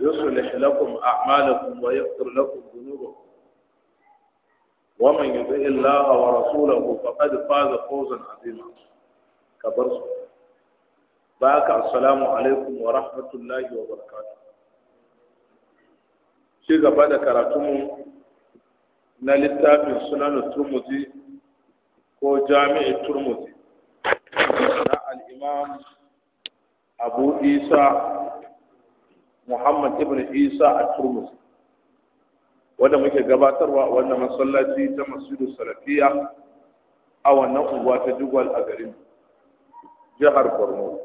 يصلح لكم أعمالكم ويغفر لكم ذنوبكم ومن يطع الله ورسوله فقد فاز فوزا عظيما كبر باك السلام عليكم ورحمة الله وبركاته شيخ بعد كراتمه na littafin sunan turmuzi ko jami'in turmuzi na al'imam abu isa Muhammad ibn Isa a Turmus wanda muke gabatarwa wannan masallaci ta Masjidu Salafiya a wannan unguwa ta Jugwal a garin jihar Borno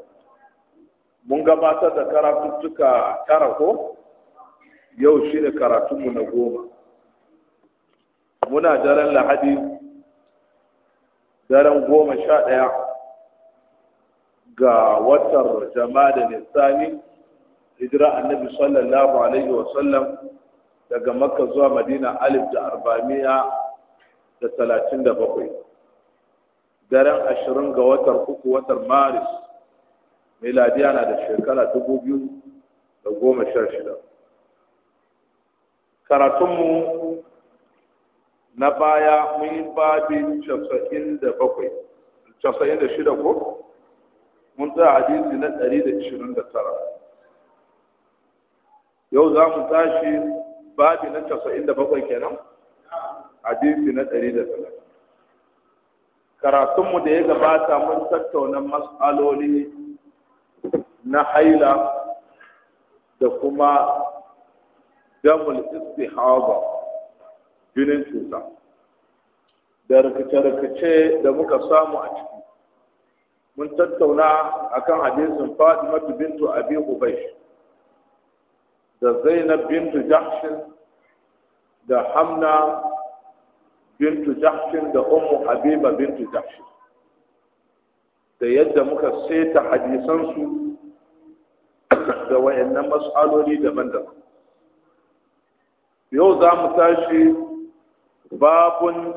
mun gabatar da karatuttuka tara ko yau shine karatunmu na goma muna daren lahadi daren goma sha ɗaya ga watar jama'a da nisani hijira annabi sallallahu alaihi wa sallam daga makka zuwa madina alif da arba'amiya da talatin da bakwai daren ashirin ga watan uku watan maris miladiya na da shekara dubu biyu da goma sha shida karatunmu na baya mun yi babin casa'in da bakwai casa'in da shida ko mun tsaya hadisi na ɗari da ishirin da tara yau za mu tashi babi na casa'in da bakwai kenan hadisi na ɗari da talatin karatunmu da ya gabata mun tattauna mas'aloli na haila da kuma damul istihaba jinin cuta da rikice-rikice da muka samu a ciki mun tattauna akan hadisin mafi bintu abi ubaish da zainab bintu jahshin da hamna bintu jahshin da ummu habiba bintu jahshin da yadda muka saita hadisansu da wayannan mas'aloli daban-daban yau za mu tashi babun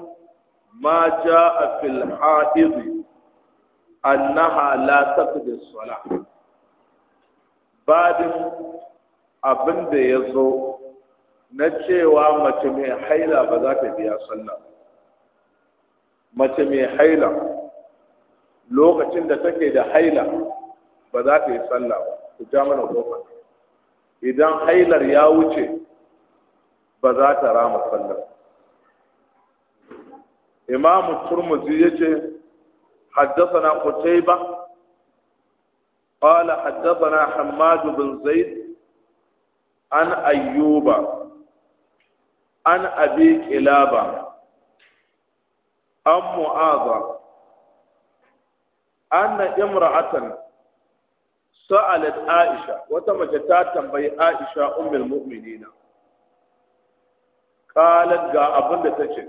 ma ja'a fil haidi annaha la taqdi as-salah babin abin da ya zo na cewa mace mai haila ba za ta biya sallah mace mai haila lokacin da take da haila ba za ta yi sallah ba ku ja mana kofa idan hailar ya wuce ba za ta rama sallah imam turmuzi yace حدثنا قتيبة قال حدثنا حماد بن زيد an ayyuba an abi kilaba an mu'aza anna imra'atan sa'alat aisha wata mace ta tambayi aisha ummul mu'minina qalat ga abinda tace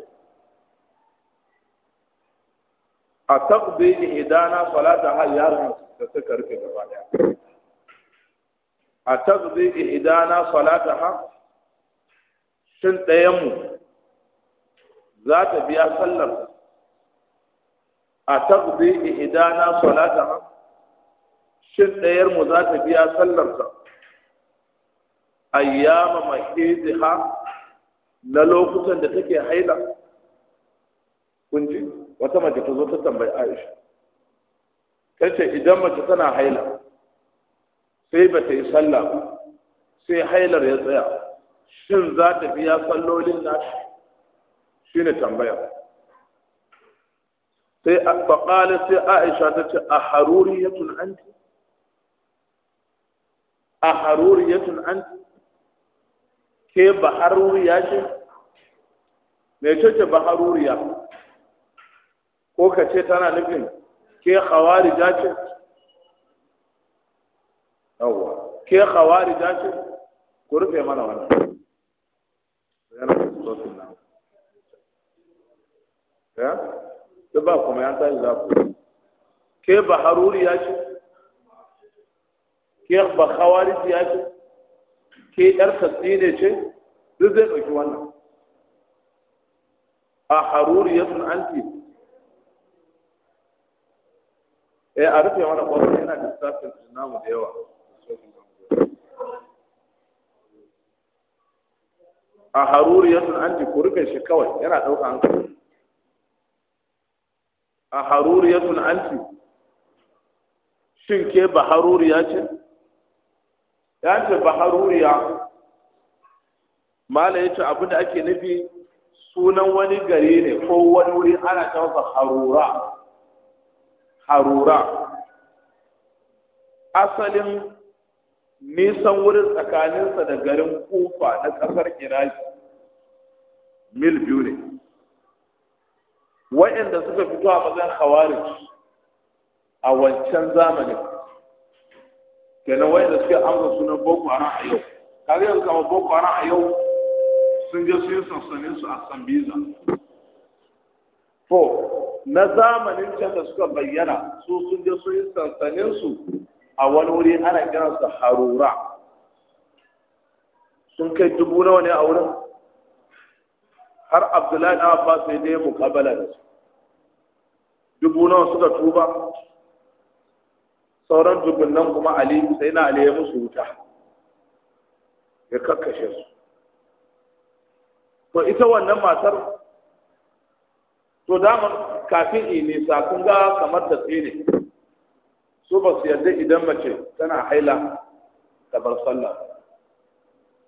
a taqdi idana salata hal yaran da suka rufe gaba daya a tagzi idana salataha ha, ɗayan mu za ta biya sallar a tagzi ihdana salataha shin ɗayar mu za ta biya sallarsa ayyama mahidha na lokutan da take haila kun ji wata mace ta zo ta tambayi Aisha ta ce idan mace tana haila sai ba ta yi sallah ba sai hailar ya tsaya shin za ta biya sallolin Shi ne tambaya sai faƙali sai aisha ta ce a haruri ya anti a haruri ya anti ke ba haruriya ce me ce ce ba ya ko ka ce tana nufin ke ya ce yawwa ke khawari da ce ku rufe mana wannan yana da sosin na ya duk ba kuma yan tashi za ku ke ba haruri ya ce ke ba khawari ya ce ke yar tasiri ce duk zai ɗauki wannan a haruri ya sun anti eh a rufe mana kwanan yana da sassan namu da yawa a haruri, haruriyatun anti ku rufe shi kawai yana ɗauka hankali a haruri, an anti shin ke ba haruriya ce ya ce ba haruriya mala ya ce abin da ake nufi sunan wani gari ne ko wani wuri ana ta wasa harura harura asalin nisan wurin tsakaninsa da garin kufa na ƙasar iraki mil biyu ne wa'inda suka fito a mazan khawarij a wancan zamanin kenan wa'inda suka amsa sunan boko haram a yau kaga yanzu kama boko haram a yau sun je su yi sansanin su a sambiza to na zamanin can da suka bayyana su sun je su yi sansanin su a wani wuri ana kiransu harura sun kai dubu nawa ne a wurin har abdullahi na abbas sai dai mukabala da su dubu nawa suka tuba sauran dubunnan kuma ali sai na ali ya musu wuta ya kakkashe su to ita wannan matar to dama kafin ini sa kun ga kamar da ne su ba su yarda idan mace tana haila ta bar sallah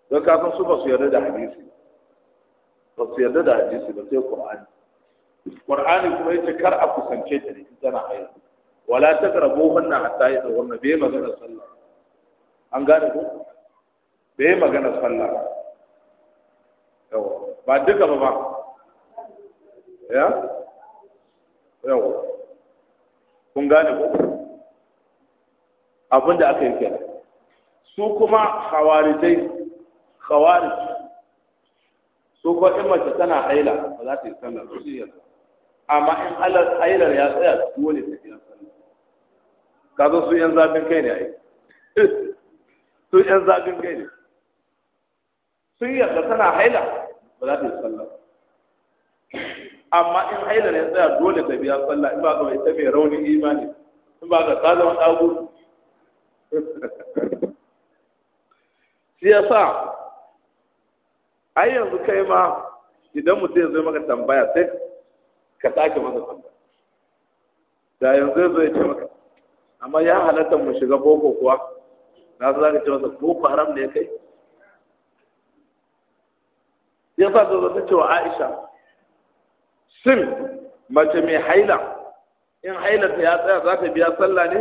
don kafin su ba su yarda da hadisi ba su yarda da hadisi ba sai qur'ani qur'ani kuma yace kar a kusance ta ne tana haila wala taqrabuhunna hatta na bai magana sallah an gane ko bai magana sallah ba yawa ba duka ba ba ya yawa kun gane ko abin da aka yi kenan su kuma hawarijai khawarij su ko in mace tana haila ba za ta yi sallah ba shi amma in halar hailar ya tsaya dole ta yi sallah ka zo su yan zafin kai ne ai su yan zafin kai ne sun yarda tana haila ba za ta yi sallah amma in hailar ya tsaya dole ta biya sallah in ba ka mai ta mai imani in ba ka tsada wani abu shi yasa ai yanzu kai ma idan mutum ya zo maka tambaya sai ka sake masa tambaya da yanzu ya zo ya ce maka amma ya halatta mu shiga boko kuwa na za ka ce masa boko haram ne kai ya sa ta zo ta ce wa aisha shin mace mai haila in ta ya tsaya za ta biya sallah ne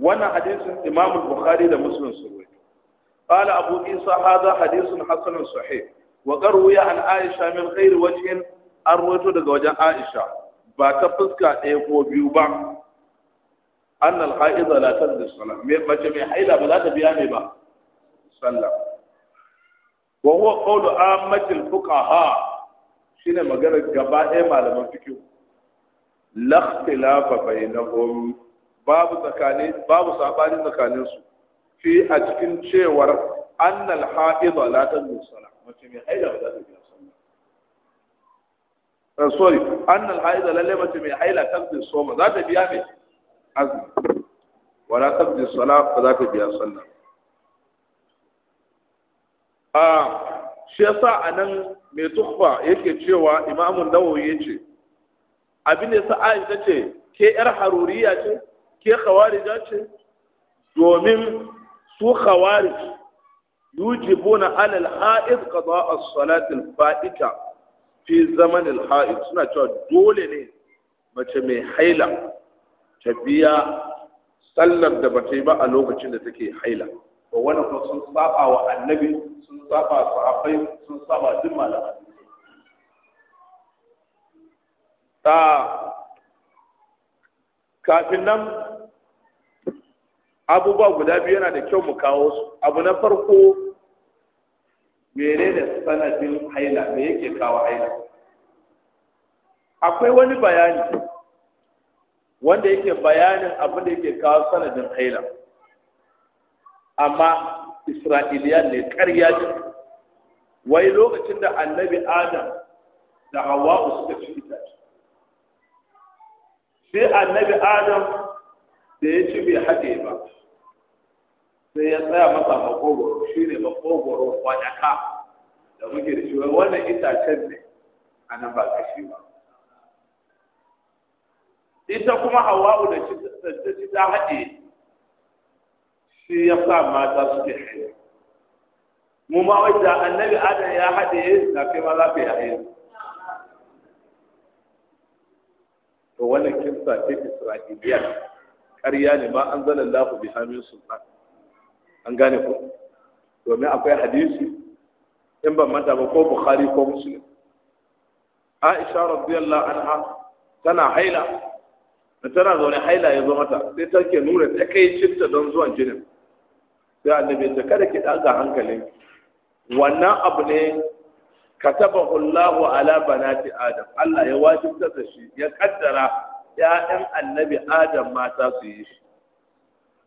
wannan hadisin imam bukhari da muslim su rawaito qala abu isa hadha hadisun hasanun sahih wa an aisha min ghairi wajhin an rawaito daga wajen aisha ba ta fuska ɗaya ko biyu ba أن الحائض لا تبدي الصلاة ما جميع حيلة بلا تبياني با صلى وهو قول عامة الفقهاء شنو مجرد جبائي ما لم تكيو لا اختلاف بينهم babu tsakanin babu sabanin tsakanin su fi a cikin cewar annal haidha la tanzu sala mace mai haila ba za ta biya sallah eh, sorry annal haidha lalle mace mai haila so soma za ta biya mai azumi ta bi sala ba za ta biya sallah ah, a shi yasa anan mai tuhfa yake cewa imamun dawo yace abin da Sa'a ita ce ke yar haruriya ce ke khawarija ce domin su khawarij yujibuna alal ha'id qada as-salat al-fa'ita fi zaman al-ha'id suna cewa dole ne mace mai haila ta biya sallar da bata yi ba a lokacin da take haila ba wani kuma sun saba wa annabi sun saba sahabbai sun saba duk malamai ta kafin nan abubuwa guda biyu yana da kyau mu kawo su abu na farko da sanadin haila me yake kawo haila akwai wani bayani wanda yake bayanin abin da yake kawo sanadin haila amma isra'iliya ne ƙarya ce wai lokacin da annabi adam da hawa'u suka ci ce, sai annabi adam da ya ci bai haɗe ba sai ya tsaya masa makogoro shi ne makogoro kwanaka da muke da shi wannan itacen ne a nan ba shi ba ita kuma hawa'u da ta ci ta haɗe shi ya sa mata suke haɗe mu ma da annabi adam ya haɗe na kai ma za ka yi haɗe to wannan kinsa ce isra'iliyar ƙarya ne ma an zala lafu bi hamin sultan an gane ku. domin akwai hadisi in ban manta ba ko bukhari ko muslim aisha radiyallahu anha tana haila da tana zaune haila ya zo mata sai take nuna ta kai cinta don zuwan jinin sai annabi ta kada ki daga hankalin wannan abu ne katabahu Allahu ala banati adam Allah ya wajibta da shi ya kaddara 'ya'yan annabi adam mata su yi shi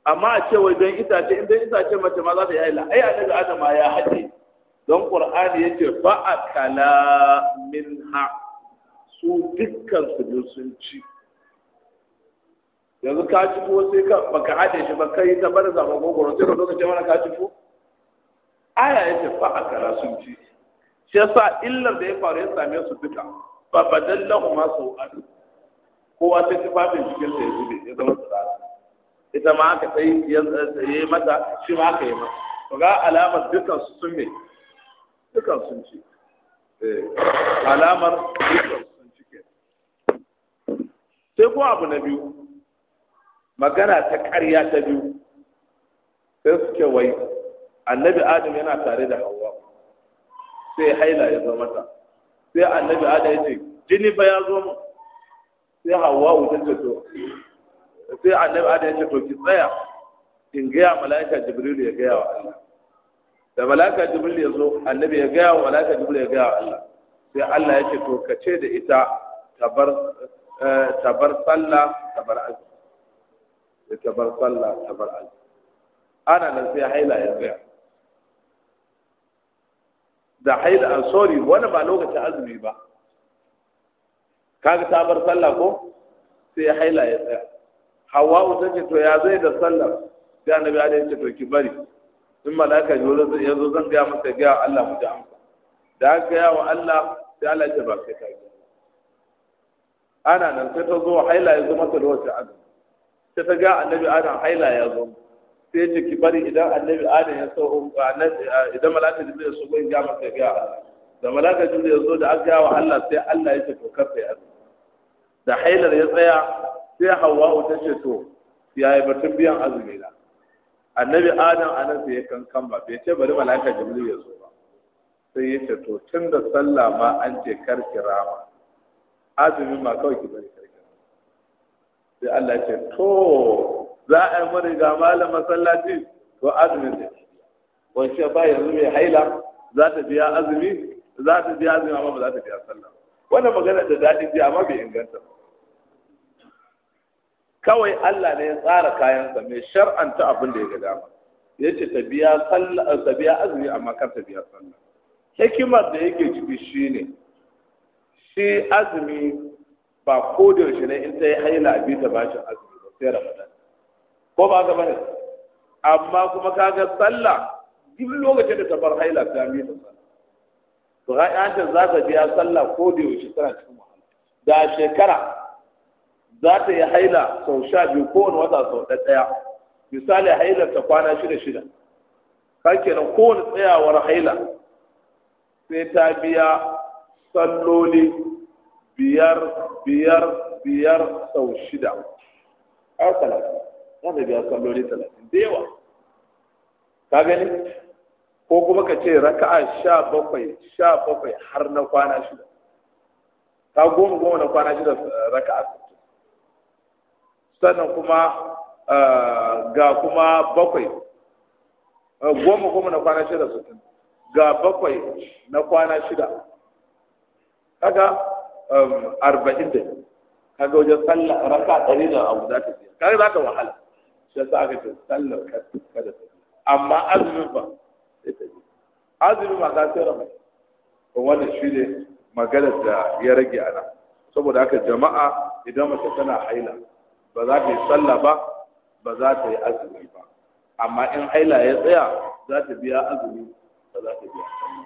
amma a ce wai don itace in don itace mace ma za ta yi haila ai annabi adam ma ya haɗe don ba a kala min ha su dukkan su ne sun ci yanzu ka ci ko sai ka baka haɗe shi ba kai ta bar zama gogoro sai ka zo ka ce mana ka ci ko aya ba a kala sun ci shi yasa illar da ya faru ya same su duka fa badallahu ma sau'atu kowa sai tufafin cikin da ya zube ya zama tsirara ita ma aka sai ya yi mata shi ma aka yi mata to ga alamar dukkan su sun me dukkan sun ci eh, alamar dukkan sun ci sai ko abu na biyu magana ta ƙarya ta biyu sai suke wai annabi adam yana tare da hawa sai haila ya zo mata sai annabi adam ya ce jini fa ya zo mu sai hawa'u ta ce to sai annabi adam ya ce to ki tsaya in gaya mala'ika jibril ya gaya wa Allah da mala'ika jibril ya zo annabi ya gaya wa mala'ika jibril ya gaya wa Allah sai Allah ya ce to ka ce da ita tabar eh, tabar sallah tabar azumi tabar sallah tabar azumi ana nan sai haila ya tsaya da haila ah, sorry wani ba lokacin azumi ba kaga ta bar sallah ko sai ya haila ya tsaya hawa'u ta ce to ya zai da sallah sai annabi ali ya ce to ki bari in malaka jibril ya zo zan gaya masa gaya Allah mu ji amsa da aka gaya wa Allah sai Allah ya ce ba sai ka yi ana nan sai ta zo haila ya zo mata da wacce azumi sai ta ga annabi adam haila ya zo sai ya ce ki bari idan annabi adam ya so idan malaka jibril ya so ko ya ga masa gaya Allah da malaka jin da yazo da aka wa Allah sai Allah ya ce to kafa ya da hailar ya tsaya sai hawa ta ce to yayi batun biyan azumi na annabi adam a nan sai ya kankan ba bai ce bari malaka jin ya yazo ba sai ya ce to tun da sallah ma an ce kar kirama azumi ma kawai ki bari kar kirama sai Allah ya ce to za a yi mari ga malam masallaci to azumin da ke wace ba yanzu mai haila za ta biya azumi za ta biya azumi amma ba za ta biya sallah wannan magana da daɗin ji amma bai inganta ba kawai Allah ne ya tsara kayansa mai shar'anta abin da ya ga dama ya ce ta biya sallah ta biya azumi amma kar ta biya sallah hikimar da yake ciki shine shi azumi ba ko da yaushe ne in sai haila bi ta ba bashin azumi ba sai ramadan ko ba ka bane amma kuma kaga sallah duk lokacin da ta bar haila ta mi da to ra'ayanta za ta biya sallah ko da yaushe tana cikin wahala da shekara za ta yi haila sau sha biyu kowane wata sau ɗaya misali hailar ta kwana shida shida ka kenan kowane tsayawar haila sai ta biya salloli biyar biyar biyar sau shida har talatin za ta biya salloli talatin da yawa ka gani ko kuma ka ce raka'a sha bakwai sha bakwai har na kwana shida ka goma goma na kwana shida eh, raka'a sannan kuma eh, ga kuma bakwai eh, goma goma na kwana shida sittin ga bakwai na kwana shida kaga arba'in da kaga wajen sallah raka ɗari da abu za ta ce kaga za ka wahala shi yasa aka ce sallar kada amma azumin ba azumi ma ta tsira mai wanda shi ne maganar da ya rage ana saboda haka jama'a idan mace tana haila ba za ta yi sallah ba ba za ta yi azumi ba amma in haila ya tsaya za ta biya azumi ba za ta biya sallah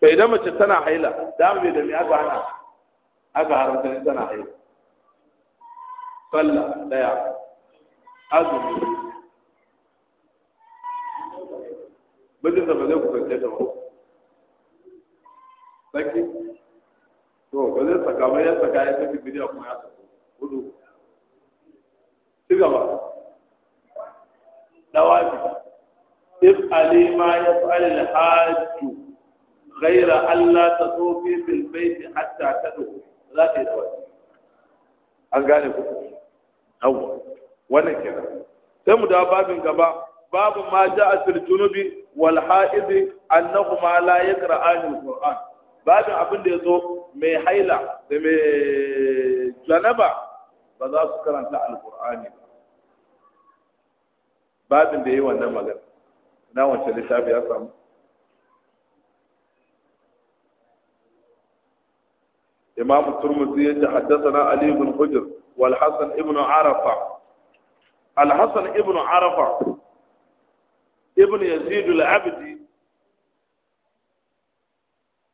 to idan mace tana haila da mu da me aka hana aka haramta tana haila sallah daya azumi da ba zai kusance ta ba saki to ba zai saka ba ya saka ya saki bidiya kuma ya saka hudu ci gaba dawabi افعلي ما يفعل الحاج غير ألا تطوفي بالبيت حتى تدخل za ta yi da an gane ku hawa wannan kenan sai mu da babin gaba babu ma ja'a fil junubi wal ha'id annahuma la yaqra'ani al-qur'an babin abin da yazo mai haila da mai janaba ba za su karanta al-qur'ani babin da yayi wannan magana na wancan littafi ya samu إمام الترمذي حدثنا علي بن حجر والحسن ابن عرفة الحسن ابن عرفة ibn yazid al-abdi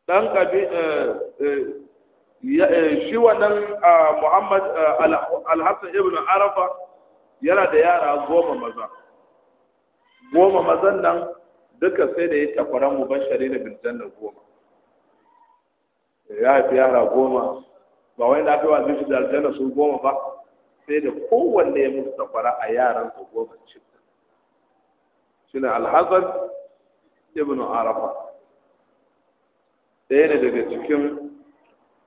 dan kabi eh, eh, eh, shi wannan ah, muhammad al-hasan ibn arafa yana da yara goma maza goma mazan nan duka sai da ya takwara mu bashari da biljanna goma ya fi yara goma ba wai na fi wanzu shi da aljanna su goma ba sai da kowanne ya musu takwara a yaran su goma cikin shine al-hasan ibn arafa ɗaya daga cikin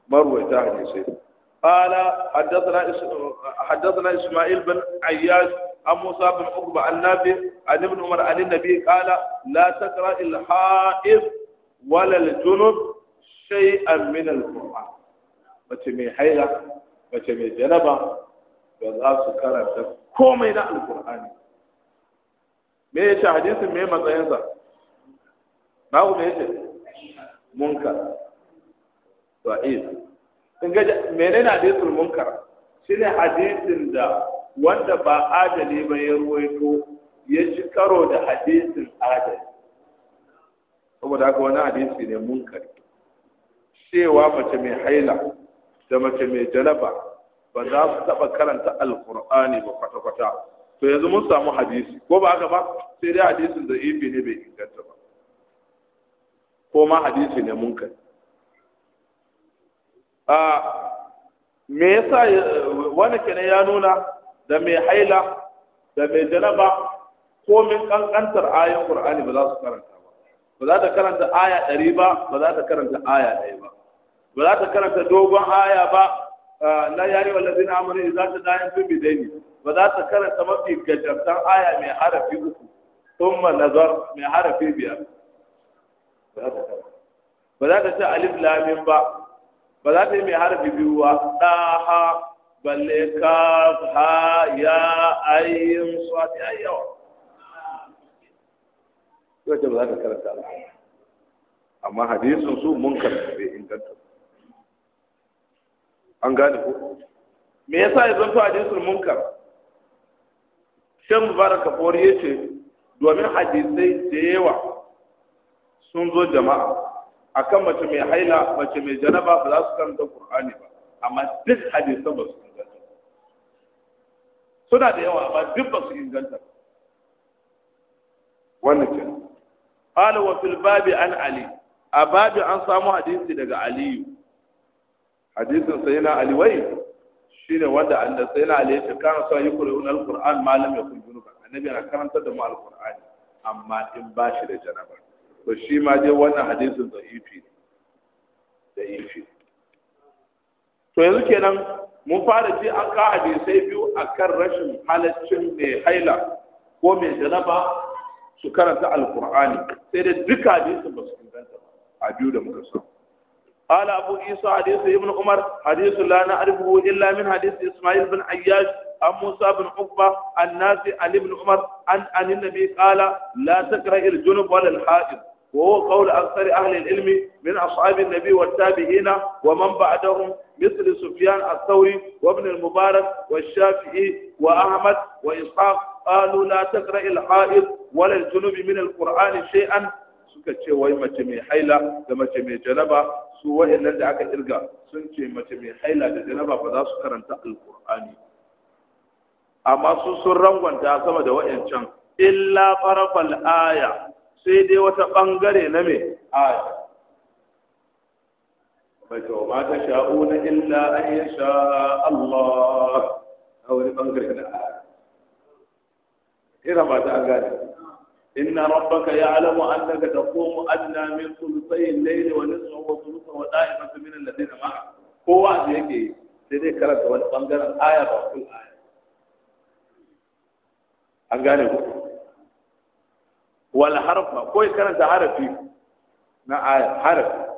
marwaita hadisai قال حدثنا حدثنا اسماعيل بن عياش عن موسى بن عقبة عن نافع عن ابن عمر عن النبي قال لا تقرأ الحائض ولا الجنب شيئا من mace mai haila mace mai janaba ba za su karanta komai na alkur'ani me ce hadisin me matsayinsa babu me yace munkar da'if in ga menene hadisul munkar ne hadisin da wanda ba adali ba ya ruwaito ya ci karo da hadisin adali saboda haka wani hadisi ne munkar cewa mace mai haila da mace mai jalaba ba za su taɓa karanta alkur'ani ba kwata-kwata to yanzu mun samu hadisi ko ba haka ba sai dai hadisin da ibi ne bai inganta ba ko ma hadisi ne mun kai a me yasa wani kene ya nuna da mai haila da mai janaba ko min kankantar ayan qur'ani ba za su karanta ba ba za ta karanta aya ɗari ba ba za ta karanta aya ɗaya ba ba za ta karanta dogon aya ba la yari wallazi na amuru za ta dayan fi bidaini ba za ta karanta mafi gajartan aya mai harafi uku thumma nazar mai harafi biyar ba za ta ce alif lamin ba ba za ta yi mai harafi biyu ba ɗaha balle kaf ayin swati ayyawa yau ce ba za ta karanta ba amma su inganta an gane ko me yasa ya zanto hadisul munkar shan mubarak kafori ya ce domin hadisai da yawa sun zo jama'a akan mace mai haila mace mai janaba ba za su karanta qur'ani ba amma duk hadisan ba su inganta suna da yawa amma duk ba su inganta wannan ce qala wa fil babi an ali a babi an samu hadisi daga aliyu hadisin sayyidina ali wai shine wanda annabi sayyidina ali ya ce kana sa yuqra'un alquran ma lam yakun junuban annabi yana karantar da mu alqur'ani amma in ba shi da janaba to shi ma dai wannan hadisin da ifi da yifi to yanzu kenan mun fara ji an ka hadisai biyu akan rashin halaccin mai haila ko mai janaba su karanta alqur'ani sai dai duka hadisin ba su inganta ba a biyu da muka samu قال أبو عيسى حديث ابن عمر حديث لا نعرفه إلا من حديث إسماعيل بن عياش عن موسى بن عقبة الناس عن ابن عمر عن عن النبي قال لا تكره الجنب ولا الحائض وهو قول أكثر أهل العلم من أصحاب النبي والتابعين ومن بعدهم مثل سفيان الثوري وابن المبارك والشافعي وأحمد وإسحاق قالوا لا تقرأ الحائض ولا الجنوب من القرآن شيئا suka ce wai mace mai haila da mace mai janaba su wa'annan da aka kirga sun ce mace mai haila da janaba ba za su karanta alkur'ani amma su sun rangwanta sama da wa'ancan illa farafal aya sai dai wata bangare na mai aya fata ta sha'u sha'una illa an yasha Allah a wani bangare na aya ina mata an gane إن ربك يعلم أنك تقوم أدنى من ثلثي الليل ونصفه وثلثه ودائمة من الذين معك هو واحد يجي سيدي كرت wani bangaren aya ba aya an gane ku wal harfa ko karanta harafi na aya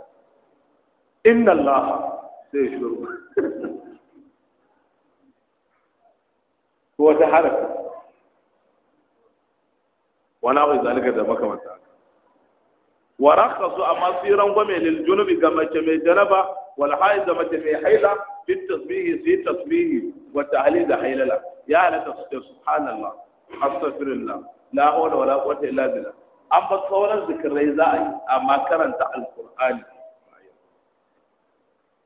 inna allah sai shuru ko wata harafi wala bai zalika da makamanta wa rakhasu amma siran gwame lil junubi ga mace mai janaba wal haid da mace mai haila fi tasbihi fi tasbihi wa tahlil da hailala ya halata su ce subhanallah astaghfirullah la hawla wala quwwata illa billah an ba sauran zikirai za a yi amma karanta alqur'ani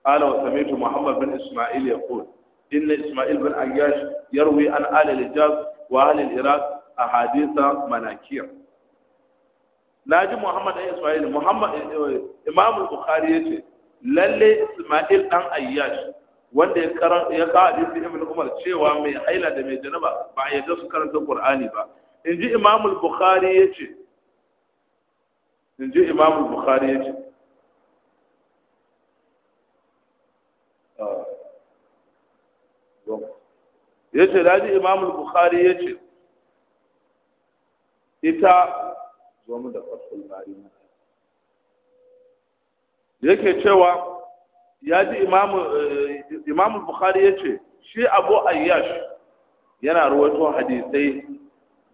قال وسمعت محمد بن اسماعيل يقول ان اسماعيل بن عياش يروي عن ال الحجاز واهل العراق ahadisa manakir naji muhammad ibn isma'il muhammad eh, eh, imam al-bukhari yace lalle isma'il dan ayyash wanda ya karan ya ka hadisi ibn umar cewa mai haila da mai janaba ba ya da su karanta qur'ani ba inji imam al-bukhari yace inji imam al-bukhari yace ah, yace da imam al-bukhari yace ita zo mu da fatul bari yake cewa ya ji eh, imamu bukhari ya ce shi abu ayyash yana ruwato hadisai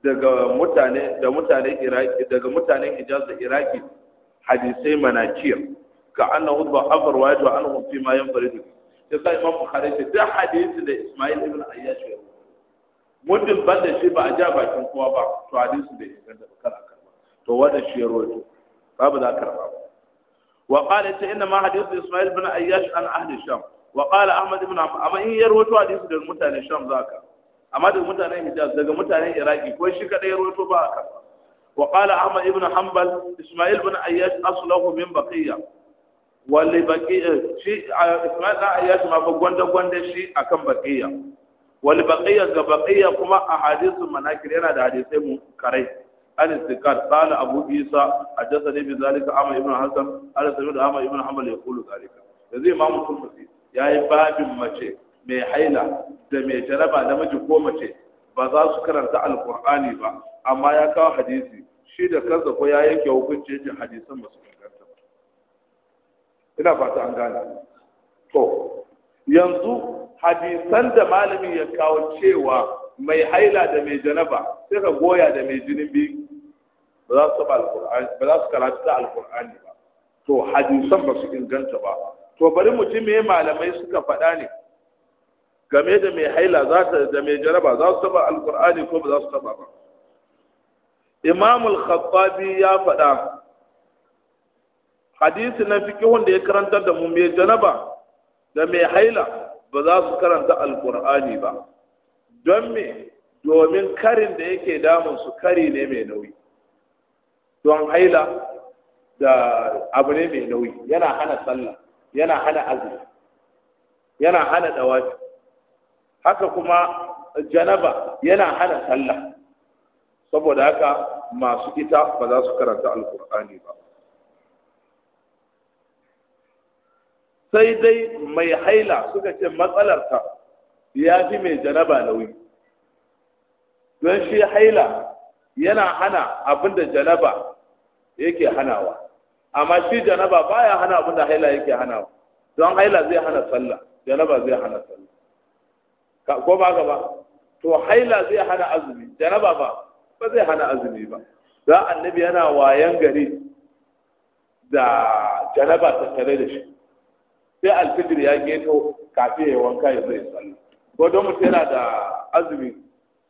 daga mutane da mutanen iraki daga mutanen hijaz da iraki hadisai manakir ka annahu ba afar wa yadu anhu fi ma yanfaridu sai imam bukhari ce da hadisi da isma'il ibn ayyash ya muddin ban da shi ba a ja bakin kowa ba to hadisu bai inganta da kana karba to wanda shi ya roto babu za karba ba wa qala ta inna ma hadith isma'il bin ayyash an ahli sham wa qala ahmad ibn amma in ya rawaito hadisu da mutanen sham zaka amma da mutanen hijaz daga mutanen iraki ko shi kada ya roto ba ka wa qala ahmad ibn hanbal isma'il bin ayyash aslahu min wa li baqiyya shi isma'il bin ayyash ma ba gwanda gwanda shi akan baqiyya Wani baqiya ga baqiya kuma ahadithu manakir yana da hadisai mu karai al istiqar qala abu isa haddathani bi zalika amma ibnu hasan ala sami da amma ibn hanbal yaqulu zalika yanzu imamu tumsi yayi babin mace mai haila da mai jaraba da miji ko mace ba za su karanta alqur'ani ba amma ya kawo hadisi shi da kansa ko ya yanke hukunci da hadisan masu inganta ina fata an gane to yanzu hadisan da malami ya kawo cewa mai haila da mai janaba sai ka goya da mai jinin biyu ba za su ba za su karatu da alkur'ani ba to hadisan ba su inganta ba to bari mu ji me malamai suka faɗa ne game da mai haila za ta da mai janaba za su taba alkur'ani ko ba za su taba ba imam al-khattabi ya faɗa hadisi na fikihun da ya karantar da mu mai janaba da mai haila ba za su karanta alkur'ani ba don me domin karin da yake damun su kari ne mai nauyi don haila da abu ne mai nauyi yana hana sallah yana hana azumi yana hana dawafi haka kuma janaba yana hana sallah saboda haka masu ita ba za su karanta alkur'ani ba sai dai mai haila suka ce matsalarsa ya fi mai janaba nauyi don shi haila yana hana abin da janaba yake hanawa amma shi janaba baya hana abin da haila yake hanawa don haila zai hana sallah janaba zai hana sallah ko ba gaba to haila zai hana azumi janaba ba ba zai hana azumi ba za annabi yana wayan gari da janaba tattare da shi sai alfijir ya geto kafin ya wanka ya zai sallah ko don mutum yana da azumi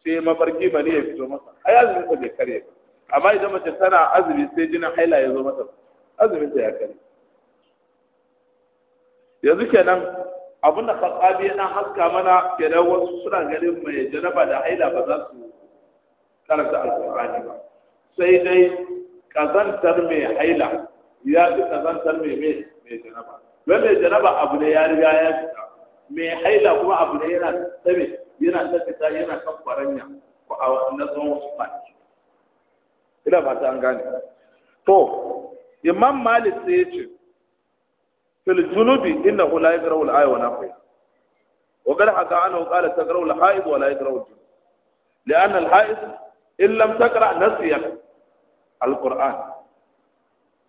sai mafarki bari ya fito masa ai azumin ka bai kare ba amma idan mace tana azumi sai jinin haila ya zo mata azumin sa ya kare yanzu kenan abin da fasabi yana haska mana kenan wasu suna ganin mai janaba da haila ba za su karanta alkur'ani ba sai dai kazantar mai haila ya fi kazantar mai mai janaba don jaraba janaba abu ne ya riga ya fita mai haila kuma abu ne yana tsabe yana tsabita yana kan kwaranya ko a na tsawon wasu kwanaki ina ba ta an gane to imam malik sai ya ce fil junubi hu la yaqra'u al-ayat wa nafi wa qad haka ana wa qala taqra'u al-haid wa la yaqra'u al-junub haid in lam لم nasiya al qur'an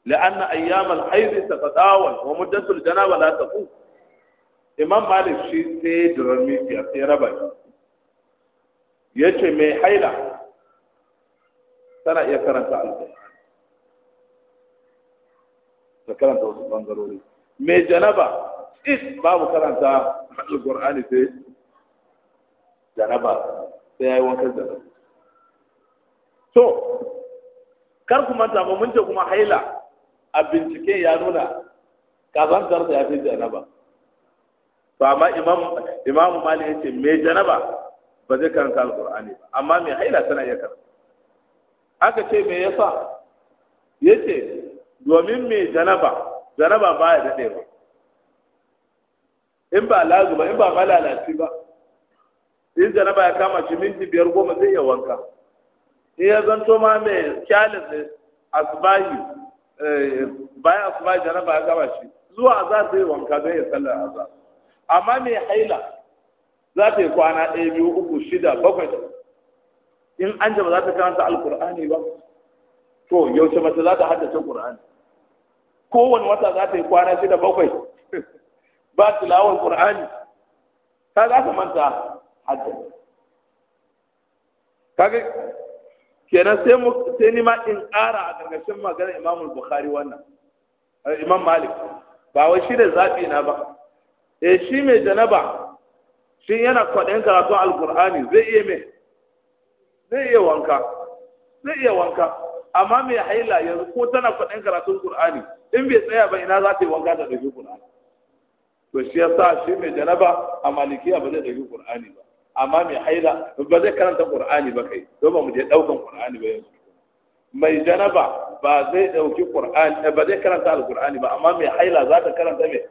لأن أيام الحيض تتطاول ومدة الجنابة لا تقوم Imam Malik shi sai ya jirar mikiya ya raba ya ce mai haila tana iya karanta alƙur'ani ta karanta wasu bangarori mai janaba is babu karanta alƙur'ani sai janaba sai ya yi wankan janaba kar ku manta ba mun ce kuma haila a bincike ya nuna kazantar da ya fi janaba ba ma imam imam malik yace me janaba ba zai karanta alqur'ani ba amma me haila tana iya karanta aka ce me yasa yace domin me janaba janaba ba ya dade ba in ba lazu ba in ba malalaci ba in janaba ya kama shi minti biyar goma zai iya wanka in ya zanto ma mai kyalin asbahi Eh, bayan asuba jaraba ya gaba shi zuwa ta yi wanka zai ya sallar azhar amma me haila za ta yi kwana ɗaya biyu uku shida bakwai in an jama za ta karanta alkur'ani ba to yaushe mace za ta haddace qur'ani kowane wata za ta yi kwana shida bakwai ba tilawar qur'ani ta za ta manta haddace kenan sai mu sai ni ma in ƙara a gargashin maganar Imam Bukhari wannan eh, Imam Malik ba wai shi da zabi na ba eh shi mai janaba shi yana kwaɗayin karatun Alƙur'ani zai iya me zai iya wanka zai iya wanka amma mai haila yanzu ko tana kwaɗayin karatun Al-ƙur'ani in bai tsaya ba ina za ta yi wanka da ɗauki ƙurani to shi yasa shi mai janaba a malikiya ba zai ɗauki ƙurani ba amma mai haila ba zai karanta qur'ani ba kai don ba mu je ɗaukan qur'ani ba yanzu mai janaba ba zai ɗauki qur'ani ba zai karanta alƙur'ani ba amma mai haila za ta karanta mai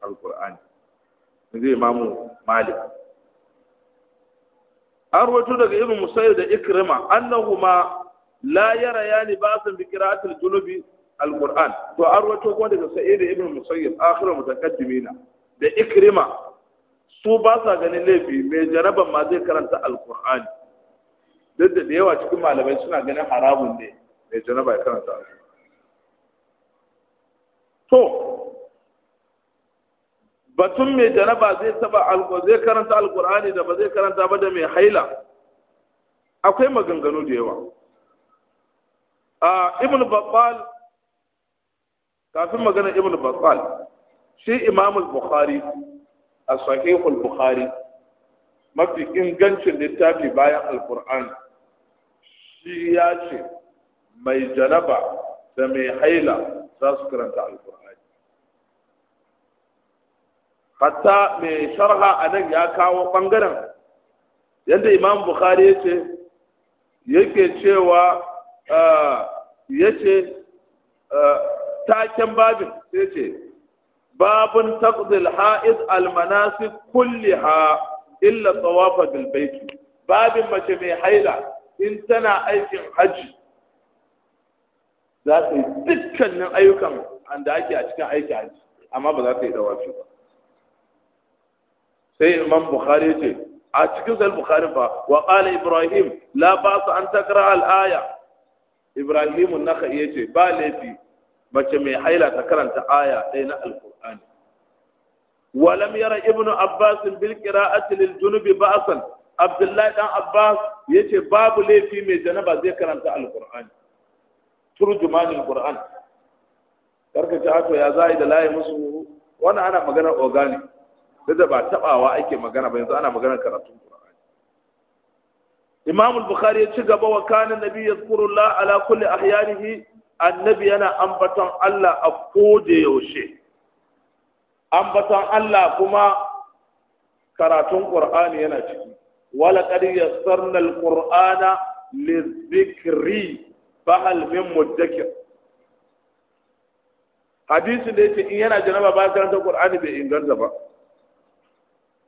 alƙur'ani zai mamu malik an rubutu daga ibn musayyib da ikrima annahuma la yara yani ba'san bi qira'atil junubi alquran to an rawaito daga sa'id ibn musayyib akhiru mutaqaddimina da ikrima su ba sa ganin laifi mai jaraban ma zai karanta alkur'ani duk da yawa cikin malamai suna ganin haramun ne mai jaraba ya karanta to batun mai jaraba zai taba zai karanta alkur'ani da ba zai karanta ba da mai haila akwai maganganu da yawa a ibn battal kafin magana ibn battal shi imamul bukhari a sahihul bukhari mafi ingancin littafi bayan alkur'ani shi ya ce mai janaba da mai haila za su karanta alkur'ani hatta mai sharha a nan ya kawo ɓangaren yadda imam bukhari ya ce yake cewa eh, ya eh, taken babin sai ce babun taqdil ha'id al manasik kulliha illa tawafa bil babin mace mai haila in tana aikin haji za ta yi dukkanin ayyukan da ake a cikin aikin haji amma ba za ta yi dawafi ba sai imam bukhari ce a cikin sahih bukhari ba wa qala ibrahim la ba'sa an takra al aya ibrahim an-nakhai ba laifi mace mai haila ta karanta aya ɗaya na alkur'ani walam yara ibnu abbas bil qira'ati lil junubi ba'san abdullahi dan abbas yace babu laifi mai janaba zai karanta alkur'ani turjumani alkur'an karka ci ato ya zai da layi musu wannan ana magana organic da ba tabawa ake magana ba yanzu ana magana karatun imam al-bukhari ya ci gaba wa kana nabi yazkurullah ala kulli ahyanihi annabi yana ambaton Allah a da yaushe ambaton Allah kuma karatun Qur'ani yana ciki wala qad yassarna al-Qur'ana lizikri hal min mudakkir hadisin da yake in yana janaba ba karanta Qur'ani bai inganta ba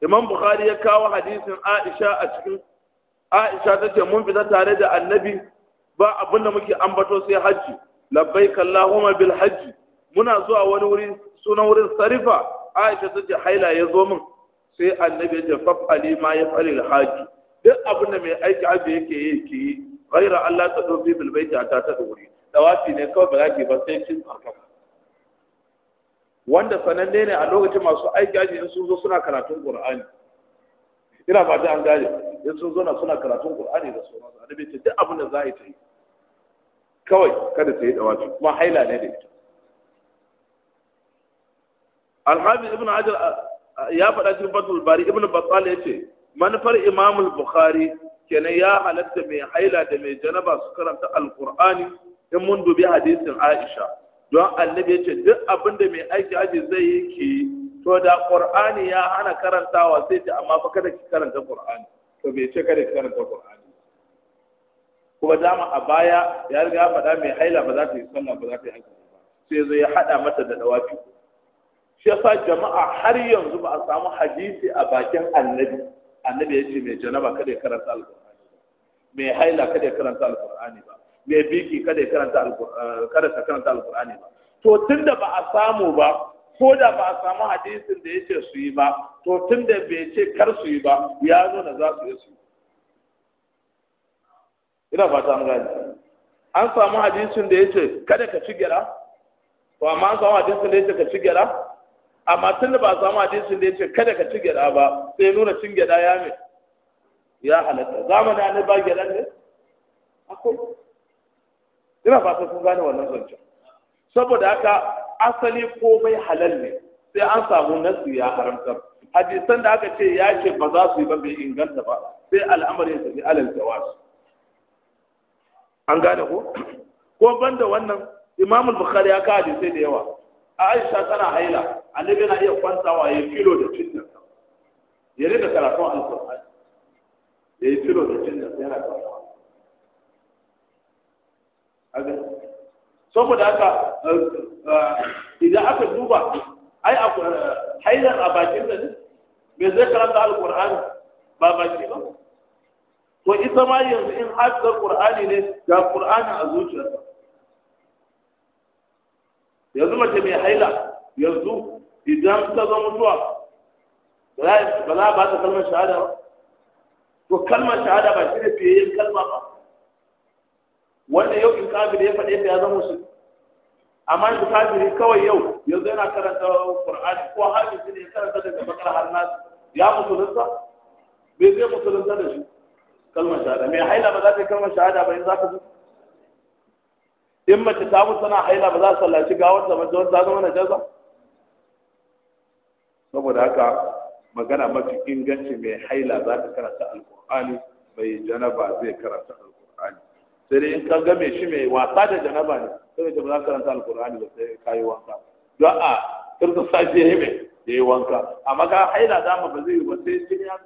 Imam Bukhari ya kawo hadisin Aisha a cikin Aisha tace mun fita tare da Annabi ba abinda muke ambato sai hajji labbaik allahumma bil hajji muna zuwa wani wuri sunan wurin sarifa aisha ta ce haila ya zo min sai annabi ya ce faf'ali ma ya falil haji duk abin da mai aiki haji yake yi ki yi ghaira allah ta dofi bil baiti ta ta wuri dawafi ne kawai ba za ki ba sai kin tsarkaka wanda sananne ne a lokacin masu aiki aji, in sun zo suna karatun qur'ani ina fata an gane in sun zo na suna karatun qur'ani da sauransu annabi ya ce duk abin da za a yi ta yi kawai kada ta yi dawafi kuma haila ne da ita alhafiz ibn hajar ya faɗa cikin fatul bari ibn battal ya ce manufar imamul bukhari kenan ya halatta mai haila da mai janaba su karanta alqur'ani in mun dubi hadisin aisha don annabi ya ce duk abin da mai aiki aji zai yi ki to da qur'ani ya hana karantawa sai ce amma fa kada ki karanta qur'ani to bai ce kada ki karanta qur'ani kuma dama a baya ya riga faɗa mai haila ba za ta yi sallah ba za ta yi azumi ba sai zai ya haɗa mata da dawafi shi yasa jama'a har yanzu ba a samu hadisi a bakin annabi annabi ya ce mai janaba kada ya karanta alƙur'ani ba mai haila kada ya karanta alƙur'ani ba mai biki kada ya karanta eh, kada ta karanta alƙur'ani ba to tunda ba a samu ba ko da ba a samu hadisin da ya ce su yi ba to tunda bai ce kar su yi ba ya zo na za su yi su ina fata an gane an samu hadisin da yace kada ka ci gyara to amma an samu hadisin da yace ka ci gyara amma tun da ba a samu hadisin da yace kada ka ci gyara ba sai nuna cin gyara ya me ya halatta zamanin annabi ba gyara ne akwai ina fata sun gane wannan zancen saboda haka asali komai halal ne sai an samu nasu ya haramta hadisan da aka ce ya ce ba za su yi ba bai inganta ba sai al'amarin tafi alal jawaz an gane ko ko banda wannan imam al-bukhari ya ka sai da yawa aisha tana haila annabi na iya kwantawa ya filo da cinta ya rika karatun al-qur'ani ya yi filo da cinta yana karatun aga saboda haka eh, eh, idan aka duba ai eh, hailar a bakin da ne me zai karanta al-qur'ani ba baki ba to ita ma yanzu in hafizar qur'ani ne ga qur'ani a zuciyarsa yanzu mace mai haila yanzu idan ta zama mutuwa ba za a ba ta kalmar shahada ba to kalmar shahada ba shi ne fiye yin kalma ba wanda yau in kafiri ya faɗe ta ya zama shi amma in kafiri kawai yau yanzu yana karanta qur'ani ko hadisi ne ya karanta daga bakar har nasu ya musulunta bai zai musulunta da shi kalmar shahada mai haila ba za ta yi kalmar shahada ba in za ka mutu in mace ta mutu tana haila ba za ta sallaci gawar ta mace ta zama najasa saboda haka magana mafi inganci mai haila za ta karanta alkur'ani mai janaba zai karanta alkur'ani sai dai in ka ga shi mai wasa da janaba ne sai da ba za ka karanta alkur'ani ba sai ka yi wanka don a irka sashi ya yi mai ya yi wanka amma ka haila dama ba zai yi ba sai jini ya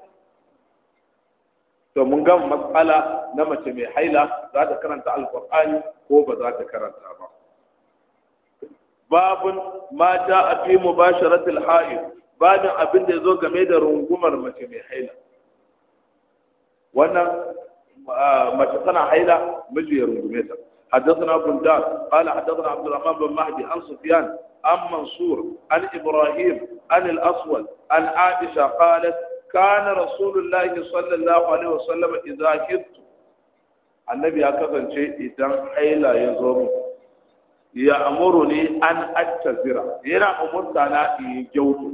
to mun ga matsala na mace mai haila za ta karanta alqur'ani ko ba za ta karanta ba babun ma ja'a fi mubasharatil ha'id babin abin da zo game da rungumar mace mai haila wannan mace tana haila miji ya rungume ta حدثنا ابن دار قال حدثنا عبد الرحمن بن مهدي عن سفيان عن منصور عن ابراهيم عن الاسود عن عائشه قالت kana rasulullahi sallallahu alaihi wasallam idza hittu annabi ya kasance idan Aila ya zo mu ya amuru ni an attazira yana umurta na in gyautu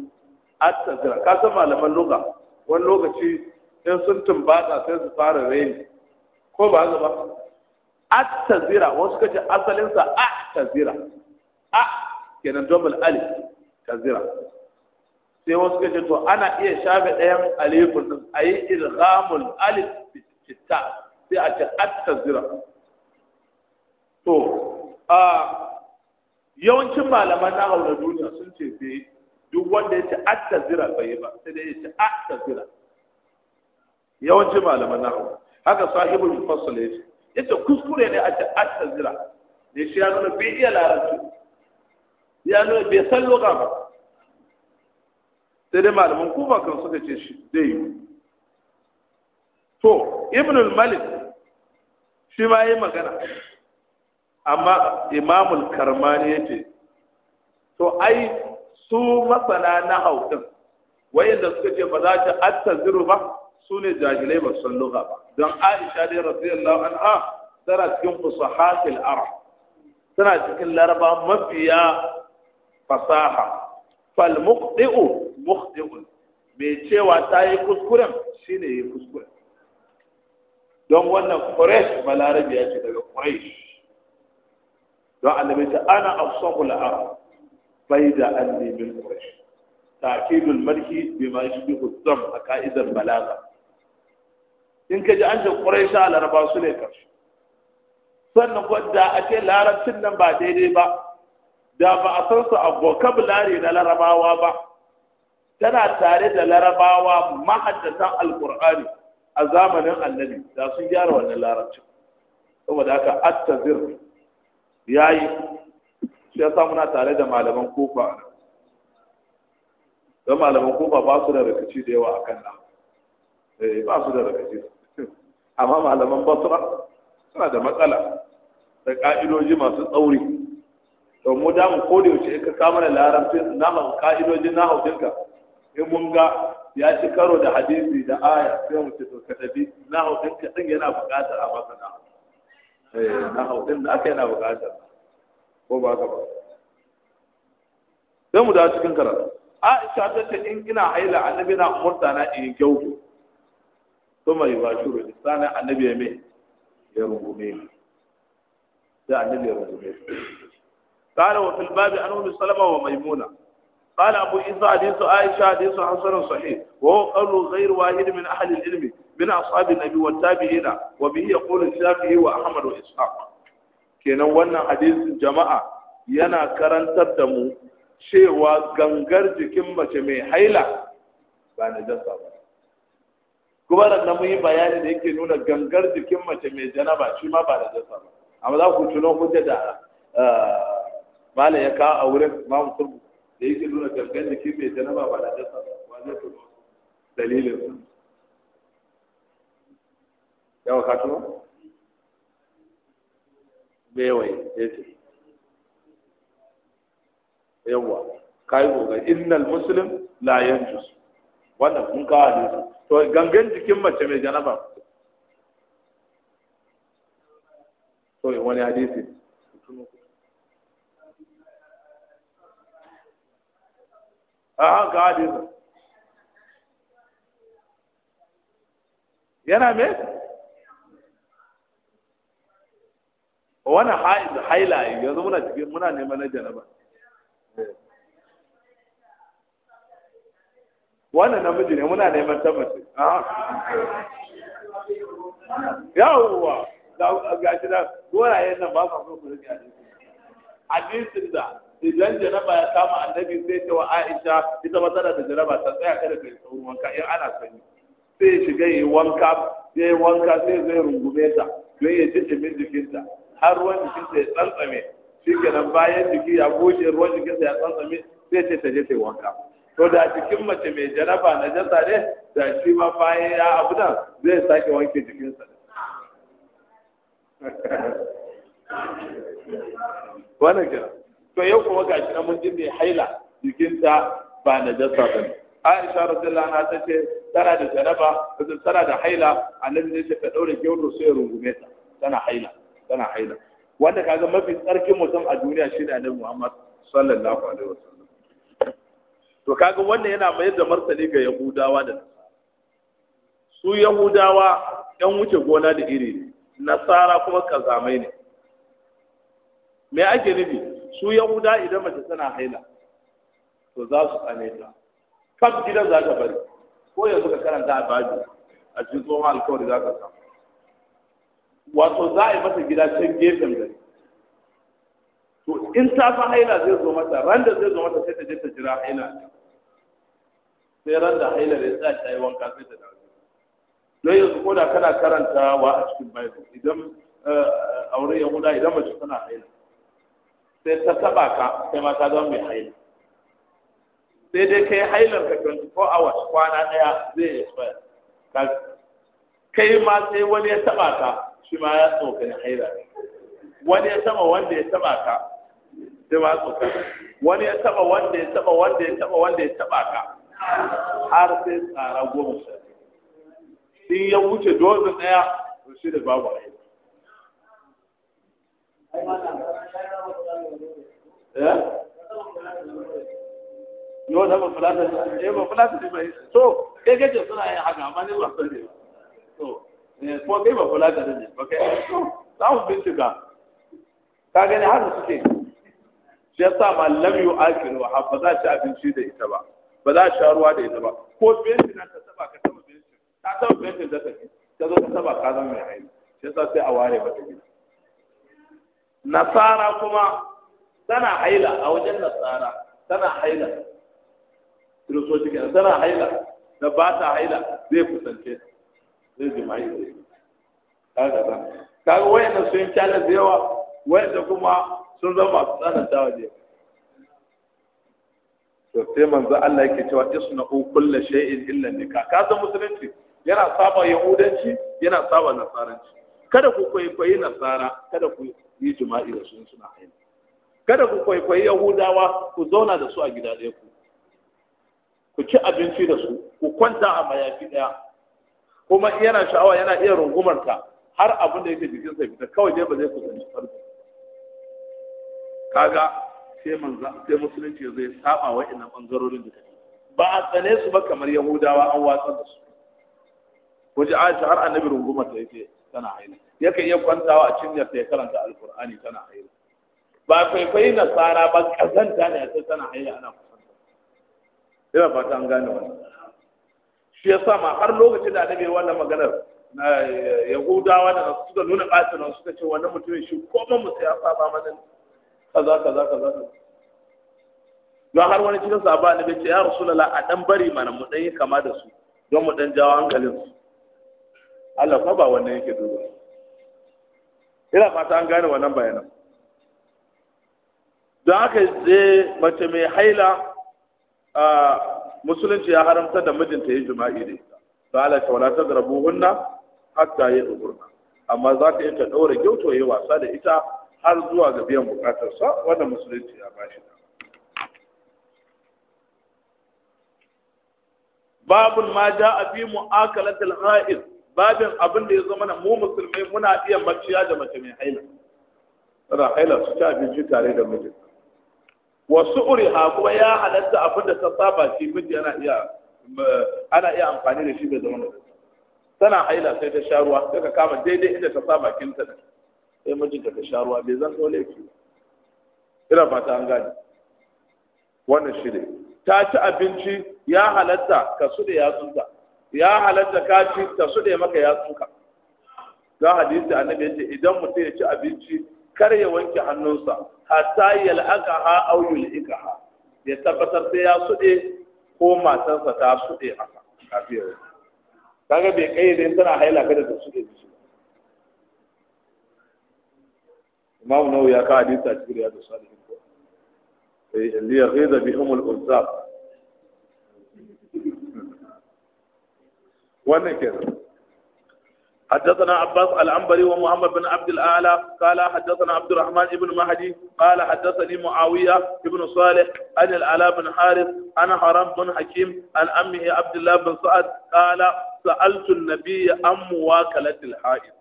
attazira ka san malaman luga wani lokaci sai sun tumbata sai su fara raini ko ba zuba? ba attazira wasu kace asalin sa attazira a kenan double alif tazira sai wasu ka ce to ana iya shafe ɗayan alifin din a yi ilhamul alif fitta sai a ce atta zira to yawancin malaman na haula duniya sun ce sai duk wanda ya ce atta zira bai ba sai dai ya ce atta zira yawancin malaman na haula haka sahibin mufassal ya ce yace kuskure ne a ce atta zira ne shi ya nuna bai iya larabci ya nuna bai san lugha ba sai dai malaman kufa kan suka ce shi zai yi to ibn malik shi ma yi magana amma imamul karmani ya ce to ai su masana na hautin wayanda suka ce ba za ta attaziru ba su ne jahilai ba san don aisha dai radiyallahu anha tana cikin fusahatil arab tana cikin laraba mafiya fasaha fal muqti'u mukhti'un mai cewa ta yi kuskuren shine yi kuskuren don wannan quraish balarabi ya ce daga quraish don annabi ta ana afsahu al-arab bayda anni min quraish ta'kidul malki bima yushbihu ad-dam aqaid balaga in kaji an ce quraish al-araba su ne karshe sannan ko da a ce larabcin nan ba daidai ba da ba a san su a vocabulary na larabawa ba tana tare da larabawa mahaddatan alqur'ani a zamanin annabi da sun gyara wannan larabcin saboda haka attazir yayi shi yasa muna tare da malaman kofa don malaman kofa ba su da rikici da yawa akan nan eh ba su da rikici amma malaman basra suna da matsala da ka'idoji masu tsauri to mu da mu ko da ka kama da larabci na hau ka'idojin na hautinka in mun ga ya ci karo da hadisi da aya sai mu ce to ka tafi na haudin ka din yana buƙatar a masa na eh na da aka yana buƙatar ko ba ka ba sai mu da cikin karatu Aisha ta ce in ina haila annabi na umurta na in gyauto to mai ba shuru lisana annabi ya me ya rungume sai annabi ya rungume قال وفي الباب عن ام سلمه وميمونه قال ابو عيسى حديث عائشه حديث حسن صحيح وهو قول غير واحد من اهل العلم من اصحاب النبي والتابعين وبه يقول الشافعي واحمد واسحاق وإسحاق wannan ولنا jama'a yana karantar da mu cewa gangar jikin mace mai haila ba na jasa ba kuma da na muyi bayani da yake nuna gangar jikin mace mai janaba shi ma ba na jasa ba amma za ku tuno hujja da mala ya kawo a wurin mamu turbu da yake nuna gangan jikin mai janaba ba da jasa ba zai tuno dalilin yawa ka tuno bewai ya ce yawa kai goga innal muslim la yanjus wannan kun ka hadisi to gangan jikin mace mai janaba to wani hadisi yana me wani haila yanzu muna cikin muna neman na janaba wani namiji ne muna neman tabbaci yawwa ga shi da gorayen nan ba sa so su idan jaraba ya kama annabi sai ta wa Aisha ita ma tana da jaraba ta tsaya kada kai saurin wanka in ana sani sai ya shiga yayi wanka yayi wanka sai zai rungume ta don ya ji cimin jikinta har ruwan jikinta ya tsantsame shi nan bayan jiki ya bushe ruwan jikinta ya tsantsame sai ce ta je ta yi wanka to da jikin mace mai jaraba na jasa ne da shi ma bayan ya abu nan zai sake wanke jikinsa wannan kenan to yau kuma ga shi mun jin mai haila jikinta ba na jasa ba ne aisha Rufin anha ta ce tana da janaba tana da haila annabi ne ta daure gaudo sai ya rungume ta tana haila tana haila wanda kaga mafi tsarkin mutum a duniya shi shine annabi Muhammad sallallahu alaihi sallam. to kaga wannan yana mayar da martani ga yahudawa da su yahudawa yan wuce gona da iri ne nasara kuma kazamai ne me ake nufi su yahuda idan mace tana haila to za su tsane ta kaf gidan za ta bari ko yanzu ka karanta a baji a cikin tsohon alkawari za ka samu wato za a yi mata gida can gefen gari to in ta fa haila zai zo mata ran da zai zo mata sai ta je ta jira haila sai ran da haila ne za ta yi wanka sai ta dawo don yanzu ko da kana karantawa a cikin bible idan eh, eh, aure yahuda idan mace tana haila sai ta taba ka sai ma ta zama mai haila sai dai kai hailar ka 24 hours kwana daya zai expire ka kai ma sai wani ya taba ka shi ma ya tsokani haila wani ya taba wanda ya taba ka sai ma tsoka wani ya taba wanda ya taba wanda ya taba wanda ya taba ka har sai tsara goma sha in ya wuce dozin daya to shi da babu haila Eh? yau da eh, ba fulata ne ba fulata ne bai so kai kace suna yin haka amma ne ba sani ba to ne eh, ko kai ba fulata ne ba kai to za mu bincika ka gani har suke shi yasa mallam yu akilu ha ba za a ci abinci da ita ba ba za a sha ruwa da ita ba ko benci na ta saba ka taba benci ta taba benci da ta ta zo ta saba ka zama mai haini shi yasa sai a ware mata gida nasara kuma tana haila a wajen nasara tana haila so kenan tana haila da ba ta haila zai kusance zai jima'i zai kaga zan kaga wayannan sun kyale da yawa da kuma sun zama masu ta waje to sai manzo Allah yake cewa u kullu shay'in illa nikah ka san musulunci yana saba yahudanci yana saba nasaranci kada ku kwaikwayi nasara kada ku yi jima'i da sun suna haila kada ku kwaikwayi yahudawa ku zauna da su a gida ɗaya ku ku ci abinci da su ku kwanta a mayafi ɗaya kuma yana sha'awa yana iya rungumar har abin da yake jikin sa fita kawai dai ba zai kusanci farko kaga sai manza sai musulunci zai saba wa ina bangarorin da ba a tsane su ba kamar yahudawa an watsar da su waje aisha har annabi rungumar ta yake tana haila yake iya kwantawa a cinyar ta ya karanta alkur'ani tana haila ba na nasara ba kazanta ne sai tana hayya ana kusanta ina fata an gane wani shi ya sa ma har lokacin da annabi wannan maganar na yahudawa da suka nuna ɓacin suka ce wannan mutumin shi koma musu ya saba mana kaza kaza kaza kaza don har wani cikin sahaba annabi ce ya rasulullah a dan bari mana mu dan yi kama da su don mu dan jawo hankalin su Allah fa ba wannan yake duba ina fata an gane wannan bayanan don aka je mace mai haila musulunci ya haramta da mijinta yi jima'i da ita ba ala ta wala ta zarabu hunna hatta yi ɗugurna amma za ka yi ta ɗaura gyauto yi wasa da ita har zuwa ga biyan bukatarsa wanda musulunci ya ba shi babun ma ja a fi mu'akalatul ha'il babin abin da ya zama na mu musulmai muna iya maciya da mace mai haila tana haila su ci abinci tare da mijinta wasu uriha kuma ya halatta abin da ta saba shi miji ana iya ana iya amfani da shi da zama tana haila sai ta sharuwa, ruwa sai ka kama daidai inda ta saba kinta da sai mijinta ta sharuwa. bai zan dole ki ina fata an gane wannan shi ne ta ci abinci ya halatta ka da yatsunka. ya halatta ka ci ta suɗe maka yatsunka ga hadisi annabi yace idan mutum ya ci abinci kar ya wanke hannunsa hatta yal'aqaha aw ha, ya tabbatar sai ya suɗe ko matarsa ta suɗe haka kafiyar kaga bai kai kayyade tana haila kada ta suɗe su imamu nawawi ya ka hadisa cikin ya da salihin ko eh li yaghiza bihum al-uzzab wannan kenan حدثنا عباس العنبري ومحمد بن عبد الأعلى قال حدثنا عبد الرحمن بن مهدي قال حدثني معاوية بن صالح عن العلاء بن حارث عن حرام بن حكيم عن أمه عبد الله بن سعد قال سألت النبي عن مواكلة الحائض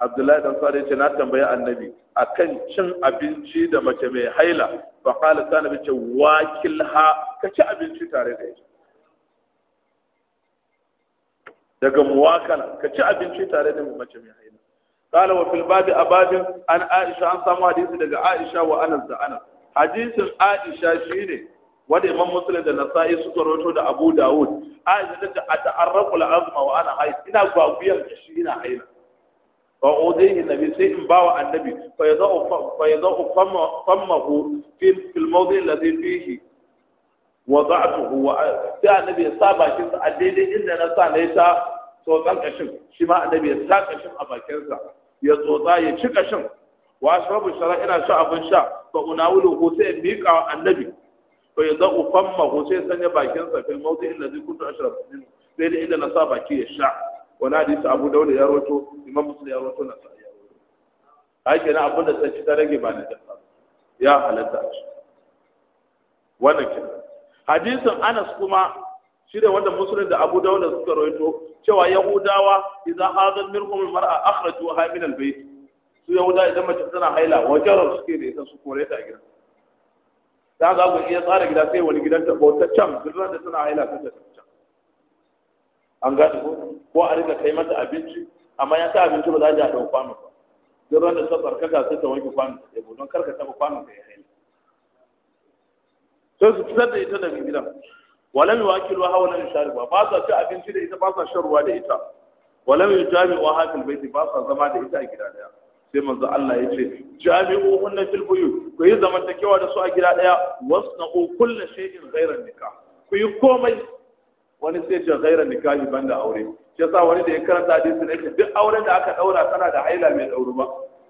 عبد الله بن سعد يقول نتنبي النبي أكن شن أبنشي دمك مي حيلة فقال كان بيتي واكلها كش أبنشي تاريخ daga muwakala ka ci abinci tare da mace mai haila qala wa fil babi ababin an aisha an samu hadisi daga aisha wa da anas hadisin aisha shine wanda imam muslim da nasa'i suka rawaito da abu dawud aisha ta ta'arraqu la azma wa ana hayy ina gwagwiyar da shi ina haila fa udayhi nabi sai in bawa annabi fa yadhu fa yadhu famma famma fi fil mawdi alladhi fihi Wa wada'tuhu wa sai annabi ya sa bakin sa a daidai inda na sa ne ta tsotsan kashin shi ma annabi ya sa kashin a bakin sa ya tsotsa ya ci kashin wa ashrabu shara ina sha abin sha Ba fa unawilu ko sai miƙa wa annabi fa yadau famma ko sai sanya bakin sa fil mawdi alladhi kuntu ashrabu minhu sai da inda na sa baki ya sha wani hadisi abu dawud ya rawato imam muslim ya rawato na sa'i ake na abin da sai ta rage ba na jasa ya halatta shi wannan kenan hadisin anas kuma shi da wanda musulun da abu dawuda suka rawaito cewa yahudawa idan hazan minhum mar'a akhraju ha min albayt su yahuda idan mace tana haila wajarar suke da ita su kore ta gida Da ga ku iya tsara gida sai wani gidan ta can, birnin da tana haila ta can an ga ko ko a riga kai mata abinci amma ya ta abinci ba za a dauka a kwano ba birnin da ta barkata sai ta wanke kwano ta ɗebo don karka taɓa kwano ta ya haila sai su fitar da ita daga gidan walam hawa hawalan shariba ba sa ci abinci da ita ba sa shan ruwa da ita walam yujami'u hafil baiti ba sa zama da ita a gida daya sai manzo Allah ya ce jami'u hunna fil buyut ku yi zamantakewa da su a gida daya wasna'u kullu shay'in ghayra nikah ku yi komai wani sai ce ghayra nikahi banda aure ya sa wani da ya karanta hadisi ne duk auren da aka daura tana da haila mai dauru ba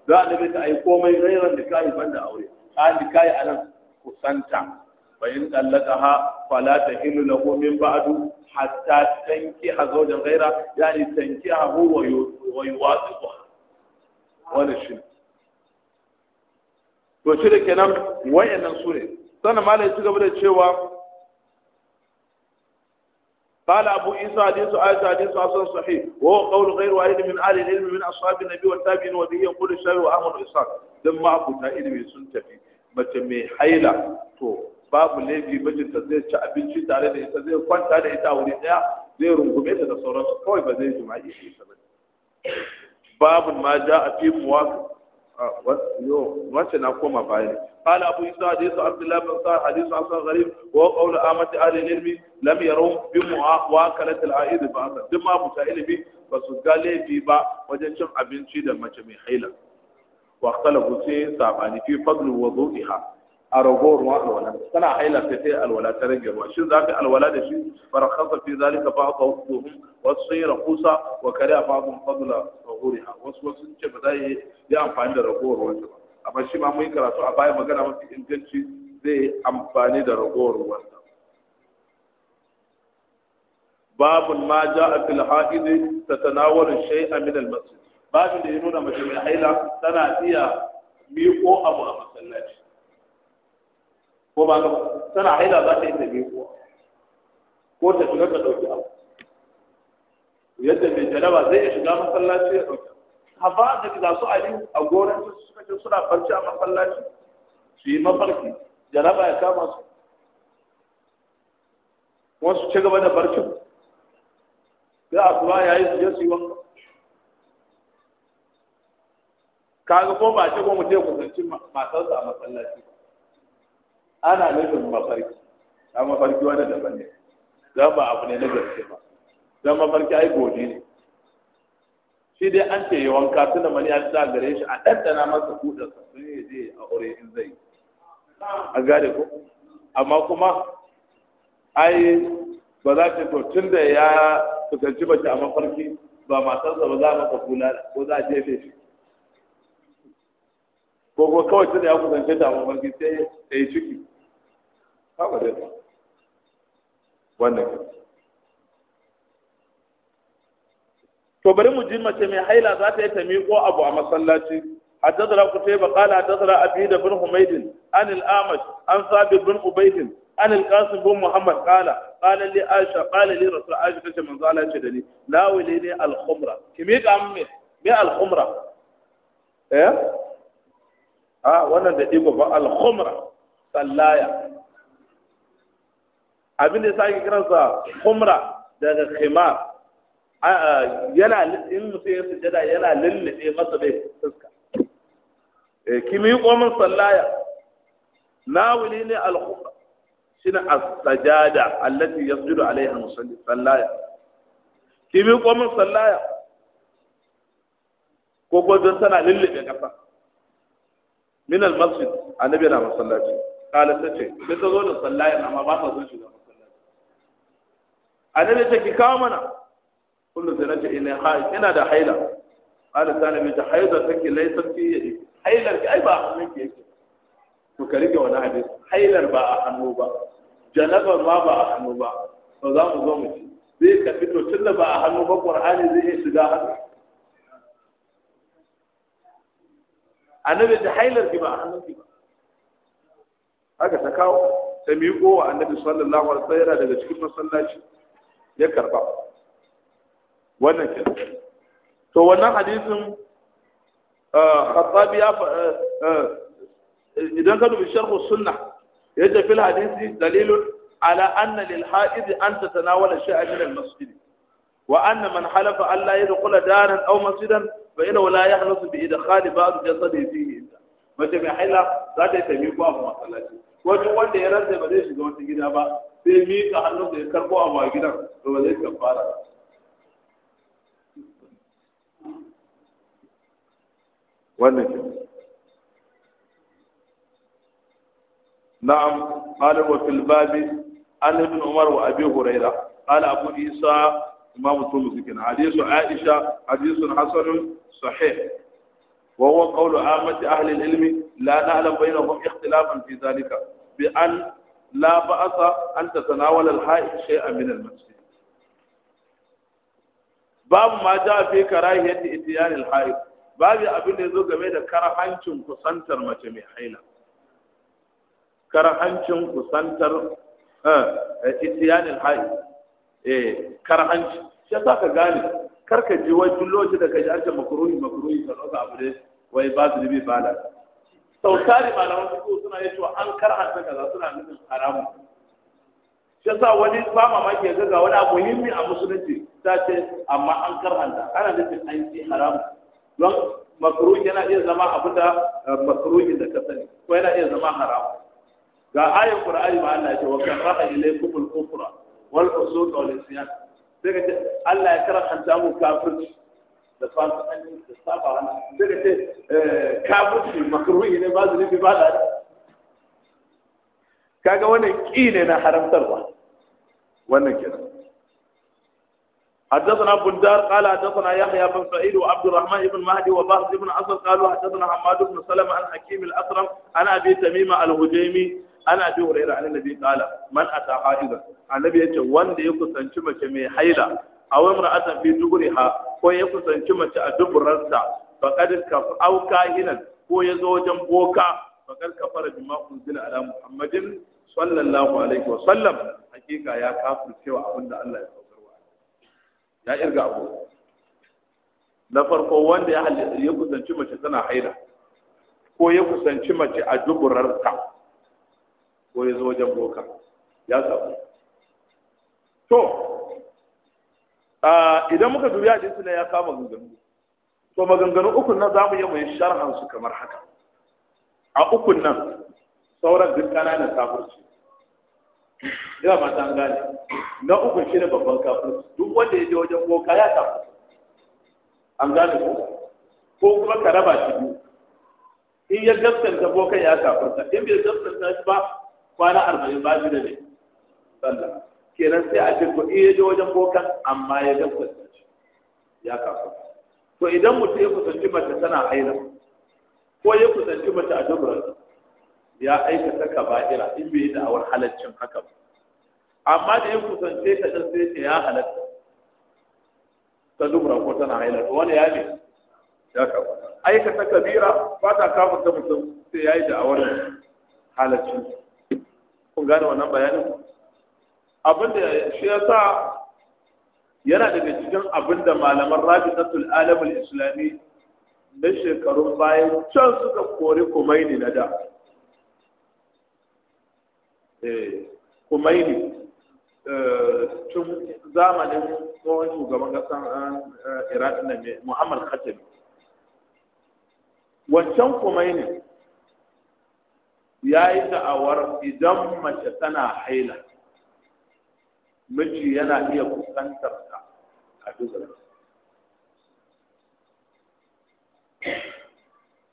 za a nabi ta ai komai ghayra nikahi banda aure a nikahi anan kusanta fa in tallaqaha fala tahillu lahu min ba'du hatta tankiha zawjan ghayra yani tankiha huwa wa wala shi to shi da kenan wayannan sure sannan malai su gaba da cewa قال أبو عيسى حديث آية حديث أصلا صحيح وهو قول غير واحد من أهل العلم من أصحاب النبي والتابعين وبه يقول الشافعي وأحمد وإسحاق لما أبو تائل من سنتفي متى حيلة تو babu laifi mijinta zai ci abinci tare da ita zai kwanta da ita a wuri daya zai rungume ta da sauransu kawai ba zai jima'i da ita ba babu ma ja a fi muwafaq wacce na koma baya قال أبو يسوع حديث عبد الله بن صالح حديث عبد غريب وهو قول أمة أهل العلم لم يروا بمواكلة العائد بعضا دم أبو سائل بي فسجى لي في با وجنشم أبن شيدا ما جميع حيلا واختلفوا سي سابعني في فضل وضوئها a ragowar ruwan alwala tana haila sai ta yi alwala ta rage ruwa shin za ka alwala da shi farakasa fi zalika ba ka hukumu wasu sun yi rahusa wa kare a babin fadula rahuriha wasu wasu sun ce ba za yi yi amfani da ragowar ruwan ba amma shi ma mun karatu a baya magana mafi inganci zai amfani da ragowar ruwan babun ma ja ja'a fil ha'idi shai a min al-masjid babin da ya nuna mace mai haila tana iya miƙo abu a masallaci ko ba ga tana haila za ta yi ta biyu ko ta shiga ta ɗauki abu yadda mai jalaba zai iya shiga masallaci ya ɗauki ba da ga su ali a gonan su suka ce suna barci a masallaci su yi mafarki jalaba ya kama su wasu ci gaba da barcin sai a kuma ya yi su yi wanka kaga ko ba ce ko mutum ya kusanci matarsa a masallaci ba ana nufin mafarki a mafarki wani daban ne zan ba abu ne na gaske ba zan mafarki ai gobe ne shi dai an ce yawan kasu da mani a ta gare shi a ɗanɗana masa sa sun yi zai a aure in zai a gane ko amma kuma ai ba za ta to tun da ya fuskanci mace a mafarki ba matarsa ba za a maka kula ko za a jefe shi ko ko kawai tun da ya kusance ta a mafarki sai ya yi ciki haɓa da wannan to bari mu ji mace mai haila za ta yi ta miƙo abu a masallaci A haddadara ku ce ba ƙala haddadara abi da bin humaidin an al'amas an sabi bin ubaidin an alƙasin bin muhammad ƙala ƙala li aisha ƙala li rasul aisha ta ce man zala ce da ni lawale ne alhumra. ki miƙa mu me al alhumra. eh a ah, wannan da ɗigo ba al-khumra sallaya abin da ya sake kiransa kumra daga khimar yana in mutum ya sujada yana lullube masa bai fuska eh, kimi yi komin sallaya na wuli ne al-khumra shine as-sajada allati yasjudu alaiha musalli sallaya kimi komin sallaya ko gwajon tana lullube kasa min al-masjid annabi na masallaci kala ce, sai ta zo da sallaya amma ba ta zo shiga annabi ce ki kawo mana kullu zinati ina haid ina da haila qala sana ta haida take laysa fi yadi hailar ki ai ba a hannun ki yake to ka rike wani hadisi hailar ba a hannu ba janaba ma ba a hannu ba to za mu zo mu ci zai ka fito tun da ba a hannu ba qur'ani zai iya shiga hannu annabi ta hailar ki ba a hannun ki ba haka ta kawo ta miƙo wa annabi sallallahu alaihi wasallam daga cikin masallaci ya karba wannan ke to wannan hadisin eh, khattabi ya eh, eh, idan ka dubi sharhu sunna ya ce fil hadisi dalilun ala anna lil haid an tatanawala shay'an min al masjid wa anna man halafa an la yadkhula daran aw masjidan fa innahu la yahlusu bi idkhali ba'd jasadihi fihi mace mai haila za ta yi taimako a masallaci wani wanda ya rantsa ba zai shiga wata gida ba sai miƙa hannun da ya karɓo abu a gidan to ba zai kafara wannan ke na'am qala wa fil babi an ibn umar wa abi hurairah qala abu isa imam tumus kin hadithu aisha hadithun hasanun sahih وهو قول عامة أهل العلم لا نعلم بينهم اختلافا في ذلك bi an la ba'asa an tatanawala al-ha'id shay'an min al-masjid babu ma ja fi karahiyati itiyan al-ha'id babu abin da yazo game da karahancin kusantar mace mai haila karahancin kusantar eh, itiyan al-ha'id eh karahanci shi ka gane karka ji wai duk da ka ji an ce makruhi makruhi ka dauka abu wai ba su bi ba da sau tari malaman fiƙo suna yi cewa an karanta kaza suna nufin haramu shi yasa wani ba mamaki ya ga wani abu muhimmi a musulunci ta ce amma an karanta ana nufin an yi haramu don makruhi yana iya zama abu da eh, makruhi da ka sani ko yana iya zama haramu ga ayin qur'ani ma Allah ya ce wa karaha ilaykum al-kufra wal fusuq wal isyan sai ka ce Allah ya karanta mu kafirci da fasikanci da saba hannu sai ka ce kabuci makaruhi ne ba ne ba da kaga wannan ki ne na haramtarwa wannan kenan حدثنا بندار قال حدثنا يحيى بن سعيد وعبد الرحمن بن مهدي وبهز بن عسل قالوا حدثنا حماد بن سلمة عن حكيم الأكرم عن أبي تميم الهجيمي عن أبي هريرة عن النبي قال من أتى حائضا النبي يقول وان يكسنتي مكه مي حيله aw imra'atan fi duburiha ko ya kusanci mace a duburarsa faqad kaf aw kahinan ko ya zo wajen boka faqad kafara bima zina ala muhammadin sallallahu alaihi wa sallam hakika ya kafircewa abinda Allah ya saukarwa ya irga abu na farko wanda ya ya kusanci mace tana haila ko ya kusanci mace a duburarsa ko ya zo wajen boka ya sabu to idan muka dubi jinsu ne ya kama maganganu to maganganu uku nan za mu yi mai sharhan su kamar haka a ukun nan sauran duk ƙananan kafirci ina ba an gane na uku shi ne babban kafirci duk wanda ya je wajen boka ya kafirci an gane ko ko kuma ka raba shi biyu in ya gaskanta bokan ya kafirta in bai gaskanta shi ba kwana arba'in ba shi da ne sallah kenan sai a ce to iya je wajen bokan amma ya ga kusanci ya kasu to idan mutum ya kusanci mace tana haila ko ya kusanci mace a dubura ya aikata kaba'ira in bai yi da'awar halaccin haka ba amma da ya kusance ta ɗan sai ya halatta ta dubra ko tana haila to wani ya ne ya kasu aikata kabira ba ta kafa ta mutum sai ya yi da'awar halaccin kun gane wannan bayanin abinda shi shi yasa yana daga cikin abinda malamar malaman rabitatul alamul islami na shekarun bayan can suka kori kumaini na da eh, kumaini eh, tun zamanin tsohon shugaban ƙasar eh, iraq na muhammad khatami wancan kumaini ya yi da'awar idan mace tana haila miji yana iya kusantar ka a dubura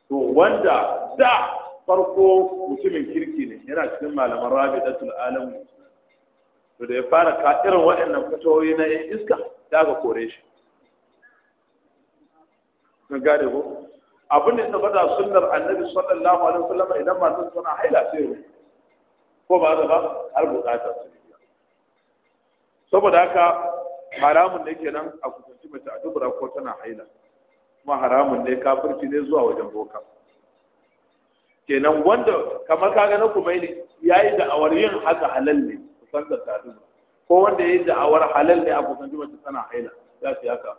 to wanda da farko mutumin kirki ne yana cikin malaman rabi'atul alam to da ya fara ka irin waɗannan fatoyi na yan iska da ga kore shi ka gane ko abin da ta da sunnar annabi sallallahu alaihi wasallam idan masu suna haila sai ko ba da ba har bukatar su saboda haka haramun ne kenan a kusanci mace a dubura ko tana haila kuma haramun ne kafirci ne zuwa wajen boka kenan wanda kamar kaga na kuma ne ya yi da'awar yin haka halal ne kusantar ta dubura ko wanda ya yi da'awar halal ne a kusanci mace tana haila ya fi haka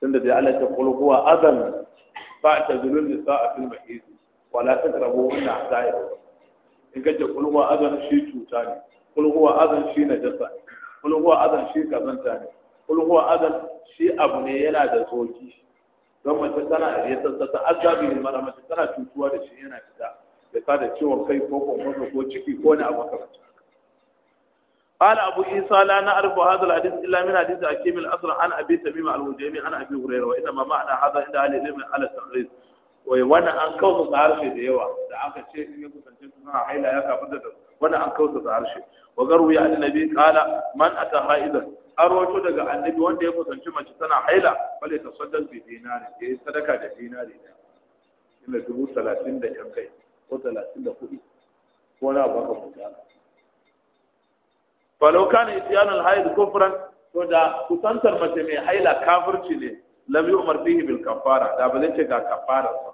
tunda da Allah ta kulu huwa azan ba ta zulun nisa a fil mahid wala taqrabu hunna hatta yau in kace kulu huwa azan shi cuta ne kul huwa azan shi najasa kul huwa azan shi kazanta ne kul huwa azan shi abu ne yana da zoki don mace tana ya tsantsanta azabi ne mara mace tana cutuwa da shi yana fita da ta da ciwon kai ko kwakwalwa ko ciki ko wani abu makamanta قال أبو عيسى لا نعرف هذا الحديث إلا من حديث حكيم الأسرع عن أبي تميم الهجيمي عن أبي هريرة وإنما معنى هذا عند أهل العلم على التقريب wai wannan an kawo sa harshe da yawa da aka ce in ya kusance su suna haila ya kafa da wannan an kawo su harshe wa garu ya annabi kala man ata Har arwato daga annabi wanda ya kusance mace tana haila bale ta saddal bi dinari ya yi sadaka da dinari da Ina dubu talatin da yan kai ko talatin da kuɗi ko na baka mutane falau kana isyanul haid kufran to da kusantar mace mai haila kafirci ne lam yu'mar bihi bil kafara da ba zai ce ga kafara ba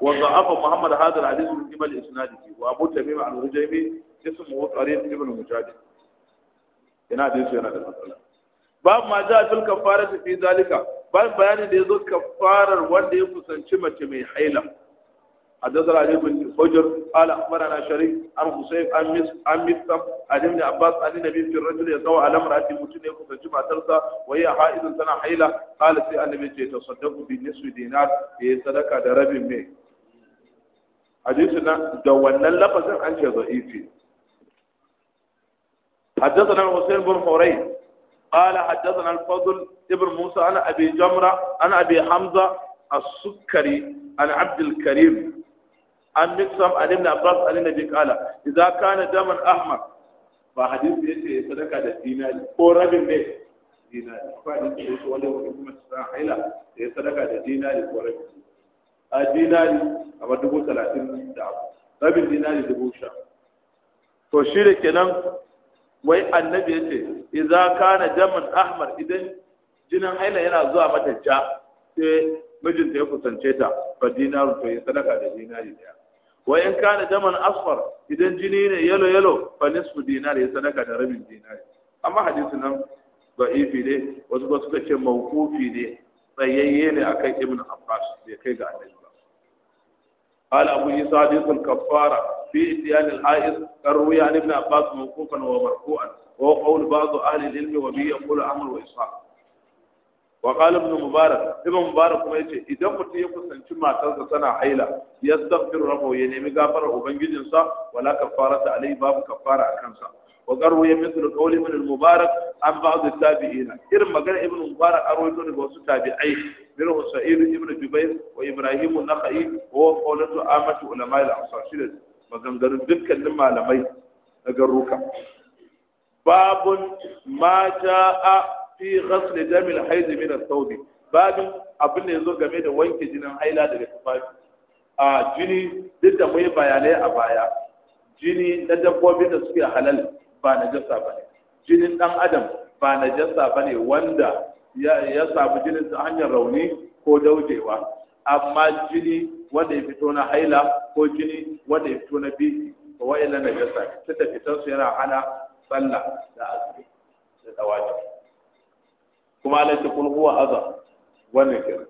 وضعف محمد هذا الحديث من قبل اسناده وابو تميم عن الهجيمي اسمه طريق ابن مجاهد ina hadisi yana da matsala باب ما جاء في الكفاره في ذلك باب بيان da yazo kafarar wanda ya kusanci mace حيله حدثنا علي بن حجر قال اخبرنا شريك عن حسين عن مس عن مسلم عن ابن عباس عن النبي في الرجل يسوى على امراه متن يكون الجمعه ترسى وهي حائض سنه حيله قالت في النبي يتصدق بنصف دينار صدقه درب مي حديثنا ده wannan lafazin an ce da'ifi حدثنا الحسين بن حرين قال حدثنا الفضل ابن موسى عن ابي جمره عن ابي حمزه السكري عن عبد الكريم an miksam an ibn abbas an nabi qala idza kana daman ahmar ba hadisi yace sadaka da dinari ko rabin ne dinari ba hadisi yace wanda wani kuma sahila da ya sadaka da dinari ko rabin a dinari a dubu talatin da abu rabin dinari dubu sha to shi da kenan wai annabi yace idza kana daman ahmar idan jinan haila yana zuwa mata ja sai mijinta ya kusance ta fa dinaru to ya sadaka da dinari daya wa in kana daman asfar idan jini ne yalo yalo fa nisfu dinar ya sadaka da rabin dinar amma hadisin nan da'ifi ne wasu ba suka ce mawqufi ne tsayayye ne akan ibn abbas bai kai ga annabi ba قال أبو يسوع حديث الكفارة في إتيان الحائض كروي عن ابن عباس موقوفا ومرفوعا وهو قول بعض أهل العلم وبه يقول عمرو وإسحاق wa qala ibn mubarak ibn mubarak kuma yace idan mutum ya kusanci matarsa tana haila yastaghfiru rabbahu ya nemi gafarar ubangijinsa wala kafarata alai babu kafara akan sa wa garu ya mithlu qawli ibn mubarak an ba'd at-tabi'ina irin magana ibn mubarak a rawaito daga wasu tabi'ai minhu sa'id ibn jubair wa ibrahim an-nakhai wa qawlatu amatu ulama al-ansar shi maganganun dukkanin malamai na garuka babun ma ja'a fi ghasl dam al hayd min al sawd babu abin da yazo game da wanke jinin haila daga tufafi a jini duk da mai bayanai a baya jini na dabbobi da suke halal ba najasa bane jinin dan adam ba najasa bane wanda ya samu jinin ta hanyar rauni ko daujewa amma jini wanda ya fito na haila ko jini wanda ya fito na biki ko wa'ila najasa ta fitar su yana hana sallah da azumi da tawaji kuma la ta kulhu azab wannan kenan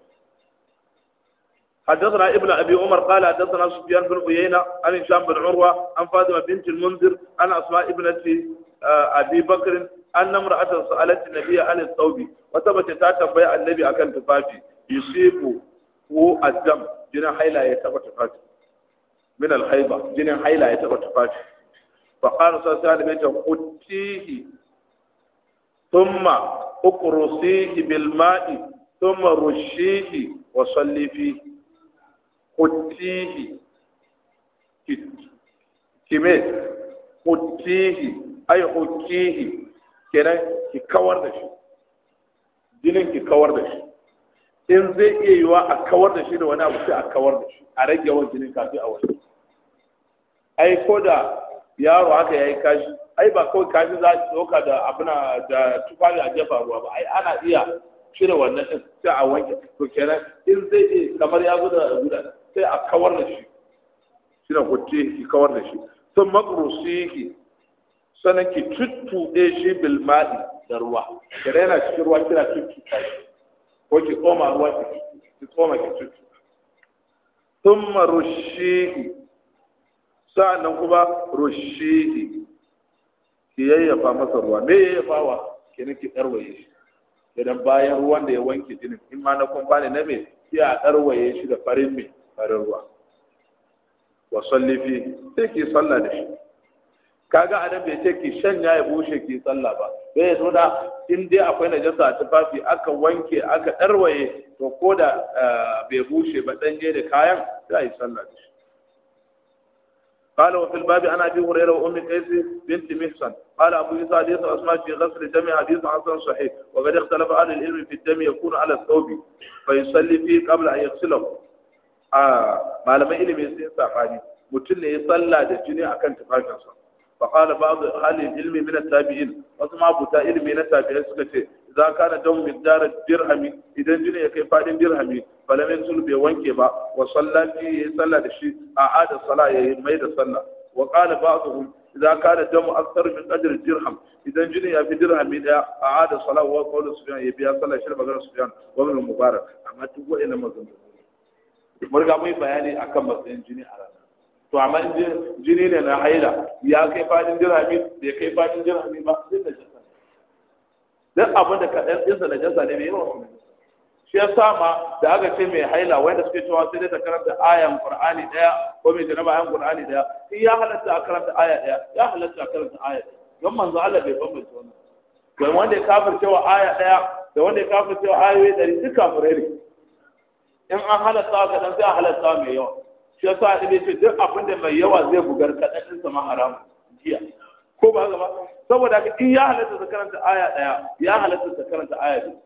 حدثنا ابن ابي عمر قال حدثنا سفيان بن عيينه عن هشام بن عروه عن فاطمه بنت المنذر عن اسماء ابنه ابي بكر ان امراه سالت النبي عن الثوب وثبت تتبع النبي اكن تفافي يصيب هو الدم جنا حيلا يتبع تفافي من الخيبه جنا حيلا يتبع تفافي فقال صلى الله عليه وسلم قتيه ثم اقرصيه بالماء ثم رشيه وصلي فيه قتيه كمي قتيه kawar da shi, كوار ki kawar da دشي in zai iya yiwa a kawar da shi da wani abu sai a kawar da shi a rage yawan jinin kafi a wani ai ko da yaro haka ya yi kashi ai ba kawai kaji za su ɗauka da abuna da tufafi a jefa ruwa ba ai ana iya cire wannan ɗin sai a wanke to kenan in zai iya kamar ya zo da guda sai a kawar da shi shi na kwace shi kawar da shi sun makrusi ki sannan ki tuttuɗe shi bilma'i da ruwa kira yana cikin ruwa kira tuttuɗa shi ko ki tsoma ruwa ki ki tsoma ki tuttuɗa sun marushihi sa'annan kuma rushihi ki yayyafa masa ruwa me wa kenan ki tsarwaye shi idan bayan ruwan da ya wanke jinin in ma na kumfa ne na me ki a tsarwaye shi da farin me farin ruwa wa salli fi sai ki salla da shi kaga adam bai ce ki shanya ya bushe ki salla ba bai zo da in dai akwai najasa a tufafi aka wanke aka tsarwaye to ko da eh, bai bushe ba danje da kayan za a yi salla da shi قال وفي الباب أنا أبي هريرة وأم قيس بنت محسن قال أبو إيسا حديث أسماء في غسل الدم حديث حسن صحيح وقد اختلف أهل العلم في الدم يكون على الثوب فيصلي فيه قبل أن يغسله آه ما لم يلم يسين ساقاني متن يصلى لجني أكن تفاجأ فقال بعض أهل العلم من التابعين وثم أبو تائب من التابعين za ka na don miqdar dirhami idan jini ya kai fadin dirhami falam yansul bai wanke ba wa sallati ya sallah da shi a ada sala ya mai da sallah wa ba su qala Za idza kana damu aksar min qadr dirham idan jini ya fi dirhami daya a ada sala wa qawlu sufyan ya biya sallah shi da magana su wa gwamnan mubarak amma duk wa'annan maganganu mun ga mai bayani akan matsayin jini a rana to amma jini ne na haila ya kai fadin dirhami bai kai fadin dirhami ba sai da duk abin da kaɗan ɗinsa da jansa ne mai yawan su shi ya sama da aka ce mai haila wanda suke cewa sai dai ta karanta ayan qur'ani daya ko mai jaraba ayan qur'ani daya shi ya halatta a karanta aya daya ya halatta a karanta aya don manzo Allah bai bambance wannan don wanda ya kafir cewa aya daya da wanda ya kafir cewa ayoyi ɗari duk kafirai ne in an halatta ka dan sai a halatta mai yawa shi ya sa ce duk abin da mai yawa zai bugar kaɗan ɗinsa ma haramu jiya ko ba gaba saboda ka in ya halatta ta karanta aya daya ya halatta ta karanta aya biyu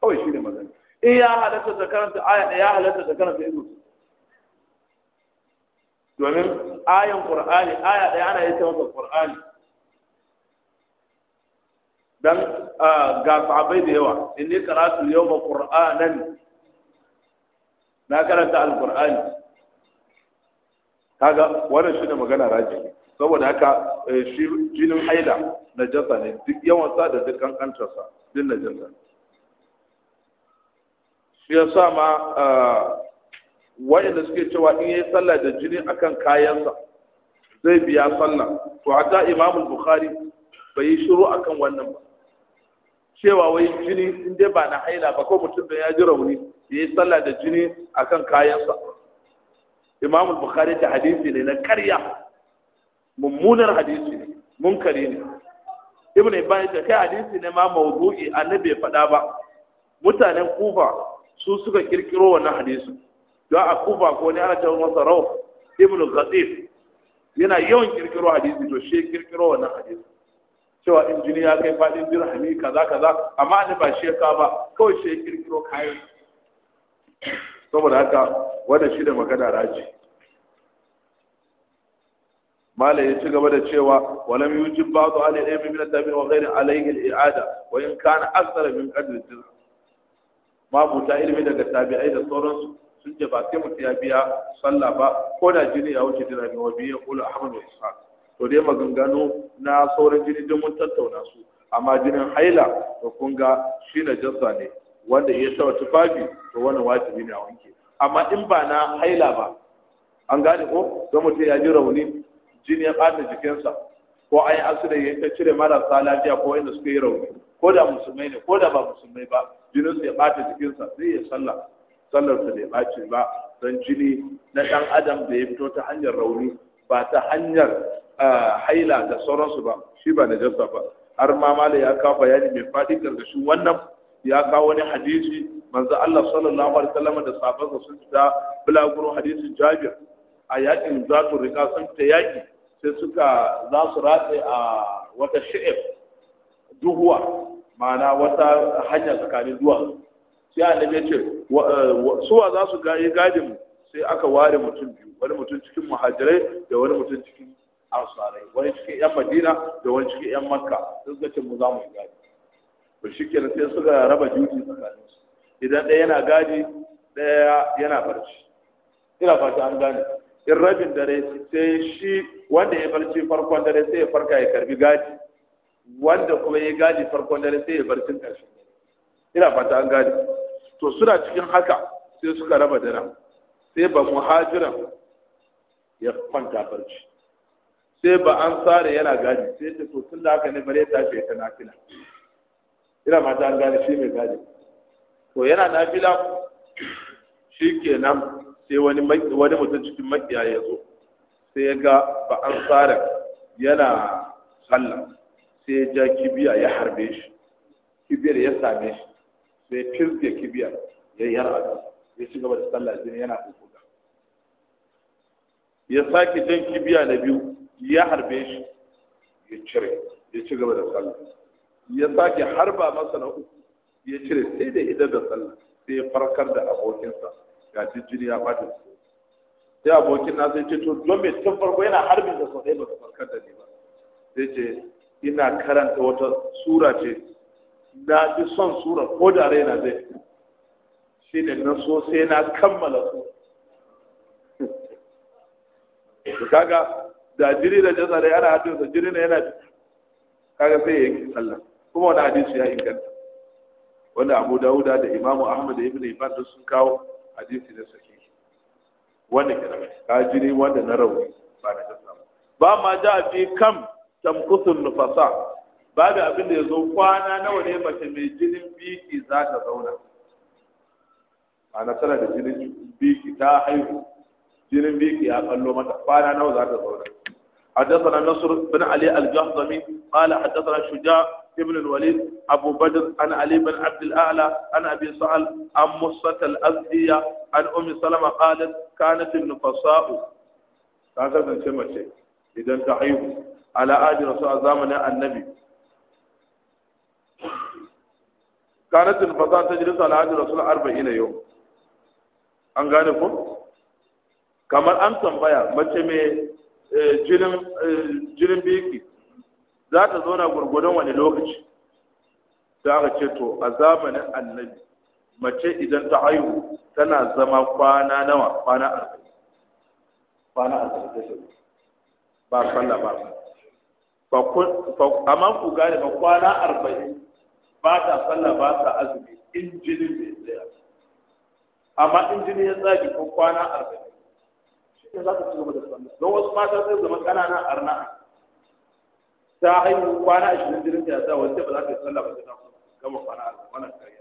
kawai shi ne magana in ya halatta ta karanta aya daya ya halatta ta karanta ido domin ayan qur'ani aya daya ana yin ta masa qur'ani dan ga sahabbai da yawa inni qara'tu al-yawma qur'anan na karanta al-qur'ani kaga wannan ne magana rajihi saboda haka eh, shi jinin haila jasa ne duk yawan sa da duk kankantarsa din na jasa shi ya sa ma ah, wa'inda suke cewa in yi sallah da jini akan kayansa zai biya sallah to hatta imamul bukhari bai yi shiru akan wannan ba cewa wai jini in dai ba na haila ba ko mutum da ya ji rauni ya yi sallah da jini akan kayansa Imamul bukhari ta hadisi ne na karya mummunar hadisi ne munkari ne ibn ibn ta kai hadisi ne ma mawdu'i annabi bai faɗa ba mutanen kufa su suka kirkiro wannan hadisi don a kufa ko ne ana cewa masa ibn ghatif yana yawan kirkiro hadisi to shi kirkiro wannan hadisi cewa injiniya ya kai faɗin dirhami kaza kaza amma ne ba shi ka ba kawai shi kirkiro kayan saboda haka wannan shi da magana raji mala ya ci gaba da cewa walam yujib ba'du ahli al-ilm min at-tabi'in wa ghayri alayhi al-i'ada wa in kana akthara min qadri al ma buta ilmi daga tabi'ai da sauransu sun ce ba sai mutum ya biya sallah ba ko da jini ya wuce dirami wa biya qul ahmad wa ishaq to dai maganganu na sauran jini duk mun tattauna su amma jinin haila to kun ga shi na jazza ne wanda ya tawa tufafi to wannan wajibi ne a wanke amma in ba na haila ba an gane ko don mutum ya ji rauni jini ya ɓata jikinsa ko an yi asirin ya ta cire marasa lafiya ko inda suka yi rauni ko da musulmai ne ko da ba musulmai ba su ya ɓata jikinsa zai iya sallah sallar ta bai ɓaci ba don jini na ɗan adam da ya fito ta hanyar rauni ba ta hanyar ah, haila da sauransu ba shi ba na jasa ba har ma mala ya kawo bayani mai faɗi gargashin wannan ya kawo wani hadisi manzo Allah sallallahu alaihi wasallam da sahabbansa sun fita bulaguro hadisin Jabir a yakin zatu riga sun fita yaki sai suka za su ratse a wata shi'if duhuwa ma'ana wata hanya tsakanin duwa. sai annabi ya ce eh, suwa za su gayi mu sai aka ware mutum biyu wani mutum cikin muhajirai da wani mutum cikin ansarai wani cikin yan madina da wani cikin yan makka sai suka ce mu za mu gadi shi shikenan sai suka raba juji tsakanin su idan ɗaya yana gadi ɗaya yana barci ina fata an gane in rabin dare sai shi wanda ya barci farkon dare sai ya farka ya karbi gadi wanda kuma ya gadi farkon dare sai ya barci karshe ina fata an gadi to suna cikin haka sai suka raba daren sai ba muhajiran ya kwanta barci sai ba an sare yana gadi sai ta to tun da haka ne bare ta ce ta nafila ina fata an gadi shi mai gadi to yana nafila shi kenan sai wani wani mutum cikin makiya ya zo sai ya ga ba an tsara yana sallah sai ya ja kibiya ya harbe shi kibiyar ya same shi sai fizge kibiyar ya yi har yar ya ci gaba da sallah jini yana kukuta ya sake jan kibiya na biyu ya harbe shi ya cire ya ci gaba da sallah ya sake harba masa na uku ya cire sai da idan da sallah sai ya farkar da abokinsa ga cincin ya fata su sai abokin na sai ce to don mai tun farko yana harbin da sau ɗaya su farkar da ni ba sai ce ina karanta wata sura ce na ji son sura ko da raina zai fita shi ne na so sai na kammala su kaga da jiri da jazare da yana hadinsa jiri na yana kaga sai ya yanki sallah kuma wani hadisi ya inganta wanda abu dawuda da imamu ahmad da ibn ibn sun kawo hadisi da sahihi wanda ke da kajiri wanda na rauni ba da kasa ba ma ja fi kam tamkusun nufasa babu abin da ya zo kwana nawa ne mace mai jinin biki za ta zauna ana tana da jinin biki ta haihu jinin biki ya kallo mata kwana nawa za ta zauna حدثنا نصر بن علي الجهضمي قال حدثنا شجاع ابن الوليد أبو بدر عن علي بن عبد الأعلى عن أبي سعل عن مصة الأزهية عن أم سلمة قالت كانت النفساء هكذا كما شيء إذا تعيب على آج رسول زمن النبي كانت النفساء تجلس على آج رسول أربعين يوم أن gane ko kamar an tambaya mace mai jinin بيكي za ta zauna gurgudun wani lokaci za ka ce to a zamanin annabi mace idan ta haihu tana zama kwana nawa kwana arba'in kwana arba'in ba sallah ba amma ku gane ba kwana arba'in ba ta sallah ba ta azumi in jinin bai tsaya amma in jini ya tsaki ko kwana arba'in shi ne za ka ci gaba da sallah don wasu mata sai zama kanana arna'a ta haihu kwana ashirin jirin ya sa wanda ba za ka yi sallah ba ta gama kwana wannan kariya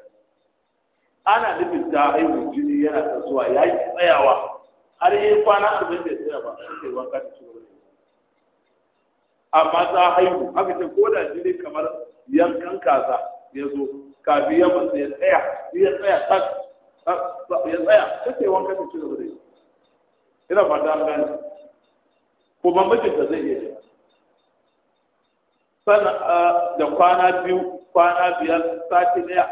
ana nufin ta haihu jini yana tasowa ya yi tsayawa har yi kwana arba'in da tsaya ba sai kai wanka ta cigaba da amma ta haihu haka ce ko da jini kamar yankan kaza ya zo kafin ya matsa ya tsaya ya tsaya tak ya tsaya sai kai wanka da cigaba da ina fata an gani, ko bambancin da zai iya sana da kwana biyu kwana biyar sati daya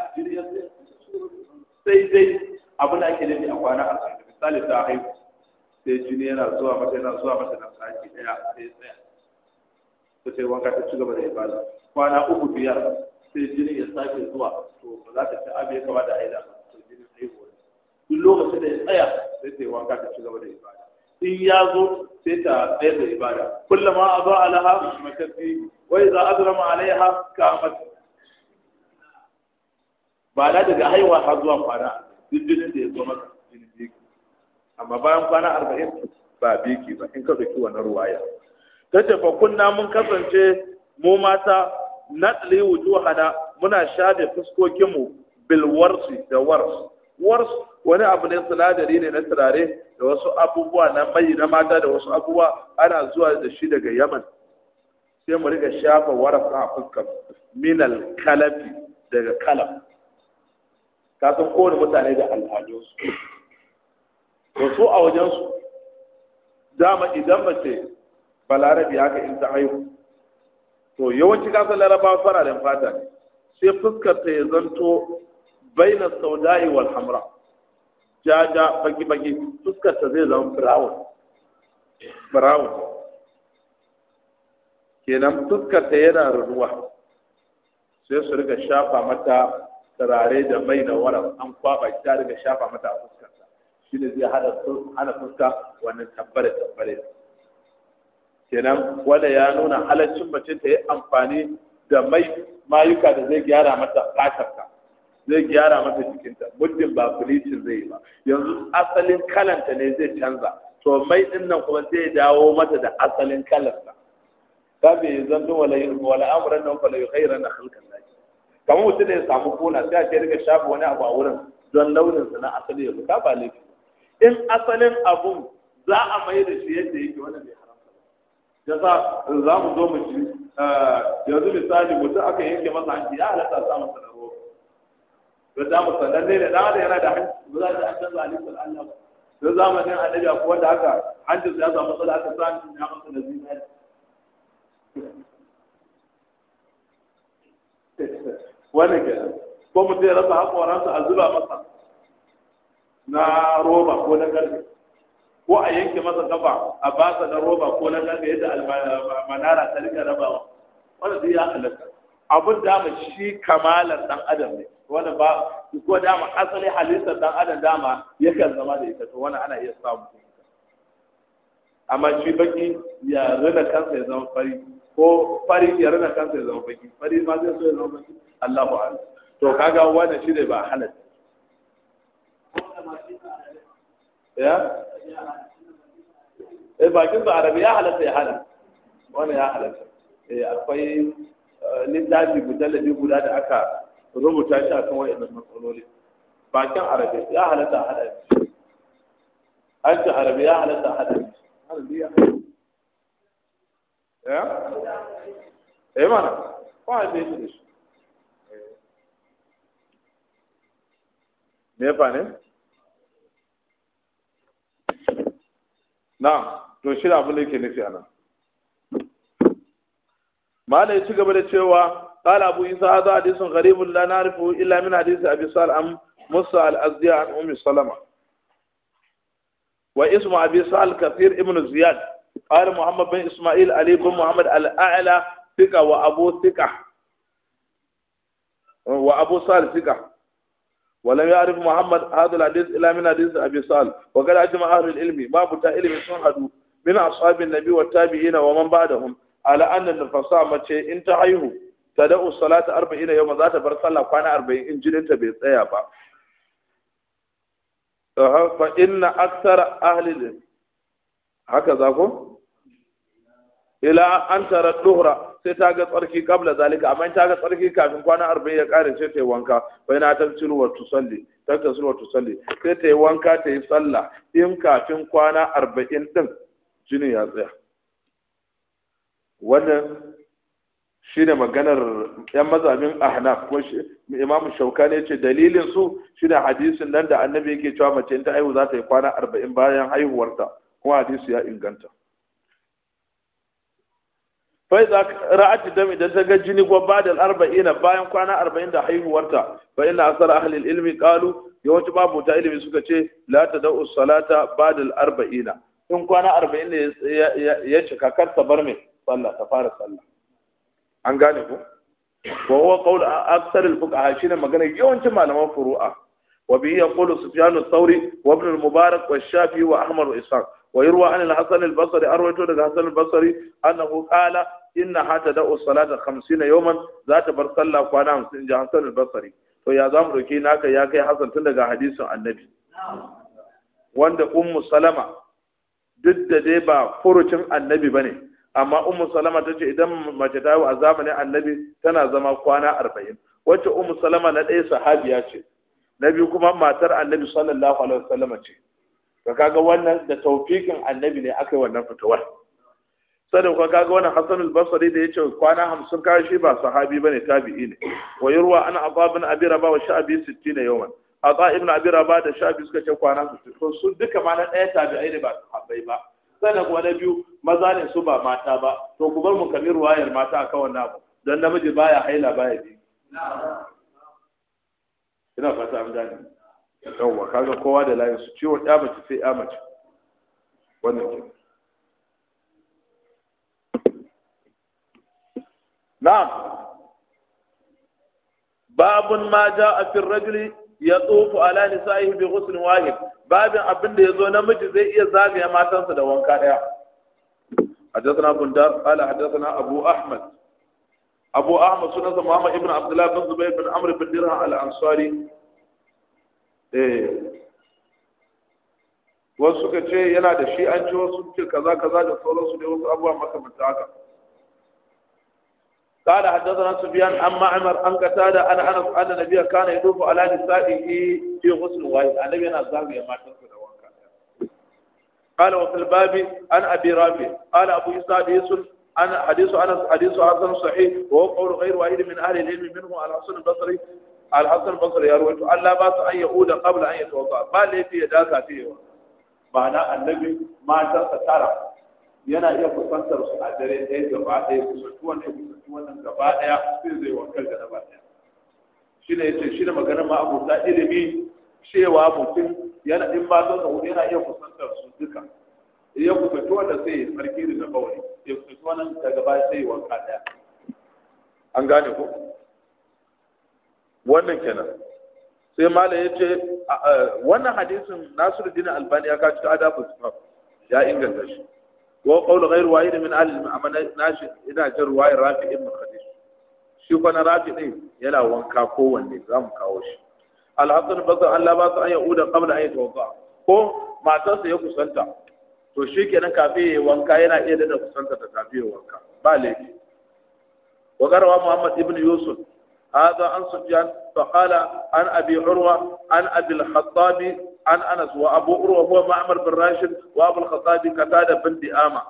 sai dai abin da ake nemi a kwana a misali ta haihu sai jini yana zuwa mata yana zuwa mata na sati daya sai tsaya ta sai wanka ta ci gaba da ibada kwana uku biyar sai jini ya sake zuwa to ba za ta ci abin ya kama da aida sai jini haihuwa duk lokacin da ya tsaya sai sai wanka ta ci gaba da ibada in ya zo sai ta tsaye da ibada kullama a zo alaha makasi wai za a zama alaiha kamar ba na daga haihuwa har zuwa kwana jinin da ya zo maka jinin biki amma bayan kwana arba'in ba biki ba in ka ɗauki wannan ruwaya ta ce kunna mun kasance mu mata na natli wujuhana muna shafe fuskokinmu bilwarsu. da wars wars wani abu ne sinadari ne na turare da wasu abubuwa na mai na mata da wasu abubuwa ana zuwa da shi daga yaman sai mu riga shafa warasa a fuskar minal kalafi daga kalaf Ta san kowane mutane da al'adunsu wasu a wajensu dama idan mace balarabi haka in ta haihu to yawanci kasar fara fararen fata ne sai fuskar ta ya zanto bai na sauda'i wal hamra Jaja, ja baki baki fuskar ta zai zama brown brown kenan fuskar ta yana ruwa sai su riga shafa mata turare da mai da waran an kwaba ta riga shafa mata a fuskar ta shine zai hada hana fuska wannan tabbare tabbare kenan wanda ya nuna halaccin mace ta yi amfani da mai mayuka da zai gyara mata fatarta zai gyara mata jikinta muddin ba bleaching zai yi ba yanzu asalin kalanta ne zai canza to mai din nan kuma zai dawo mata da asalin kalanta ta bai zanto wala wala amran nan fala na khalqan lahi kamar mutum ne ya samu kona sai a ce rika shafa wani abu a wurin don launin sa na asali ya fita ba laifi in asalin abun za a mai da shi yadda yake wannan bai haramta ba yasa za mu zo mu ji eh, yanzu misali mutum aka yanke masa hanci ya halatta sa masa don za mu sananne ne dan adam yana da hanci ba za ta an canza halittar Allah ba don zamanin annabi akwai wanda haka hancin ya samu matsala aka sa hancin ya masa da zinari wani kenan ko mutum ya rasa haƙoransa a zuba masa na roba ko na karfe ko a yanke masa kafa a ba sa na roba ko na karfe yadda manara ta rika rabawa wanda zai ya halatta abin da mu shi kamalar dan adam ne wanda ba ko dama asali halitta dan adam dama yakan zama da ita to wannan ana iya samu amma shi baki ya rana kansa ya zama fari ko fari ya rana kansa ya zama baki fari ma zai so ya zama baki Allahu a'lam to kaga wannan shi ne ba halatta ya eh bakin ba arabi ya halatta ya halatta wannan ya halatta eh akwai eh, littafi mujalladi guda da aka rubuta shi a kan wa'in da matsaloli bakin arabe ya halatta hada shi harshen arabe ya halatta hada yanzu ya eh? eh mana kwa haɗe shi da shi me ba ne na to shi da abin da yake nufi anan ya ci gaba da cewa قال أبو عيسى هذا حديث غريب لا نعرفه إلا من حديث أبي صالح مصع موسى الأزدي عن أم سلمة واسم أبي صالح كثير ابن زياد قال محمد بن إسماعيل علي بن محمد الأعلى ثقة وأبو ثقة وأبو صالح ثقة ولم يعرف محمد هذا الحديث إلا من حديث أبي صالح وقال أجمع أهل العلم ما بتاع علم سنحدوا من أصحاب النبي والتابعين ومن بعدهم على أن النفساء ما إن tada'u salata arba'ina yau za ta bar sallah kwana arba'in in jininta bai tsaya ba fa inna akthara ahlil haka za ku? ila an tara duhra sai ta ga tsarki kabla zalika amma ta ga tsarki kafin kwana arba'in ya kare sai ta yi wanka bai na ta ciru wa tusalli ta ta ciru wa tusalli sai ta yi wanka ta yi sallah in kafin kwana arba'in din jini ya tsaya wannan shine maganar yan a ahnaf ko imamu ne ce dalilin su shine hadisin nan da annabi yake cewa mace ta haihu za ta yi kwana arba'in bayan haihuwarta kuma hadisu ya inganta fai za ra'ati dam idan ta ga jini ko ba da arba'ina bayan kwana arba'in da haihuwarta fa inna asar ahlil ilmi qalu yawanci babu ta ilimi suka ce la tadau salata ba da arba'ina in kwana arba'in ne ya cika kar ta bar mai sallah ta fara sallah an gane ku wa huwa qawl aksar al-fuqaha shine magana yawancin malaman furu'a wa bi yaqulu sufyan ath-thawri wa ibn al-mubarak wa shafi wa ahmad wa ishaq wa yurwa an al-hasan al-basri arwayto daga hasan al-basri annahu qala inna hata da'u salata 50 yawman za ta bar sallah kwana 50 ji hasan al-basri to ya zamu roki naka ya kai hasan tun daga hadisin annabi wanda ummu salama duk da dai ba furucin annabi bane amma ummu salama ta ce idan mace ta a zamanin annabi tana zama kwana arba'in wacce ummu salama na ɗaya sahabiya ce na biyu kuma matar annabi sallallahu alaihi wasallam ce ka kaga wannan da taufikin annabi ne aka yi wannan fitowar sanin ka kaga wannan hasan al-basri da yace kwana 50 kashi shi ba sahabi bane tabi'i ne wa yurwa ana ababin abi raba wa sha'bi 60 yawman ata ibn abi raba da sha'bi suka ce kwana 60 sun su duka ma na ɗaya tabi'i ne ba sahabbai ba sannan kuma na biyu maza ne su ba mata ba to ku bar mu kalli ruwayar mata a kawai abu don namiji baya haila baya bi ina fata an gane yawwa kaga kowa da layin su ciwon ya mace sai ya mace wannan ke na babun ma a fi rajuli ya tsofu ala nisa'ihi bi ghusl wahid babin abin da yazo namiji zai iya zagaya matansa da wanka daya حدثنا ابن دار قال حدثنا ابو احمد ابو احمد سنه محمد ابن عبد الله بن زبير بن عمرو بن درهم الانصاري wasu suka ce yana da shi an ci wasu ce kaza kaza da sauransu ne wasu abubuwa makamanta haka قال حدثنا سفيان عن معمر عن قتادة عن انا أن النبي كان يطوف على نسائه في غسل واحد النبي أنا ذهب يا ما قال وفي الباب عن أبي رافع قال أبو يسعد يسل أنا حديث أنس حديث حسن صحيح وهو قول غير واحد من أهل العلم منه على الحسن البصري على الحسن البصري يروي لا بأس أن يقول قبل أن يتوضأ ما لي في ذاك فيه معنى النبي ما ترك ترى yana iya kusantar su a dare ɗaya gaba ɗaya kusantu wannan kusantu wannan gaba ɗaya sai zai wankar da gaba ɗaya shi ne yace shi ne magana ma abota ilimi cewa mutum yana in ba zan yana iya kusantar su duka ya kusantu wanda sai ya sarki da gaba wani ya kusantu wannan da gaba sai ya wanka ɗaya an gane ko wannan kenan sai malam ya ce wannan hadisin nasiru dina albani ya kaci adabu ya inganta shi wa qawlu ghayr wahid min ahli amma nashi ina jin ruwayar rafi ibn khadij shi kuma rafi ne yana wanka kowanne zamu kawo shi al-hasan bazan Allah ba su an yauda qabla an yatawadda ko matarsa ya kusanta to shi kenan kafin ya wanka yana iya da kusanta ta kafin ya wanka ba laifi wa garwa muhammad ibn yusuf هذا عن سفيان فقال عن ابي عروه عن ابي الخطاب عن أنس وأبو أروى هو معمر بن راشد وأبو الخطاب قتادة بن دئامة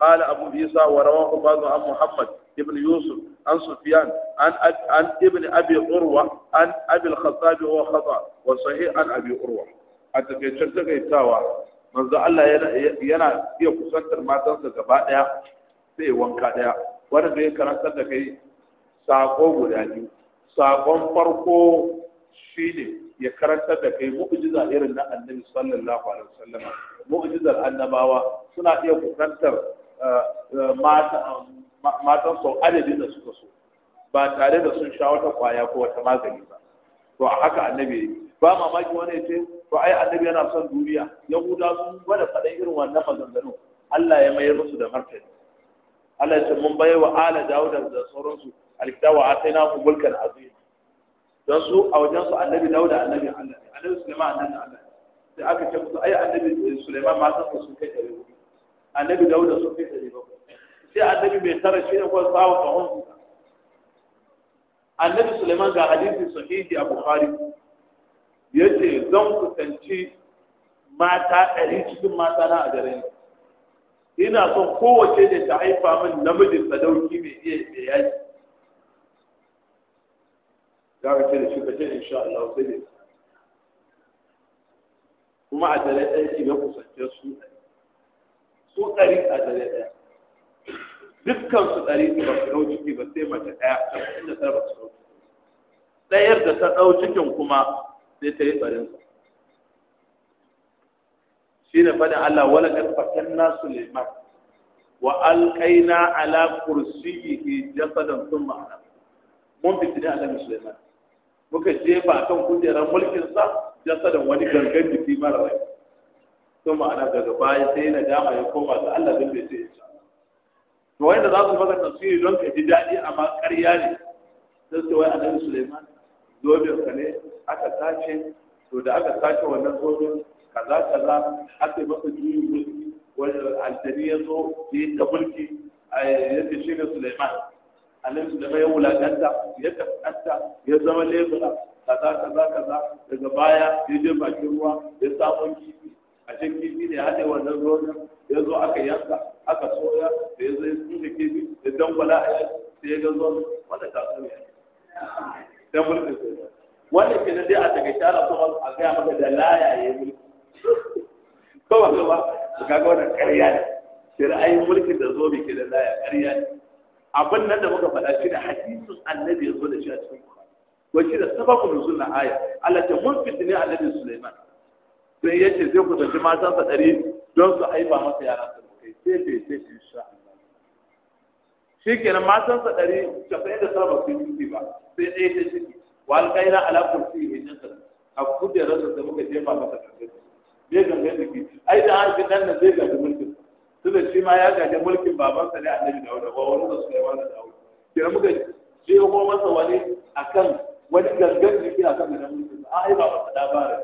قال أبو عيسى ورواه بعض عن محمد ابن يوسف عن سفيان عن أب... عن ابن أبي أروى عن أبي الخطاب هو خطأ وصحيح عن أبي أروى أتكلم تكلم manzo Allah yana iya kusantar matansa gaba daya sai wanka daya wanda zai karantar da kai sako guda biyu sakon farko shine ya karantar da kai mu'jiza irin na annabi sallallahu alaihi wasallam mu'jizar annabawa suna iya kusantar eh, eh, mata matan sau adadin da suka so ba tare da sun sha wata kwaya ko wata magani ba to a haka annabi ba mamaki wani ya ce to ai annabi yana son duniya yahuda sun gwada faɗin irin wannan maganganu. Allah ya mayar musu da martani Allah ya ce mun bai wa ala dawuda da sauransu alkitawa atainahu mulkan azim don su a wajen su annabi dauda annabi allah annabi suleiman annabi allah sai aka ce musu ai annabi suleiman ma san sun kai dare hudu annabi dauda sun kai dare bakwai sai annabi mai tara shi ne kuma sawa kahon annabi suleiman ga hadisi sahihi a bukhari yace zan kusanci mata ɗari cikin mata na a gare ni. ina son kowace da ta haifa min namiji sadauki mai iya yaji za ka ce da shi ka ce insha Allah sai da kuma a dare ɗaya shi ya kusance su su ɗari a dare ɗaya dukkan su ɗari su ba su ɗau ciki ba sai mace ɗaya ta inda ta ba su ɗau ɗayar da ta ɗau cikin kuma sai ta yi ɓarin sa shi ne faɗin Allah wala kan fatan na Suleiman wa alƙaina ala kursiyihi jasadan sun ma'ana mun fitini Allah Musulmai. muka jefa kan kujerar mulkin sa, mulkinsa jasadan wani gangan jiki mara rai sun ma'ana daga baya sai na dama ya koma ga Allah zai bai sai to wanda za su maka tafsiri don ka ji daɗi amma ƙarya ne sai sai wai annabi Suleiman dobin ka ne aka sace to da aka sace wannan dobin kaza kaza aka yi masa juyi wani aljani ya zo ya yi ta mulki a yadda shi ne Suleiman annabi su zama ya wulakanta ya kaskanta ya zama lebura kaza kaza kaza daga baya ya je bakin ruwa ya samu kifi a cikin kifi ne haɗe wannan ruwan ya zo aka yanka aka soya da ya zo ya tsinka kifi da dambala a yaki sai ya ga zuwa wanda ta so ya dan mulkin sai wannan ke dai a daga shara kuma a gaya maka da laya ya yi mulki ko ba ko ba ga wannan ƙarya ne shari'ai mulkin da zo bai ke da laya ƙarya ne abin nan da muka faɗa shi da hadisin annabi ya zo da shi a cikin Qur'ani ko shi da sababun nuzul na aya Allah ta mun fitne annabi Sulaiman sai yace zai ku tafi matan sa ɗari don su haifa masa yaran sa kai sai bai sai insha Allah shikenan matan sa ɗari yadda da ba su yi ba sai ɗaya ta ciki wa alƙaina ala kursi hinin sa a kujerar da muka jefa masa kankan zai gangan da ke ai da an fi nan zai gangan tunda shi ma ya gaje mulkin babansa ne annabi Dawud ba wani da suka yi da Dawud kira muka shi ko masa wani akan wani gangan ke akan da mulkin a ai ba masa dabara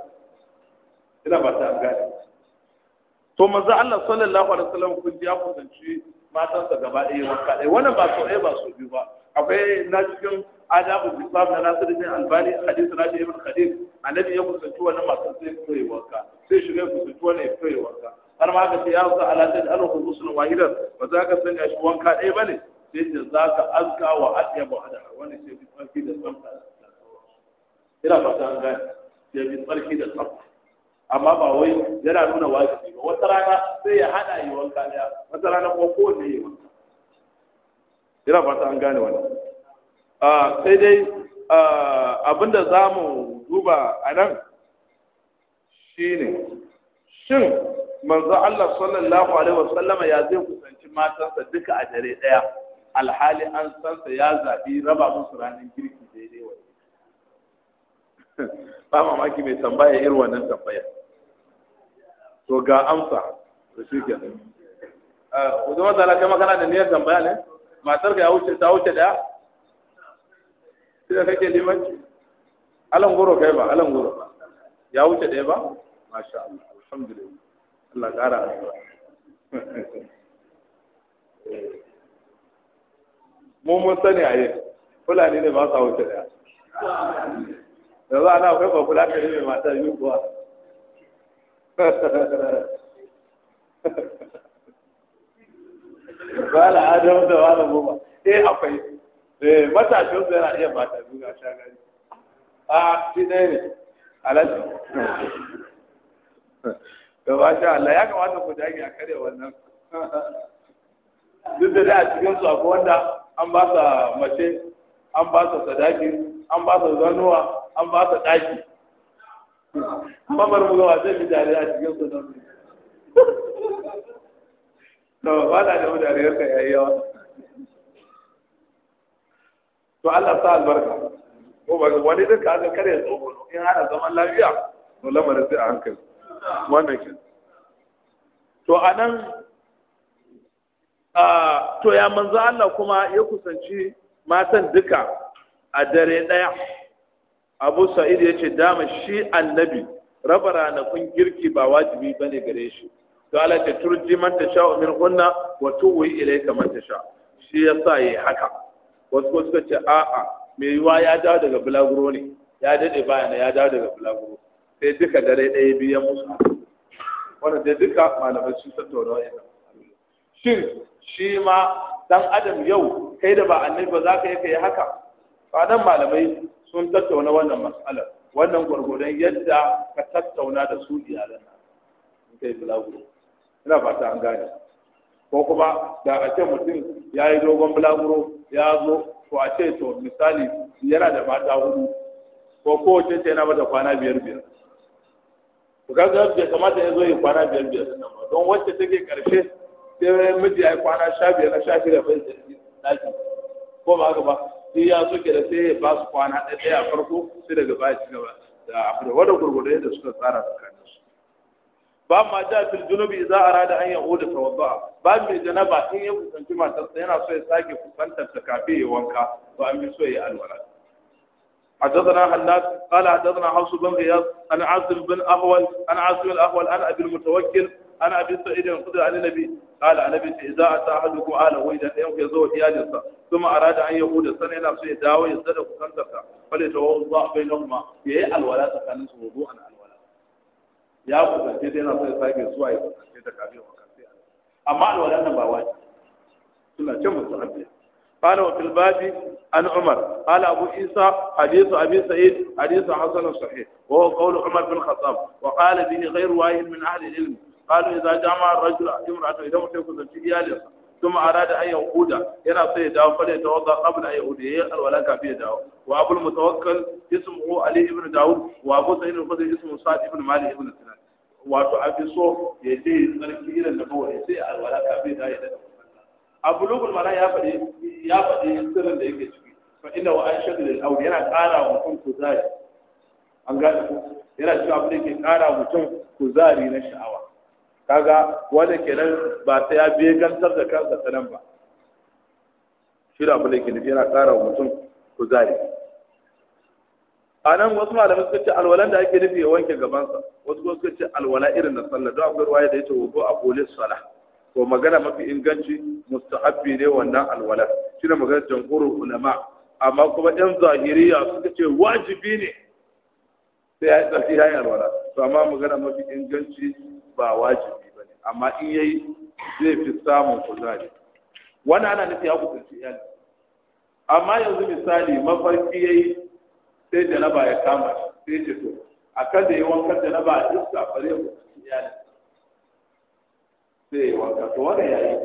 ina ba ta gani to manzo Allah sallallahu alaihi wasallam kun ji ya kusanci matansa gaba ɗaya ɗaya wannan ba so ɗaya ba so biyu ba akwai na cikin Adamu, bisab na nasir bin albani hadisi na ibn khadim annabi ya kusanci wannan masu sai fito yi wanka sai shiga ya kusanci wannan ya fito yi wanka har ma aka ce ya sa alatin alhu musulun wahidan ba za ka sanya shi wanka ɗaya ba ne sai ce za ka wa asiya ba wani sai fi tsarki da tsarka ina fata an gane sai tsarki da tsarka amma ba wai yana nuna wajibi ba wata rana sai ya hana yi wanka ɗaya wata rana ko kowanne yi wanka ina fata an gane wannan Ah, sai dai ah, abinda za mu duba a nan shine shin manzo Allah sallallahu alaihi wasallama ya zai kusanci matansa duka a dare daya alhali an sansa ya zaɓi raba musu ranar girki daidai wa ba mamaki mai tambaya irin wannan tambaya to ga amsa da shi ke nan. Ah, Uzuma zala kai makana da niyyar tambaya ne? Matar ga ya wuce ta wuce daya? sida kake limanci alan goro kai ba alan goro ya wuce ɗaya ba masha Allah alhamdulillah Allah ƙara mu mun sani a yi fulani ne ba sa wuce ɗaya da za ana na akwai ba fulani ne mai mata yi kuwa ba al'adar da wani goma eh akwai eh matashin su yana iya mata biyu ga shagari a shi ɗaya ne alaji da ba sha Allah ya kamata ku dage a kare wannan duk da a cikin su akwai wanda an ba sa mace an ba sa sadaki an ba sa zanuwa an ba sa ɗaki amma bar mu ga wasan bi tare a cikin su nan ba da da mu da rayuwar yayi yawa to Allah ta albarka ko ba wani din ka ga kare ko? in ana zaman lafiya to lamarin sai a hankali wannan ke to anan a to ya manzo Allah kuma ya kusanci matan duka a dare daya Abu Sa'id ya ce dama shi annabi raba ranakun girki ba wajibi bane gare shi to Allah ta turji man ta sha'u min kunna wa tuwi ilayka man ta sha shi yasa yi haka wasu ko suka ce a'a mai yiwa ya dawo daga bulaguro ne ya dade baya ya dawo daga bulaguro sai duka dare ɗaya biyan musu wanda sai duka malamai sun tattauna wa'annan shin shi ma dan adam yau kai da ba annabi ba za ka yi ka yi haka nan malamai sun tattauna wannan matsalar, wannan gwargwadon yadda ka tattauna da su iyalan nan in kai bulaguro ina fata an gane ko kuma da a ce mutum ya yi dogon bulaguro ya zo ko a ce to misali yana da mata hudu ko kowace ce yana mata kwana biyar biyar ga ga bai kamata ya zo yi kwana biyar biyar nan don wacce take karshe sai miji ya yi kwana sha biyar na sha shida bai daki ko ba haka ba sai ya so ke da sai ya ba su kwana ɗaya a farko sai daga baya ci gaba da abu da wadda gurgudu da suka tsara su ba ma ja fil junubi idza arada an yahuda tawadda ba mai janaba in ya kusanci matarsa yana so ya sake kusantar ta kafin ya wanka to an bi so ya alwala حدثنا حناد قال حدثنا حفص بن غياث عن عاصم بن اهول عن عاصم الاهول عن ابي المتوكل عن ابي سعيد الخدري عن النبي قال عن ابي اذا اتى احدكم اهله واذا يوم يزور ايادسا ثم اراد ان يقود سنه لا سيداوي يصدق كنتك فليتوضا بينهما يهي الولاء تكانس وضوءا ya kusance da yana so ya sake zuwa ya kusance da kafin wakansi amma nan ba suna قال وفي الباب عن عمر قال أبو عيسى حديث أبي سعيد حديث حسن صحيح وهو قول عمر بن الخطاب وقال به غير واحد من أهل العلم قالوا إذا جمع الرجل امرأته إذا متى في إيالها ثم أراد أن يعود هنا سيداو فليتوضأ قبل أن يعود الولا كافية داو وأبو المتوكل اسمه علي بن داود وأبو سعيد الخدري اسمه سعد بن مالك بن سنان wato a fi so ya je tsarki irin da kawai sai a alwala kafin da ya da a bulugul mana ya faɗi ya sirrin da yake ciki fa inda wa aisha da yana ƙara mutum kuzari an gane ko yana cewa abin da yake ƙara mutum kuzari na sha'awa kaga wanda kenan ba sai ya biye gantar da kansa ta nan ba shi da abu da ke nufi yana ƙara wa mutum kuzari a nan wasu malamai suka ce alwalan da ake nufi ya wanke gabansa wasu kuma suka ce alwala irin na sallah don akwai ruwaya da ya ce wudu a polis sala to magana mafi inganci mustahabbi ne wannan alwala shi ne magana jamhurin ulama amma kuma yan zahiriya suka ce wajibi ne sai ya yi tsarki ya yi alwala to amma magana mafi inganci ba wajibi ba ne amma in yayi zai fi samun kuzari wani ana nufi ya kusanci iyali amma yanzu misali mafarki yayi sai janaba ya kama shi sai ce to akan da yi wankan janaba a iska bare kusanci iyali sai wanka to wani yayi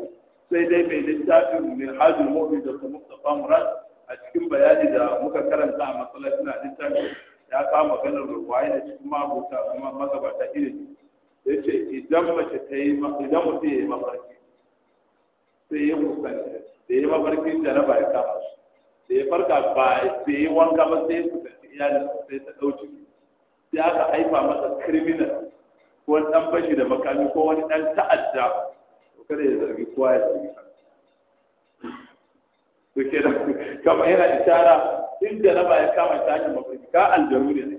sai dai mai littafin min hajjul mu'min da su mustafa murad a cikin bayani da muka karanta a matsalar suna littafin ya kawo maganar ruwaye da cikin mabuta kuma magabata ilimi Yace idan mace ta yi idan mutum ya yi mafarki sai ya kusanci da ya mafarki ba ya kama shi da ya farka ba sai ya wanka ba sai ya kusanci iyalin sai ta ɗauki sai aka haifa masa criminal ko wani ɗan bashi da makami ko wani ɗan ta'adda to kada ya zargi kowa ya zargi to kenan kamar yana ishara in ba ya kama ta hanyar mafarki ka aljaru ne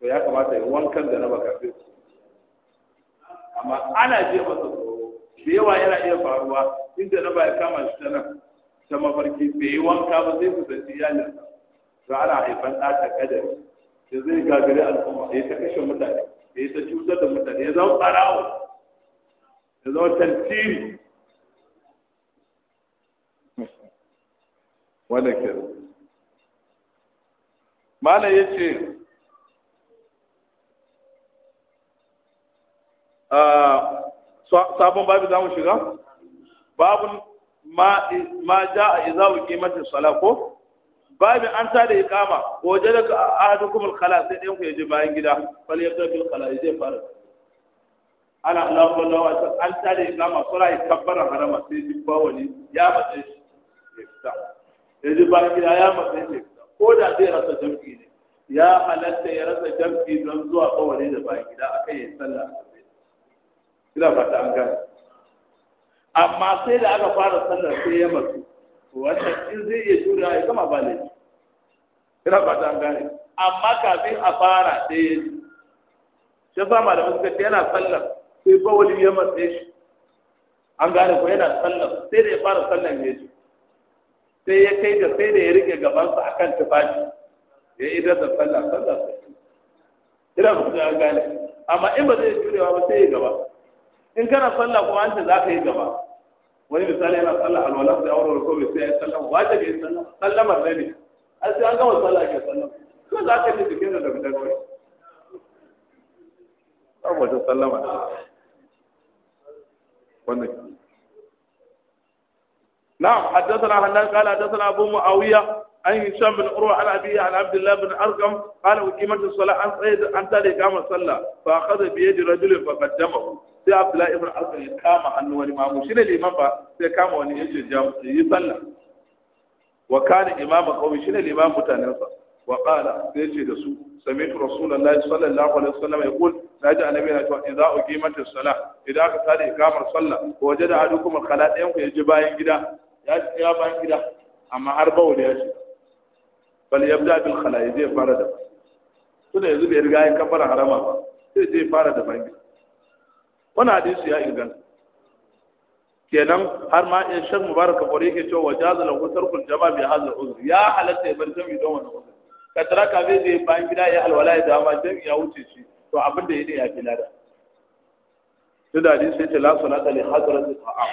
to ya kamata ya wankan da na ba kafin amma ana je masa tsoro da yawa yana iya faruwa inda na ba ya kama shi ta nan ta mafarki bai yi wanka ba zai kusanci iyalin to ana haifan ɗa ta kadari da zai gagari al'umma ya ta kashe mutane ya ta cutar da mutane ya zama ɓarawo ya zama tantiri wanda ke malam ya ce Ah, sabon babu za mu shiga babu ma ja a wa kimatin sala ko an ta da ikama ko je da ahadukum al-khala sai ɗan ku yaje bayan gida fal yabda bil khala zai fara ana Allahu wallahu akbar an ta da ikama sura ya tabbara harama sai ji wani. ya matsayi ya fita yaje bayan gida ya matsayi ya ko da zai rasa jam'i ne ya halatta ya rasa jam'i don zuwa bawali da bayan gida akai ya sallah ina fata an gane amma sai da aka fara sallar sai ya masu. wannan in zai iya tura ya gama ba ne ina fata an gane amma kafin a fara sai ya ce shi sa da suka ce yana sallar sai bawali ya matse shi an gane ko yana sallar sai da ya fara sallar ya ji sai ya kai da sai da ya rike gabansa akan tufafi ya yi da sallar sallar sai ina fata an gane amma in ba zai jurewa ba sai ya gaba in kana sallah kuma an ce za ka yi gaba wani misali yana sallah alwala sai aure ko bai sai ya sallama wajibi ya sallama sallamar da ne an sai an gama sallah ke sallama ko za ka ji jikin da daga daga saboda sallama wannan نعم حدثنا هلال قال حدثنا ابو معاويه عن هشام بن عروه عن ابيه عن عبد الله بن ارقم قال اقيمت الصلاه عن سيد عن ذلك قام صلى فاخذ بيد رجل فقدمه sai abdullahi ibn asad ya kama hannu wani mamu shi ne liman ba sai kama wani yace jam yi sallah wa kana imama qaumi shi ne liman mutanensa wa qala sai yace da su sami'tu rasulullahi sallallahu alaihi wasallam yaqul naji annabi na cewa idza uqimat as-salah idan aka ya ikamar sallah ko wajada ahadukum al-khala ɗayan ku yaji bayan gida ya ya bayan gida amma har bawo ne ya shi bal yabda bil khala zai fara da tunda yanzu bai riga ya kafara harama ba sai zai fara da bayan gida wannan hadisi ya inganta kenan har ma in shan mubarak kabore yake cewa wajaza lahu tarkul jama bi hadha uzr ya halatta ya bar jami don wannan uzr ka ka bai je bayan gida ya alwala ya dama jami ya wuce shi to abin da yake ya fi lada duk da hadisi ce la salata li hadrati ta'am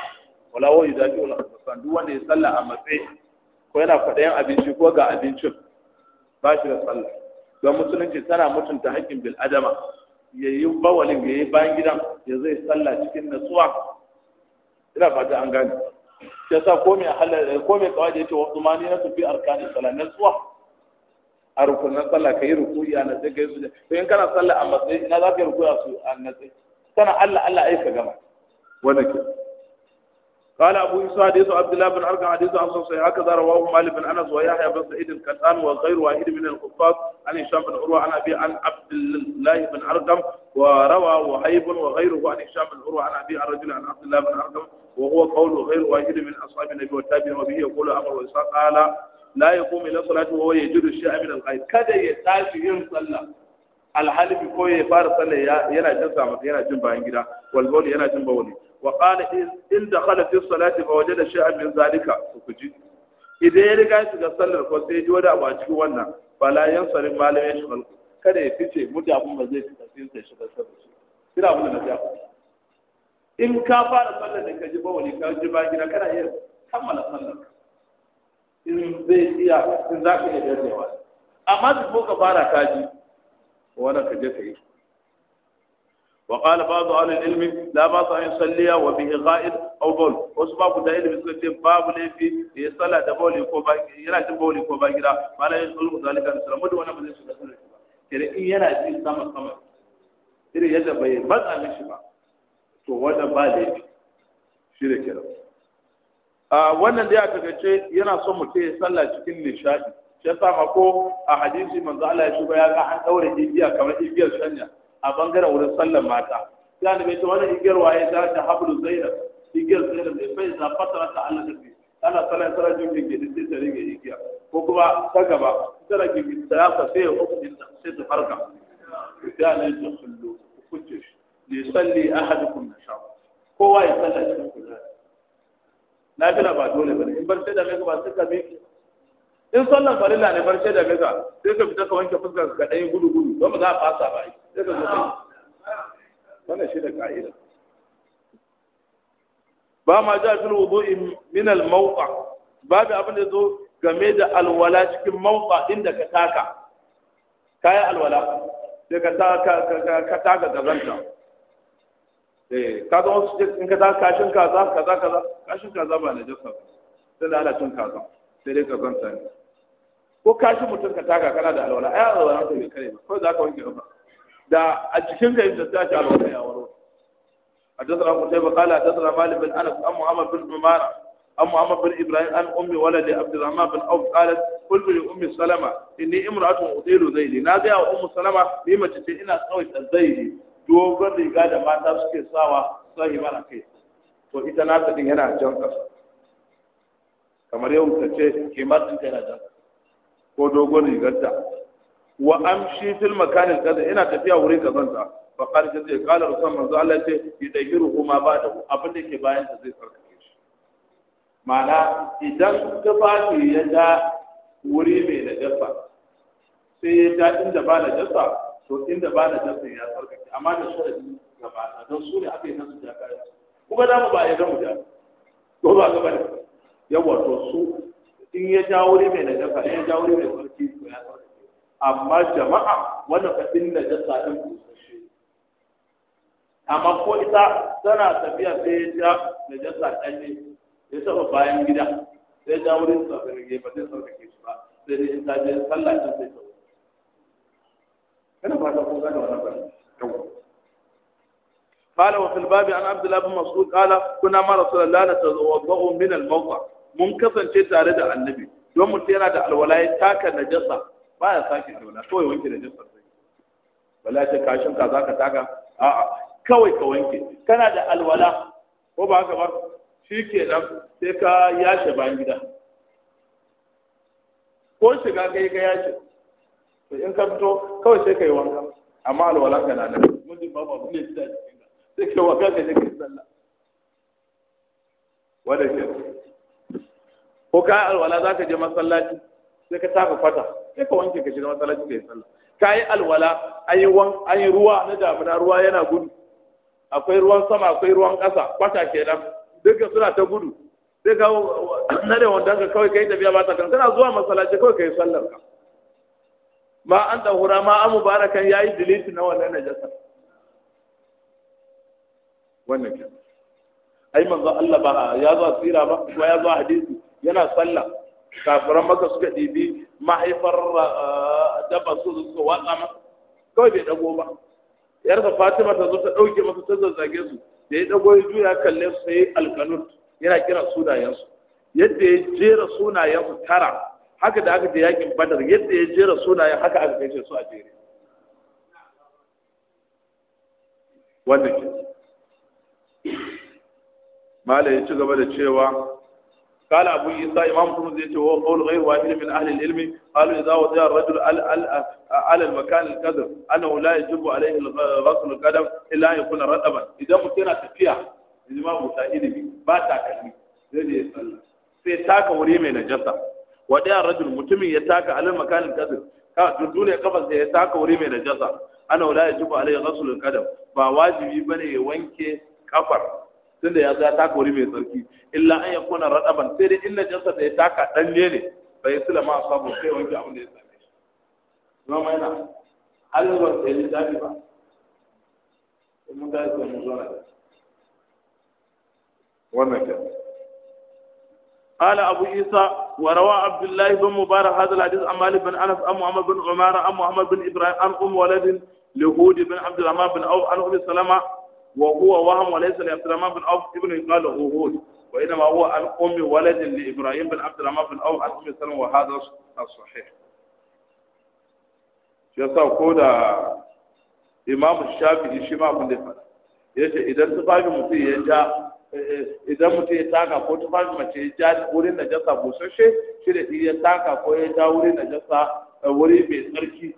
wala wa yudafi wani kasan duk wanda ya salla a matsayi ko yana kwadayin abinci ko ga abincin ba shi da sallah don musulunci tana mutunta haƙƙin bil adama ya yi bawalin ya yi bayan gidan ya zai sallah cikin natsuwa ina fata an gane ya sa ko mai halal ko mai kawai da yake wa tsumani na tafi arkani sallah natsuwa a rukunan sallah ka yi rukuyi a natsi ka yi sujja to in kana sallah a matsayi ina za ka yi rukuyi a su kana Allah Allah ai ka gama wannan ke قال أبو إسحاق حديث عبد الله بن أرقم حديث عن صحيح هكذا رواه مالك بن أنس ويحيى بن سعيد الكتان وغير واحد من الكفار عن هشام بن عروة عن أبي عن عبد الله بن أرقم وروى وهيب وغيره عن هشام بن عروة عن أبي عن رجل عن عبد الله بن أرقم وهو قول غير واحد من أصحاب النبي والتابعين وبه يقول أمر وإسحاق قال لا يقوم إلى صلاة وهو يجد الشيء من الغيب كذا يتاشي ين صلى alhalifi ko ya fara sallah yana jin samu yana jin bayan gida walbol yana jin bawali wa qala in dakhala fi salati fa a shay'an min zalika ku ji idan ya riga shiga sallar ko sai abu a cikin wannan fala yansarin malam ya shiga kada ya fice mutu abun ba zai fita sai sai shiga sallar shi kira abun da na ja in ka fara sallar da ka ji ba wani ka ji ba gida kana iya kammala sallar in za ka iya dadewa amma duk ka fara kaji wannan ka je ka yi وقال بعض اهل العلم لا باس ان يصلي وبه غائط او بول وسبب ده ilmi suka ce babu laifi da ya salla da bawli ko ba yana jin bawli ko ba gida mala yin sulhu zalika da salamu da wannan ترى zai shiga sunna ba kire in yana jin sama sama kire yadda bai to ba laifi a wannan da ya takaice yana son mutum ya sallah cikin nishadi sai sa mako ko a hadisi manzo Allah ya shiga ya ga an daure ibiya kamar ibiyar sanya a bangaren wurin sallan mata sai annabi ya ce wannan igiyar waye za ta hablu zainab igiyar zainab ne fa iza fatara ta Allah da bi ana sallan sallan jin ke sai ta rige igiya ko kuma ta gaba ta rage ta yafa sai ya hukunta sai ta farka sai annabi ya kullu hukunce shi li salli ahadukum nasha kowa ya sallah cikin kuzari nafila ba dole bane in bar sai da mai ba sai ka bi in sallan farilla ne bar sai da mai sai ka fita ka wanke fuskar ka dan gudu gudu don ba za a fasa ba ba ma a fil wudu'i min al mawqa babu abin da zo game da alwala cikin mawqa inda ka taka yi alwala da ka taka ka taka gazanta eh ka zo wasu in ka taka kashin kaza kaza kaza kashin kaza ba na jasa sai lalacin kaza sai dai gazanta ne ko kashin mutum ka taka kana da alwala ai alwala ta bai kare ba ko za ka wanke gaba da a cikin gari da ta shawo da yawaro a dasara ku sai bakala a dasara mali bin anas an muhammad bin umara an muhammad bin ibrahim an ummi wala da abdulrahman bin auf kalat kulmi da ummi salama inni imratu utilu zaidi na gaya wa ummu salama ni mace ce ina tsawai ta zaidi dogon riga da mata suke sawa sai mana kai to ita na ta din yana jan kasa kamar yau ta ce kimar din yana jan ko dogon rigar ta wa amshi fil makan kaza ina tafiya wurin kazanta fa qala ta ce qala rasul manzo Allah ya ce yudahiru kuma ba da abin da yake bayan ta zai sarkake shi Mana idan tufafi ya da wuri mai dafa, sai ya da inda ba dafa, to inda ba dafa ya sarkake amma da sharadi gaba da don su ne aka yi nasu da kayan kuma da mu ba ya ga mu da ko ba ga ba yawa to su in ya ja wuri mai dafa, in ya ja wuri mai tsarki to ya tsarkake amma jama'a wannan kafin da jasa ɗin busasshe amma ko ita tana tafiya sai ya ja da jasa ɗanye ya saba bayan gida sai ja wurin tsarkake ba zai tsarkake shi ba sai dai in ta je sallah ta sai ta kana ba ta ko da wannan ba قال وفي الباب عن عبد الله بن مسعود قال كنا مع رسول الله نتوضا من الموضع mun kasance tare da النبي don mutum yana da تاكا ya ba ya sake alwala kawai wanke da jinsa sai bala ce kashin ka zaka taka a'a kawai ka wanke kana da alwala ko ba haka ba shi ke nan sai ka yashe bayan gida ko shiga kai ka yashe to in ka fito kawai sai ka yi wanka amma alwala ka na nan mutum ba ba ne da sai ka wanka ka je ka sallah wanda ke ko ka alwala za ka je masallaci sai ka tafi fata sai ka wanke ka shiga masallaci kai sallah kayi alwala ayi wan ayi ruwa na damina ruwa yana gudu akwai ruwan sama akwai ruwan ƙasa kwata kenan duka suna ta gudu sai ka nare wanda ka kawai kai tafiya ba ta kan kana zuwa masallaci kawai kai sallar ka ma an dahura ma an mubarakan yayi delete na wannan najasa wannan kenan ai manzo Allah ba ya zo tsira ba ko ya zo hadisi yana sallah kafiran maka suka ɗibi mahaifar eh, ba su su watsa masa kawai bai dago ba yar da fatima ta zo ta dauke masa ta zazzage su da ya dago ya juya kalle su sai alkanut yana kira sunayensu yadda ya jera sunayensu tara haka da aka je yakin badar yadda ya jera sunayen haka aka kai su a jere wannan ke malai ya ci gaba da cewa قال أبو إيسا إمام بن يتي هو قول غير واحد من أهل العلم قالوا إذا وضع الرجل على المكان الكذب أنه لا يجب عليه غسل القدم إلا أن يكون رطبا إذا متينا تفيا إذا ما مسائل بي باتا كلمي زيد يسأل سيتاك وريمي نجسة وضع الرجل متمي يتاك على المكان الكذب dole kafa sai ya taka wuri mai najasa ana wala ya jibu alai ghasul kadam ba tunda ya zata taka wuri mai sarki illa an ya kuna radaban sai dai illa jinsa da ya taka danne ne bai sula ma sabo sai wanke abin da ya same shi kuma mai na halwar sai ni dafi ba mun ga su mun zo na wannan ke قال أبو عيسى وروى عبد الله بن مبارك هذا الحديث عن مالك بن أنس أم محمد بن عمارة أم محمد بن إبراهيم عن أم ولد لهود بن عبد الرحمن بن أو عن أم سلمة وهو وهم وليس لعبد بن عوف ابن يقال هود وإنما هو عن أم ولد لإبراهيم بن عبد الرحمن بن عوف عن أم سلمة وهذا الصحيح shi yasa ko da imamu shafi'i shi ma abin da faɗa ya ce idan mutum ya ja idan taka ko tufafi mace ya ja wurin najasa busasshe shi da ya taka ko ya ja wurin najasa wuri mai tsarki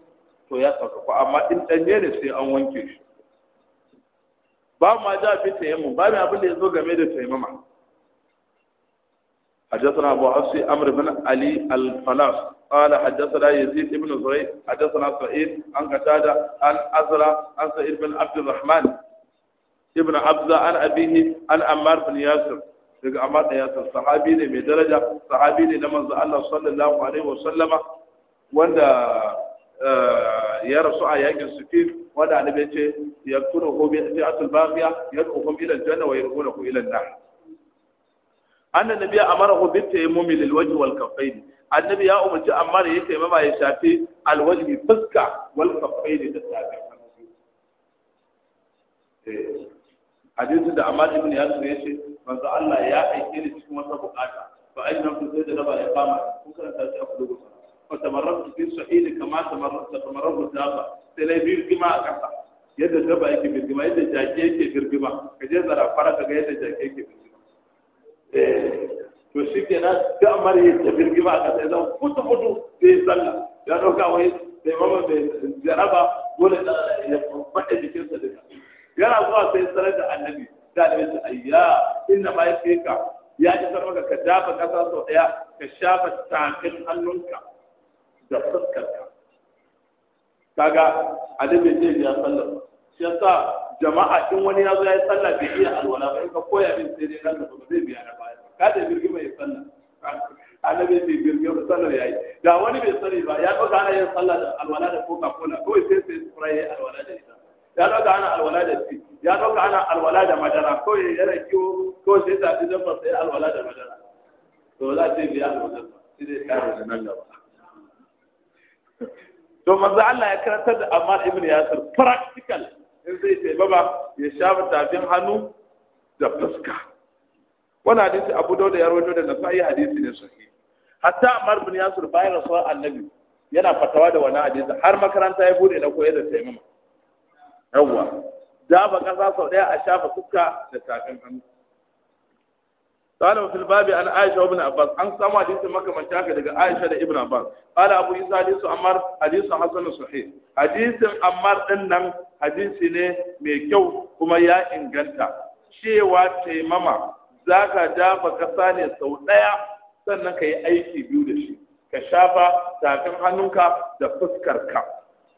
to ya ko amma in ɗanye ne sai an wanke shi babu ma ja fi ba babu abin da ya zo game da tayammuma حدثنا أبو حفص عمرو بن علي الفلاس قال حدثنا يزيد بن زريع حدثنا سعيد عن قتادة عن أزرع عن سعيد بن عبد الرحمن ابن عبد عن أبيه عن عمار بن ياسر daga Ammar da Yasir sahabi ne mai daraja sahabi ne na manzo Allah sallallahu alaihi wa sallama wanda eh, ya rasu a yaƙin Sufin wanda annabi ce yaqtuluhu bi fi'atul baghiya yad'uhum ila al-janna wa yarhunahu ila an-nar anna nabiyya amarahu bi tayammumi lil wajhi wal kaffayn annabi ya umarci amma da yake mama ya shafi al wajhi fuska wal kaffayn da tafi eh, hadisi da amma ibn yasir yace manzo Allah ya aike ni cikin wata bukata fa ayyana ku sai da raba ya kama kun karanta shi a kudu fa tamarrabtu fi sahili kama tamarrabtu tamarrabu daba sai na birgima a kasa yadda daba yake birgima yadda jaki yake birgima ka je zara ka yadda jaki yake birgima to shi kenan da amar yake birgima a kasa zan futu futu sai sallah ya dauka wai sai mama bai jaraba dole da ya faɗa jikinsa da yana zuwa sai sanar da annabi da annabi ta ayya inna ma yake ka ya ji sarmaka ka dafa kasa sau ɗaya, ka shafa tafin hannunka da fuskarka kaga annabi zai ya sallar shi yasa jama'a in wani ya zo ya yi sallah bai iya alwala ba in ka koya min sai dai ranka ba zai biya na baya ka da birgi mai sallah annabi bai birgi mai sallar yayi da wani bai sani ba ya ɗauka ana yin sallah da alwala da coca cola kawai sai sai fura ya yi alwala da ita ya ɗauka ana alwala da ci ya ɗauka ana alwala da madara kawai yana kiwo ko sai ta fi dabba sai alwala da madara to za ta biya alwala ba sai dai kare da nan gaba to manzo Allah ya karantar da Ammar ibn Yasir practical in zai ce baba ya shafa tafin hannu da fuska wannan hadisi Abu Dawud ya rawaito da Nasa'i hadisi ne sahihi hatta Ammar ibn Yasir bayan rasul annabi yana fatawa da wannan hadisi har makaranta ya bude na koyar da taimama yawwa da ba kasa sau daya a shafa fuska da tafin hannu قال وفي الباب عن عائشة وابن عباس عن سامو حديث مكة من شاك دقى عائشة ابن عباس قال أبو يسا حديث عمر حديث حسن صحيح حديث عمر إنن حديث ne mai kyau kuma ya inganta cewa taimama za ka dafa kasa ne sau ɗaya sannan ka yi aiki biyu da shi ka shafa tafin hannunka da ka.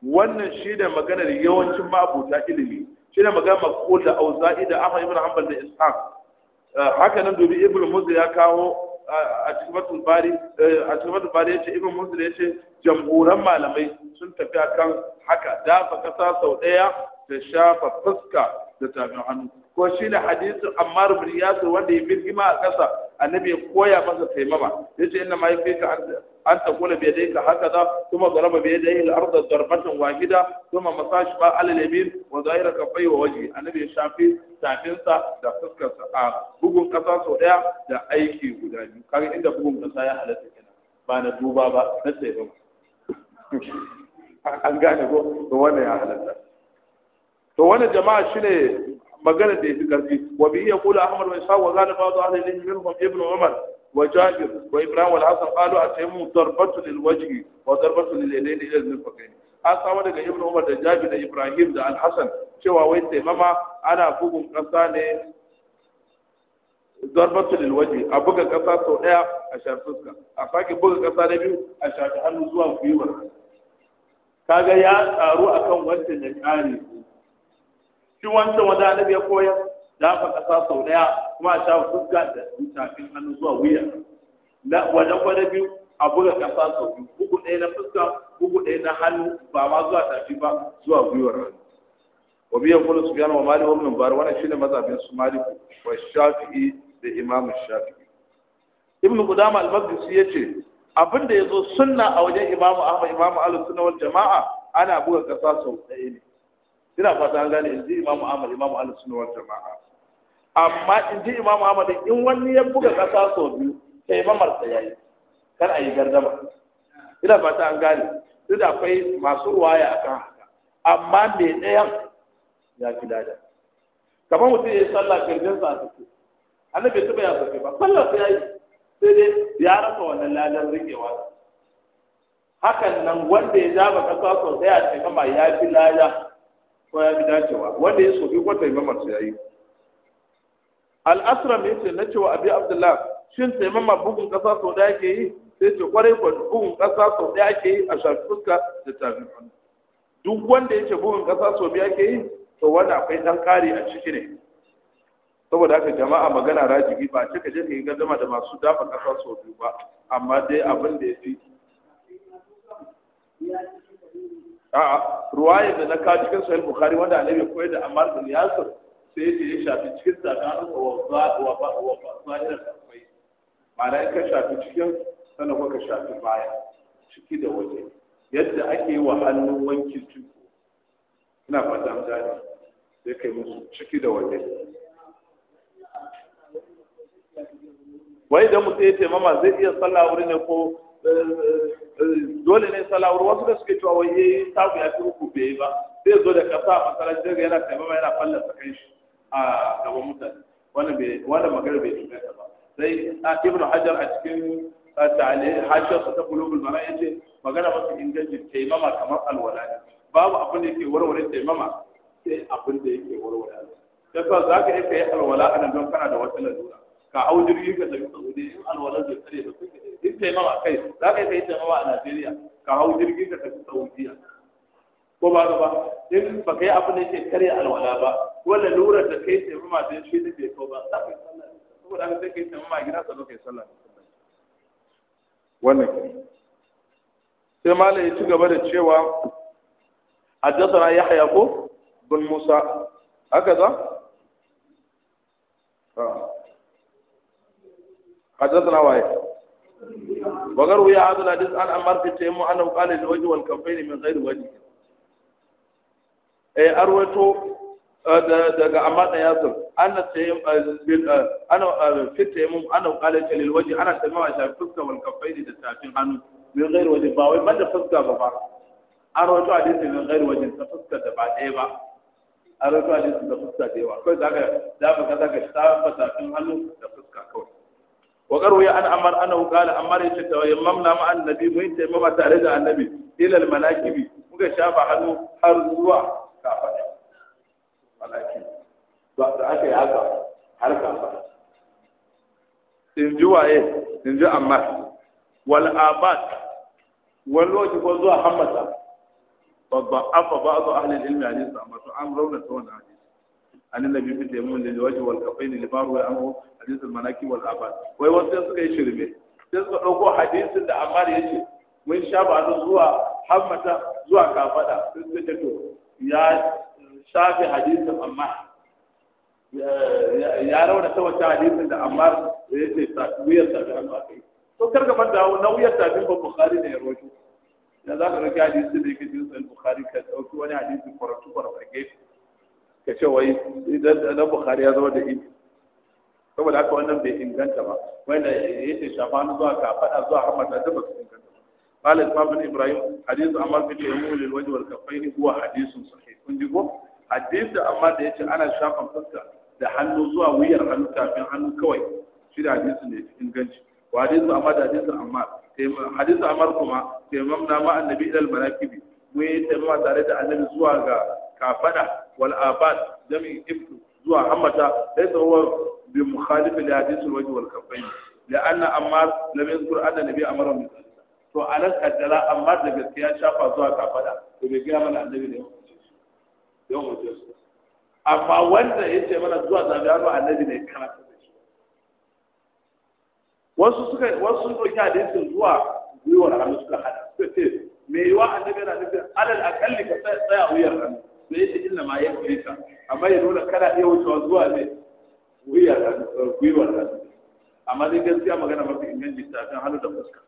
wannan shi da maganar yawancin ma'abuta ilimi shi da maganar makul da auza'i da ahmad ibn hanbal da ishaq Eh, haka nan dubi ibn muzir ya kawo eh, a cikin batul bari eh, a cikin batul bari yace ibn muzir yace jamhuran malamai sun tafi akan haka fa kasa sau daya da shafa fuska da tafin hannu ko shi ne hadisin ammar bin yasir wanda ya birgima a kasa annabi ya koya masa taimama yace inna ma yafika an dai ka haka da kuma garaba bai dai al arda darbatan wahida kuma masashi ba alalamin yamin wa zahira kaffai wa wajhi annabi ya shafi tafinsa da fuskarsa a bugun kasa sau daya da aiki guda biyu kaga inda bugun kasa ya halatta kenan ba na duba ba na tsaye an gane ko to wannan ya halatta to wannan jama'a shine magana da yake karfi wa bi kula ahmad wa isa wa zalika ba'd ahli al-ilm ibn umar وجابر وإبراهيم والحسن قالوا أتيمم ضربة للوجه وضربة لليدين إلى المرفقين an samu daga ibn umar da jabi da ibrahim da alhassan cewa wai taimama ana bugun ƙasa ne zarbatu lilwaji a buga ƙasa sau ɗaya a shafi fuska a sake buga ƙasa na biyu a shafi hannu zuwa gwiwar kaga ya tsaro akan wancan ya ƙare shi wancan wanda annabi ya koyar dafa kasa sau ɗaya kuma a shafa fuska da tafin hannu zuwa wuya wajen gwada biyu a buga kasa sau biyu bugu ɗaya na fuska bugu ɗaya na hannu ba ma zuwa tafi ba zuwa gwiwar hannu wa biyan su biyan wa mali wa mun bar wannan shine mazhabin su maliku wa shafi'i da imamu shafi'i ibn qudama al-maqdisi yace abinda yazo sunna a wajen Imam'u ahmad imamu al-sunna wal jamaa ana buga kasa sau ɗaya ne ina fata an gane yanzu imamu ahmad imamu al-sunna wal jamaa amma in ji imam ahmad in wani ya buga kasa sau biyu sai mamar sa yayi kar a yi gardama ina fata an gane duk da akwai masu waya akan haka amma me ɗayan ya fi dada kamar mutum ya yi sallah kirjin sa su ce annabi su ya sake ba sallah sai yayi sai dai ya rasa wannan ladan rikewa hakan nan wanda ya jaba kasa sau sai a kama ya fi lada ko ya fi dacewa wanda ya soki kwata taimamar sa yayi al'asra mai ce na cewa abi abdullah shin taimama bugun kasa sau da ake yi sai ce kwarai kwa bugun kasa sau da ake yi a shafi fuska da tafi duk wanda ya ce bugun kasa sau da ake yi to wanda akwai dan kare a ciki ne saboda haka jama'a magana rajibi ba cika je ka yi gandama da masu dafa kasa sau biyu ba amma dai abin da ya fi a'a ruwaya da na kawo cikin sahih bukhari wanda annabi koyar da amma bin yasir sai da ya shafi cikin tsakanin wa ba wa zahirar tafai na ka shafi cikin sannan kuma ka shafi baya ciki da waje yadda ake yi wa hannun wanki tuko ina fatan gani sai kai musu ciki da waje wai da mutum ce taimama zai iya sallah ne ko eh, eh, dole ne sallah wuri wasu da suke cewa wai yayi eh, sabu ya fi uku bai ba zai zo da kasa a masallaci daga yana taimama yana fallasa kan shi a gaban mutane wannan magana bai inganta ba sai ibnu hajar a cikin hashiyarsa ta bulugul mara ya ce magana masu inganci taimama kamar alwala ne babu abin da yake warware taimama sai abin da yake warware alwala sai za ka iya kai alwala a nan don kana da wata lalura ka hau yi ka zabi saudi in alwala zai tsare da kuka in taimama kai za ka yi kai taimama a najeriya ka hau jirgi ka tafi saudiya ko ba ka ba in ba kai abu ne ke karya alwala ba wala lura da kai sai kuma da shi ne ke kau ba za saboda haka sai kai sai mama gida ka kai sallah wannan sai malai ya ci gaba da cewa حدثنا يحيى بن موسى هكذا حدثنا واحد وقالوا يا عبد العزيز عن في انه قال والكفين من غير وجه eh arwato eh, daga amma da yasir ana tayin bil eh, ana fi eh, tayyim ana qala lil waji ana tayyim a shafi fuska wal kaffaini da tafin hannu min ghairi waji ba wai banda fuska ba ba arwato hadisi min ghairi waji ta fuska da ba ɗaya ba arwato hadisi da fuska da yawa kai zaka da ka zaka tafa tafin hannu da fuska kawai وقروا ya ta انه قال عمر annabi mun النبي وانت ما تعرض annabi ila al المناكب muka shafa hannu har zuwa in ji waye in ji amma wal abad wal waji ko zuwa hammata babba afa ba zuwa ahli ilmi sa amma to an rauna to wannan hadisi an nabi da mun da waji wal kafaini li baro wa amru hadith al manaki wal abad wai wasu suka yi shirme sai suka dauko hadisin da amma yace mun sha ba zuwa hammata zuwa kafada sai suka ce to ya shafi hadisin amma ya ta wata hadisin da ammar da ya ce wuyar tafi hannu aka yi to kar ka na wuyar tafi ba bukhari ne ya rojo da za ka rage hadisi da yake jin sahih bukhari ka dauki wani hadisi kwaratu kwarfage ka ce wai idan bukhari ya zama da saboda haka wannan bai inganta ba zuwa zuwa da ba su inganta قال الإمام بن إبراهيم حديث أمر باليمين للوجه والكفين هو حديث صحيح كنت حديث da amma da yace ana shafan fuska da hannu zuwa wuyar hannu kafin hannu kawai shi da hadisin ne, ya fi inganci wa hadisu amma da hadisin amma hadisu amar kuma taimam na ma annabi ilal marakibi mun yi taimama tare da annabi zuwa ga kafada wal abad jami'in ibnu zuwa hammata laysa huwa bi mukhalif li hadisi al wajh wal kaffayn la anna ammar lam yadhkur anna nabi amara bi to anan kaddara amma da gaskiya shafa zuwa kafada to bai ga mana annabi ne yau mutum amma wanda ya ce mana zuwa zabi annabi ne kana wasu suka wasu sun ɗauki hadisin zuwa gwiwar hannu suka hada suka ce me yiwa annabi yana nufin alal akalli ka tsaya wuyar hannu sai yace illa ma yakfi ka amma ya nuna kana iya wucewa zuwa ne wuyar hannu eh, gwiwar hannu amma dai gaskiya magana mafi inganci ta kan hannu da fuska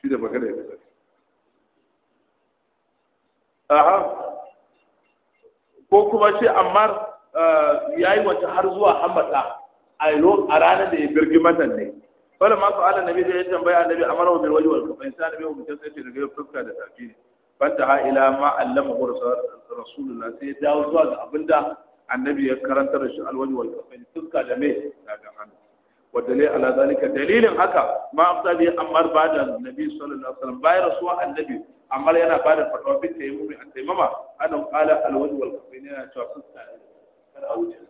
shi da magana ya fi aha ko kuma ce amma eh, ya yi wata har zuwa hamata a ranar da ya birgi matan ne wala ma fa'ala nabi da ya tambaya annabi amara bil wajhi wal kafai sai annabi mu tace daga yau fuska da tafi ne fanta ha ila ma allama rasulullah sai ya dawo zuwa ga abinda annabi ya karanta da shi al wajhi wal kafai fuska da me daga hannu wa dalil ala zalika dalilin haka ma amsa bi ammar bada nabi sallallahu alaihi wasallam bai rasuwa annabi amma yana bada fatwa bi tayammumi an tayammama annahu qala al wajhi wal kafai yana cewa fuska kada a wuce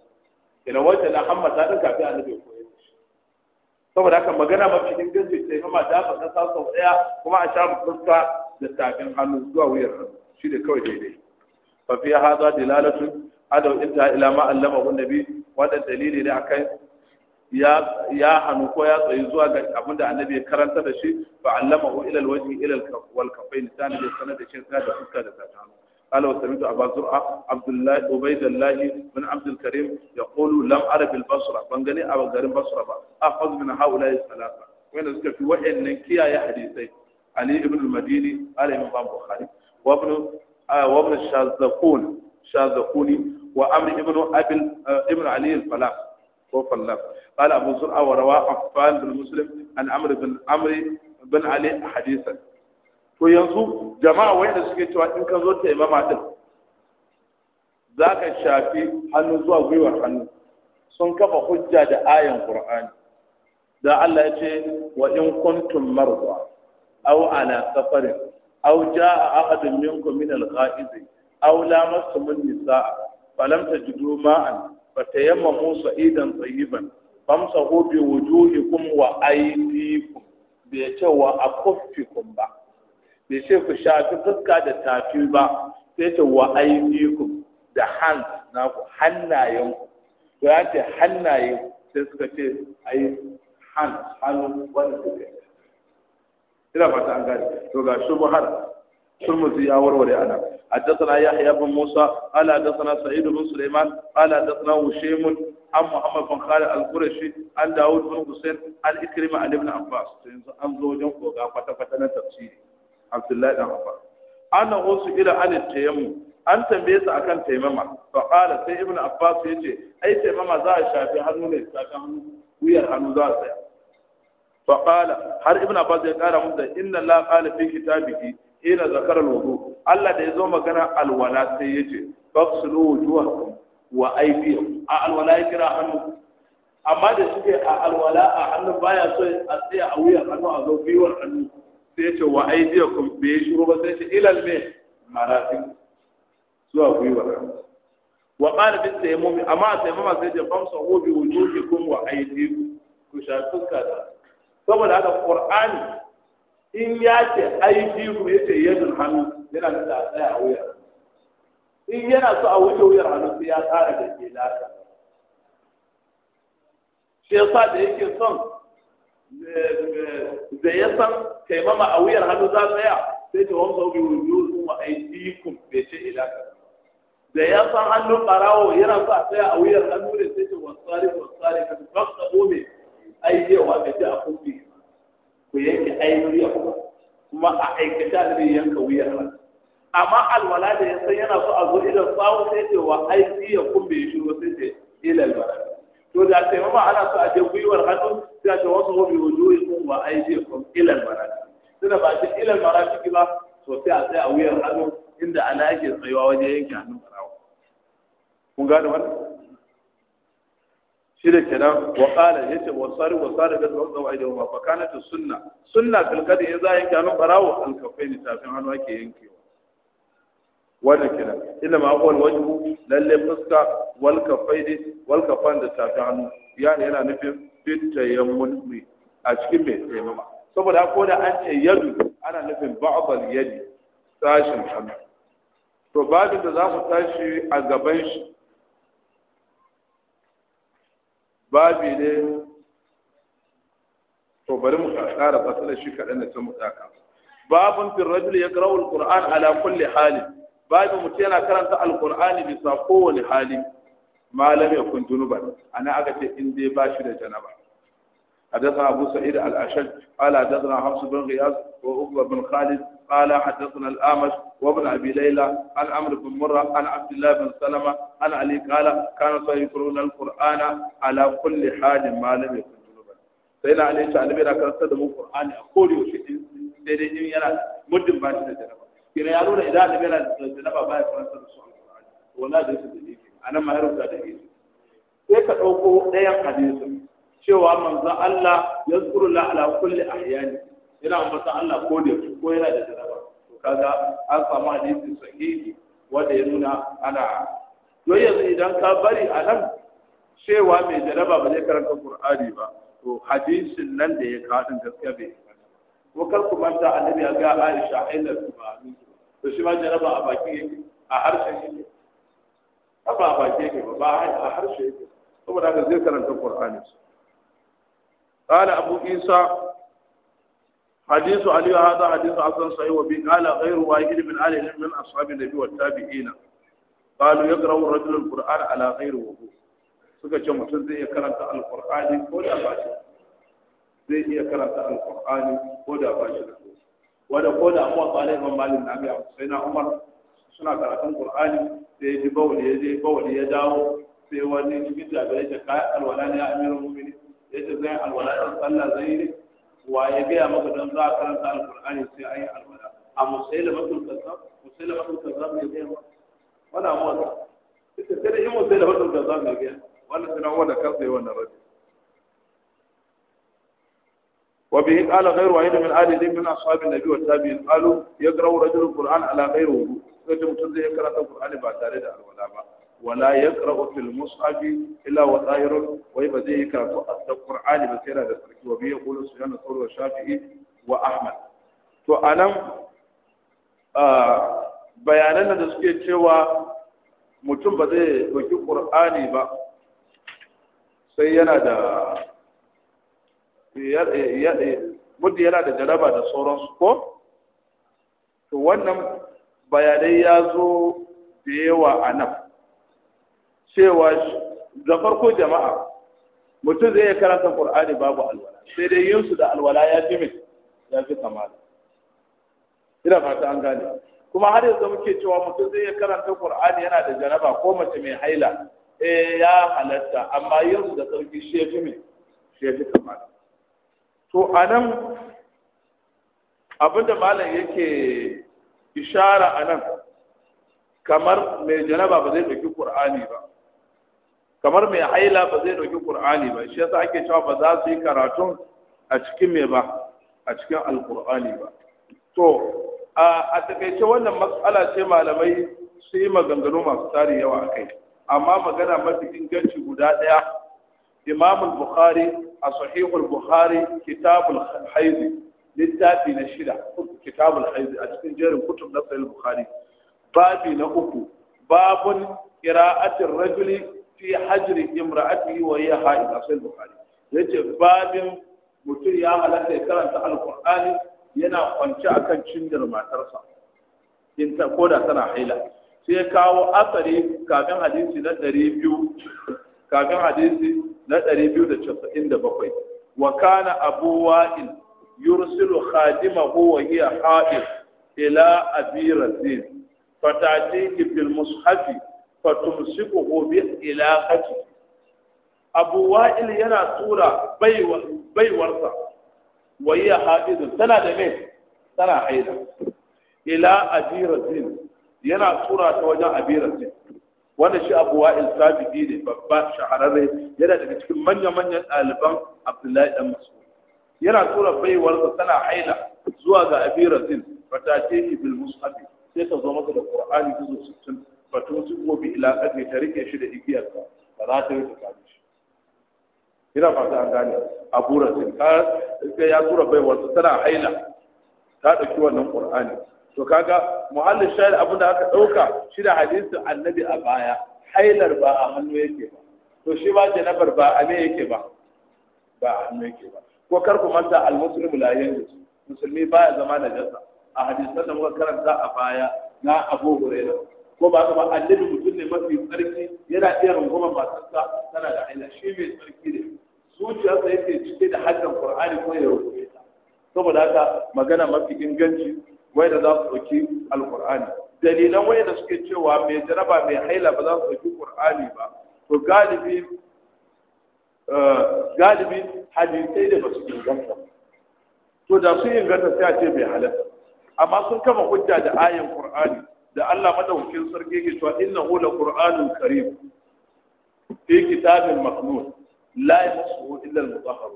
ina wata la hamma ta dinka fi annabi ko saboda haka magana mafi inganci ce ma da ba ta sau daya kuma a sha fuska da tafin hannu zuwa wuyar hannu shi da kawai daidai fa fi hadha dilalatu adaw inta ila ma allama wan nabi wannan dalili ne akan ya ya hannu ko ya tsayi zuwa ga abinda annabi ya karanta da shi fa allamahu ila alwajhi ila alkaf wal kafain tani da sanad da shi da fuska da tafin hannu قال وسمعت أبا زرعة عبد الله عبيد الله بن عبد الكريم يقول لم أرى بالبصرة بنغني أبا غريم بصرة أخذ من هؤلاء الثلاثة وين أذكر في وحي النكية يا حديثي علي بن المديني قال الإمام البخاري وابن آه وابن الشاذقون الشاذقوني وأمر ابن أبي ابن علي الفلاح وفلاح قال أبو زرعة ورواه عفان بن مسلم عن عمرو بن عمرو بن علي حديثا to yanzu jama'a wanda suke cewa in ka zo ta imama din za ka shafi hannu zuwa gwiwar hannu sun kafa hujja da ayan qur'ani da Allah ya ce wa in kuntum marwa aw ala safar aw jaa ahadun minkum min al-ghaizi aw lamastum nisa nisaa falam tajidu ma'an fatayammamu sa'idan tayyiban famsahu bi wujuhikum wa aydikum bai ce wa akuffikum ba bai sai ku shafi fuska da tafi ba sai ta wa aiziku da hand na ku hannayen ku ya ce hannaye sai suka ce ayi hand hannu wani su ke ina fata an gani to ga shi bu har sun mutu ya warware ana حدثنا يحيى بن موسى قال حدثنا سعيد بن سليمان قال حدثنا هشيم عن محمد بن خالد القرشي عن داود بن حسين عن اكرم عن ابن عباس انظروا جنبه قال فتفتنا تفسيري abdullahi dan abbas ana wasu ila an tayammum an tambaye su akan taimama fa qala sai ibnu abbas yace ai taimama za a shafi hannu ne shafi hannu wuyar hannu za a tsaya fa qala har ibnu abbas ya kara mun da inna la qala fi kitabihi hina zakara alwudu Allah da yazo magana al-wala sai yace faghsilu wujuhakum wa aydiyakum a alwala ya kira hannu amma da suke a al-wala a hannu baya so a tsaya a wuya hannu a zo biwar hannu sai ce wa aidiyakum bai shiru ba sai ce ilal me marafin zuwa gwiwar wa qala bi tayammum amma tayammum sai ce famsa hu bi wujuhikum wa aydikum ku sha fuska da saboda haka qur'ani in ya ce aydikum ya ce yadul hannu yana da tsaya a wuya in yana so a wuce wuyar hannu sai ya tsara da ke laka shi yasa da yake son Zai ya san taimama a wuyar hannu za tsaya sai ta wamsa bi wujuhum wa aydikum bai ce ilaka da ya san hannun barawo yana sa tsaya a wuyar hannu ne sai ta wasari wasari ka mai ome aiyewa bai ce a kuɗi ku yanke ainihi a kuma kuma a aikata da bai yanka wuyar hannu amma alwala da ya san yana so a zo idan sawo sai ce wa ainihi ya bai shiru sai ce ilal baraka to da sai mama ala su a je hannu sai a ce wasu hobi wujuhikum wa aydikum ila al-marafiq tunda ba ce ilal al-marafiq ba to sai a tsaya a wuyar hannu inda ana yake tsayuwa waje yanke hannun karawo. kun gane wannan shi da kenan wa qala ce wa sari wa sari da tsawon tsawon aidawa fa kanat sunna sunna fil qadi idza yanke hannun an kafai ni tafin hannu ake yankewa wannan kenan inna ma huwa alwajhu lalle fuska wal kafaidi wal kafan da tafi hannu yani yana nufin fit tayammum a cikin mai tayammuma saboda ko da an ce yadu ana nufin ba'dal yadi sashin hannu to babin da za mu tashi a gaban shi babi ne to bari mu kara fasalar shi kaɗan da ta mutaka babun fi rajul ya al alquran ala kulli halin babu mutum yana karanta alqur'ani bisa kowane hali malam ya kun junuba ana aka ce in dai ba shi da janaba حدثنا أبو سعيد الأشج قال حدثنا حفص بن غياث وأبو بن خالد قال حدثنا الأعمش وابن أبي ليلى عن عمرو بن مرة عن عبد الله بن سلمة عن علي قال كانوا يقرؤون القرآن على كل حال ما لم يكن جنوبا سيدنا علي تعالى بيرا كرسة دمو القرآن أقول يوشي دي دي دي يانا مدن باشي جنبا kira nuna idan annabi yana da janaba ba ya karanta da su alqur'ani wannan da yake dalili anan ma ya rubuta da yake sai ka ɗauko ɗayan hadisin cewa manzo Allah ya yazkuru la ala kulli ahyani yana ambata Allah ko da ko yana da janaba to kaga an samu hadisi sahihi wanda ya nuna ana don yanzu idan ka bari a nan cewa mai jaraba ba zai karanta qur'ani ba to hadisin nan da ya kawo din gaskiya bai ko kar ku manta annabi ya ga Aisha ayyana ba to shi ma jaraba a baki yake a harshe yake ba a baki yake ba a harshe yake saboda haka zai karanta qur'ani قال أبو عيسى حديث علي هذا حديث حسن صحيح وبه قال غير واحد من أهل العلم من أصحاب النبي والتابعين قالوا يقرأ الرجل القرآن على غير وضوء suka ce mutum zai iya karanta alkur'ani ko da ba shi zai wanda ko da amma ba lai ban malin nabi a sai na umar suna karatun qur'ani sai ya ji bawli ya je bawli ya dawo sai wani cikin jabirai ta kai alwala ne ya amirul mu'minin ya ce zai alwala dan sallah zai ne wa ya gaya maka don za a karanta alqur'ani sai ayi alwala a musailamatul kazzab musailamatul kazzab ya gaya maka wala amma ita sai da yi in musailamatul kaza ya gaya wannan sai na wanda kansa yi wannan rabbi وبه قال غير واحد من آل من أصحاب النبي والتابعين قالوا يقرأ رجل القرآن على غير وضوء kace mutum zai karanta Qur'ani ba tare da alwala ba wala yaqra'u fil mushaf illa wa tahirun wai ba zai karatu da Qur'ani ba sai da sarki wa bi yaqulu sunan sauri wa shafi'i wa ahmad to anan bayanan da suke cewa mutum ba zai doki Qur'ani ba sai yana da muddi yana da jaraba da sauransu ko to wannan bayanai ya zo da yawa a nan cewa da farko jama'a mutum zai karanta Kur'ani babu alwala sai dai yin su da alwala ya fi mai ya fi kamala ina fata an gane kuma har yanzu muke cewa mutum zai karanta Kur'ani yana da jaraba ko mace mai haila eh ya halatta amma yanzu da sauki shi ya fi mai shi ya fi kamala to a nan, abinda malam yake ishara a nan kamar mai janaba ba zai ɗauki ƙur'ani ba kamar mai haila ba zai ɗauki ƙur'ani ba shi yasa ake cewa ba za su yi karatun a cikin me ba a cikin alƙur'ani ba to a takaice wannan matsala ce malamai su yi maganganu masu tari yawa a kai amma magana mafi inganci guda ɗaya imamul bukhari a sahihul kitabul haiz littafi na shida kitabul haiz a cikin jerin kutub na sahih bukhari babi na uku babun qira'atir rajuli fi hajri imra'atihi wa hiya haid a sahih bukhari yace babin mutum ya halatta ya karanta alqur'ani yana kwance kan cindar matarsa in ta koda tana haila sai kawo asari kafin hadisi na kafin hadisi na 297 wa kana abu wa'il yursilu khadimahu wa hiya ha'il ila abi razin fatatihi bil mushafi fatumsikuhu bi ilaqati abu wa'il yana tura baiwarsa wa hiya ha'idun tana da me tana haida ila abi razin yana tura ta wajen abi razin wannan shi abu wa'il sabiti ne babba shahararre yana daga cikin manya-manyan ɗaliban abdullahi dan mas'ud yana tura baiwar sa tana haila zuwa ga abi rasul fatake ki bil mushafi sai ta zo maka da qur'ani zo sittin fatu su ko bi ila kadi ta rike shi da igiyar ka ba za ta yi ta kaji shi ina fata an gane abu razin ka ya tura baiwar sa tana haila ta dauki wannan qur'ani to kaga muhallin shayar abin da aka ɗauka shi da hadisin annabi a baya hailar ba a hannu yake ba to shi ba janabar ba a me yake ba ba a hannu yake ba ko kar ku manta almuslimu la yanzu musulmi baya zama da jasa a hadisan da muka karanta a baya na abu hurairah ko ba ka ba annabi mutum ne mafi tsarki yana iya rungumar matarsa tana da aina shi mai tsarki ne zuciyarsa yake cike da haddan qur'ani ko ya saboda haka magana mafi inganci wai da za su ɗauki Alƙur'ani. dalilan wai da suke cewa mai jaraba mai haila ba za su ɗauki ƙur'ani ba to galibi eh, galibi hadisai da ba su inganta to da su inganta sai a ce bai halatta amma sun kama hujja da ayin ƙur'ani da Allah madaukakin sarki ke cewa innahu laqur'anun karim fi kitabin maknun la yasuhu illa al-mutahhar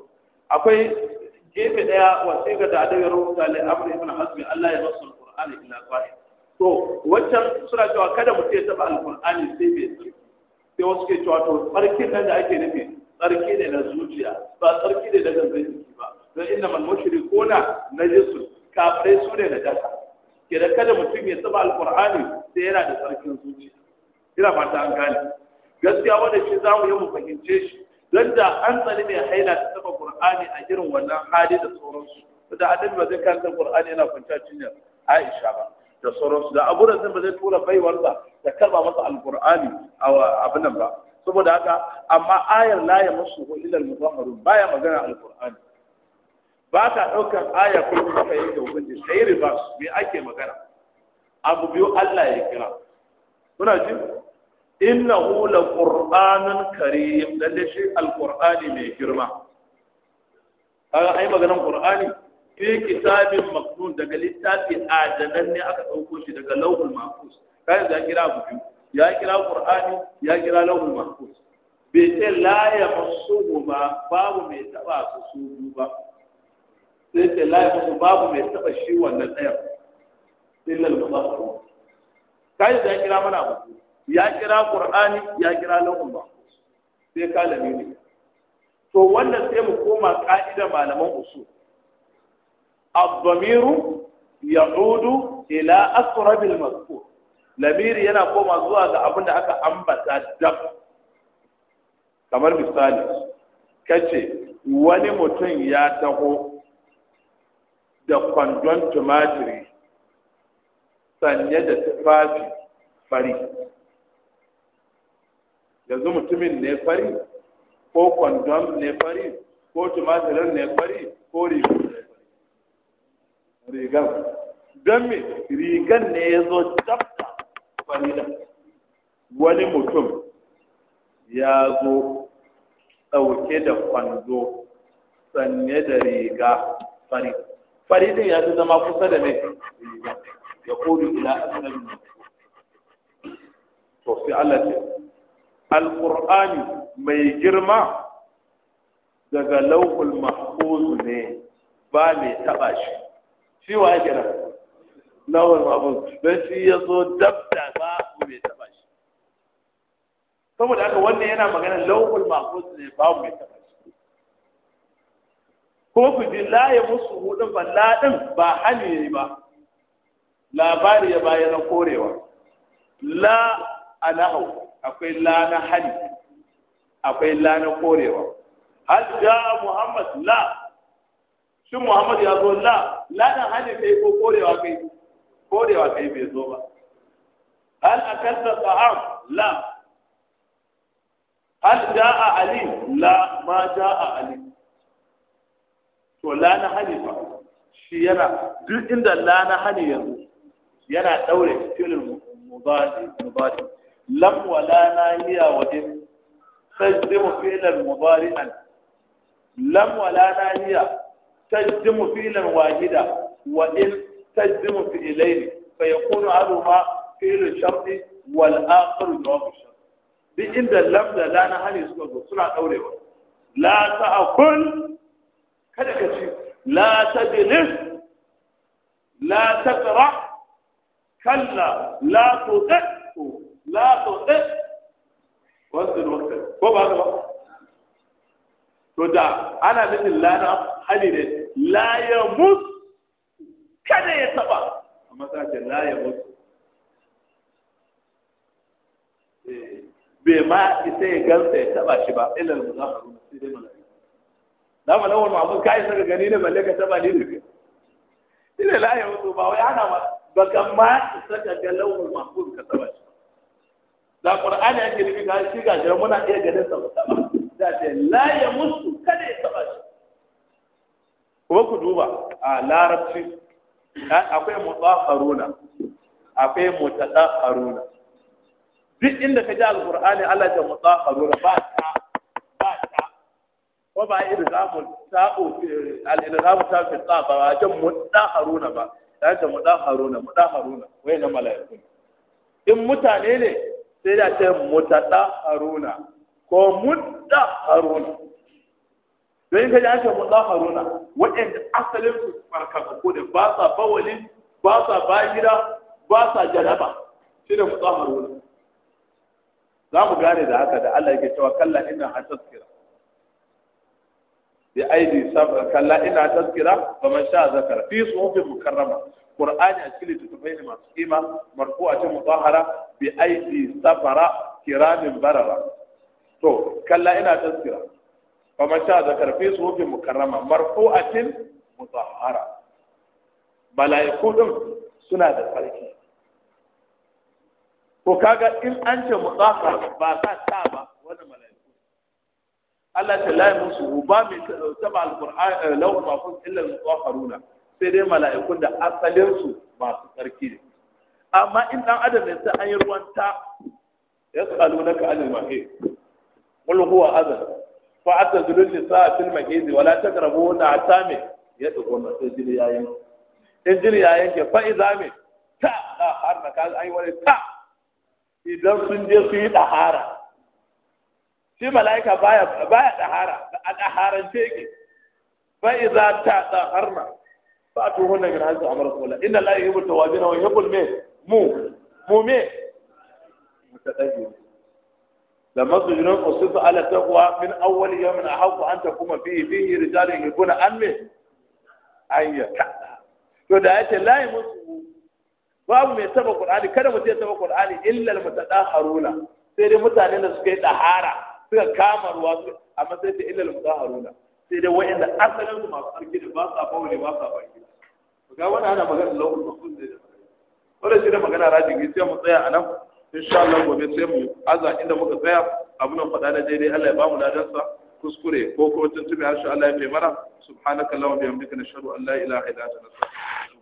akwai gefe daya wasai ga da adaga rubuta li amri ibn hazmi Allah ya rasul qur'ani ila qahi to wancan suna cewa kada mu ce taba alqur'ani sai bai tsarki sai wasu ke cewa to tsarkin nan da ake nufi tsarki ne na zuciya ba tsarki ne na gangan jiki ba don inda man mushrikuna najisun kafirai su ne na dasa ke da kada mutum ya taba Alƙur'ani sai yana da tsarkin zuciya ina ta an gane gaskiya wanda shi zamu yi mu fahimce shi don da an tsani mai haila ta Qur'ani a irin wannan hali da sauransu da adabi ba zai karanta Qur'ani yana kwanta cinyar Aisha ba da sauransu da Abu ba zai tura baiwar ba da karba masa alqur'ani a abin nan ba saboda haka amma ayar la ya musu ko ilal mutahharun baya magana alqur'ani ba ta daukar aya ko kuma yi da hukunci sai ribas me ake magana abu biyu Allah ya kira kuna ji innahu laqur'anun karim lalle shi alqur'ani mai girma kaga ai maganan qur'ani fi kitabin maknun daga littafi ajanan ne aka dauko shi daga lauhul mahfuz kai da kira abu biyu ya kira qur'ani ya kira lauhul mahfuz bai ce la ya masuhu ba babu mai taba su su ba sai sai la ya masuhu babu mai taba shi wannan ɗayan illal mudaffu kai da kira mana abu ya kira qur'ani ya kira lauhul mahfuz sai kalami ne to wannan sai mu koma ka'ida malaman usul ad-damiru ya'udu ila aqrab al-mazkur lamiri yana koma zuwa ga abin da aka ambata dab kamar misali kace wani mutum ya taho da kwandon tumatiri sanye da tufafi fari yanzu mutumin ne fari ko kwandon ne fari ko tumatirin ne fari ko rigar don me rigar ne ya zo fari da wani mutum ya zo ɗauke da kwando sanye da riga fari Fari din ya fi zama kusa da mai riga ya kudu ila asinabi to sai Allah ce alƙur'ani mai girma daga lauhul mahfuz ne ba mai taba shi shi wa ake nan lauhul mahfuz da shi ya zo dab da ba mai taba shi saboda haka wannan yana magana lauhul mahfuz ne ba mai taba shi ko ku ji ya musu hudun ba ladin ba hani ne ba labari ya bayyana korewa la alahu akwai la na hani akwai lana korewa hal ja'a muhammad la shi muhammad ya zo la lana hali kai ko korewa kai korewa kai bai zo ba hal akalta ta'am la hal ja'a ali la ma ja'a ali to lana hali fa shi yana duk inda lana hali yanzu yana daure filin mubadi mubadi lam wala na hiya wajen تجزم فعلا مضارعا لم ولا ناهية تجزم فعلا واحدا وإن تجزم فعلين فيكون أحدهما فعل الشرط والآخر جواب الشرط دي عند اللم ده لا نهي سكوت سرعة أولي لا تأكل كذا كشيء لا تجلس لا تقرأ كلا لا تطئ لا تطئ wasu lokaci ko ba ba to da ana nufin lana hali ne la ya mutu kada ya taba amma ta ce la ya mutu bai ma isa ya gansa ya taba shi ba ilal muzaharu sai dai malaka da mu lawan mamu yi saka gani ne balle ka taba ni ne ina la ya mutu ba wai ana ba baka ma saka ga lawan mamu ka taba shi da qur'ani yake nufi ga shi ga shi muna iya ganin sa da ce la ya musu kada ya taba shi kuma ku duba a larabci akwai haruna. akwai haruna. duk inda ka ji alqur'ani Allah ya haruna, ba ta ba ta ko ba ilzamu ta'u al-ilzamu ta fi ta ba ta haruna ba ta mutahharuna haruna wai na mala'iku in mutane ne sai da ce mutaɗa haruna ko mutta haruna don yin kaji ake mutta haruna waɗanda asalin su farka ko da ba sa bawali ba sa bagira ba sa jalaba shi ne mutta haruna za mu gane da haka da Allah yake cewa kalla ina a taskira bi aidi kalla ina taskira fa man sha zakara fi suhufi mukarrama qur'ani a cikin littattafai ne masu kima marfu'a ce mutahara bi aidi safara kiramin barara to kalla ina taskira faman sha zakar fi suhufin mukarrama marfu'atin mutahara malaiku din suna da tsarki ko kaga in an ce mutahara ba sa ta ba wani malaiku Allah ta la musu ba mai taba alqur'ani eh, law mafus illa al-mutahharuna sai dai mala'ikun da asalinsu masu tsarki ne amma in dan adam ne sai an yi ruwan ta yas'alunaka anil mahid qul huwa adhan fa'tazilul nisaa fil mahid na la taqrabuhunna hatta me yadkhulna injil yayin injil yayin ke fa idza me ta da har na kaga ai wani ta idan sun je su yi dahara shi mala'ika baya baya dahara a daharance yake fa iza ta da harna fa to hunna min hasu amara kula inna la yuhibbu tawabin wa yuhibbul me mu mu me mutadabbi لما تجرون أصف على التقوى من أول يوم an أن تقوم فيه فيه رجال يحبون أمه أن يتعلى فدعيت لا يمسه babu mai saba Qur'ani kada mutum ya saba Qur'ani illa al-mutadaharuna sai dai mutane da suka yi dahara suka kama ruwa amma sai dai illa al-mutadaharuna sai dai da asalin su masu sarki da ba sa bawle ba sa baki ga wani ana magana da mahfuz ne wannan shi ne magana rajin sai mu tsaya anan insha Allah gobe sai mu aza inda muka tsaya abin nan faɗa na daidai Allah ya bamu ladansa kuskure ko ko tuntube har Allah ya fi mana subhanaka allahumma bihamdika nashhadu an la ilaha illa anta nastaghfiruka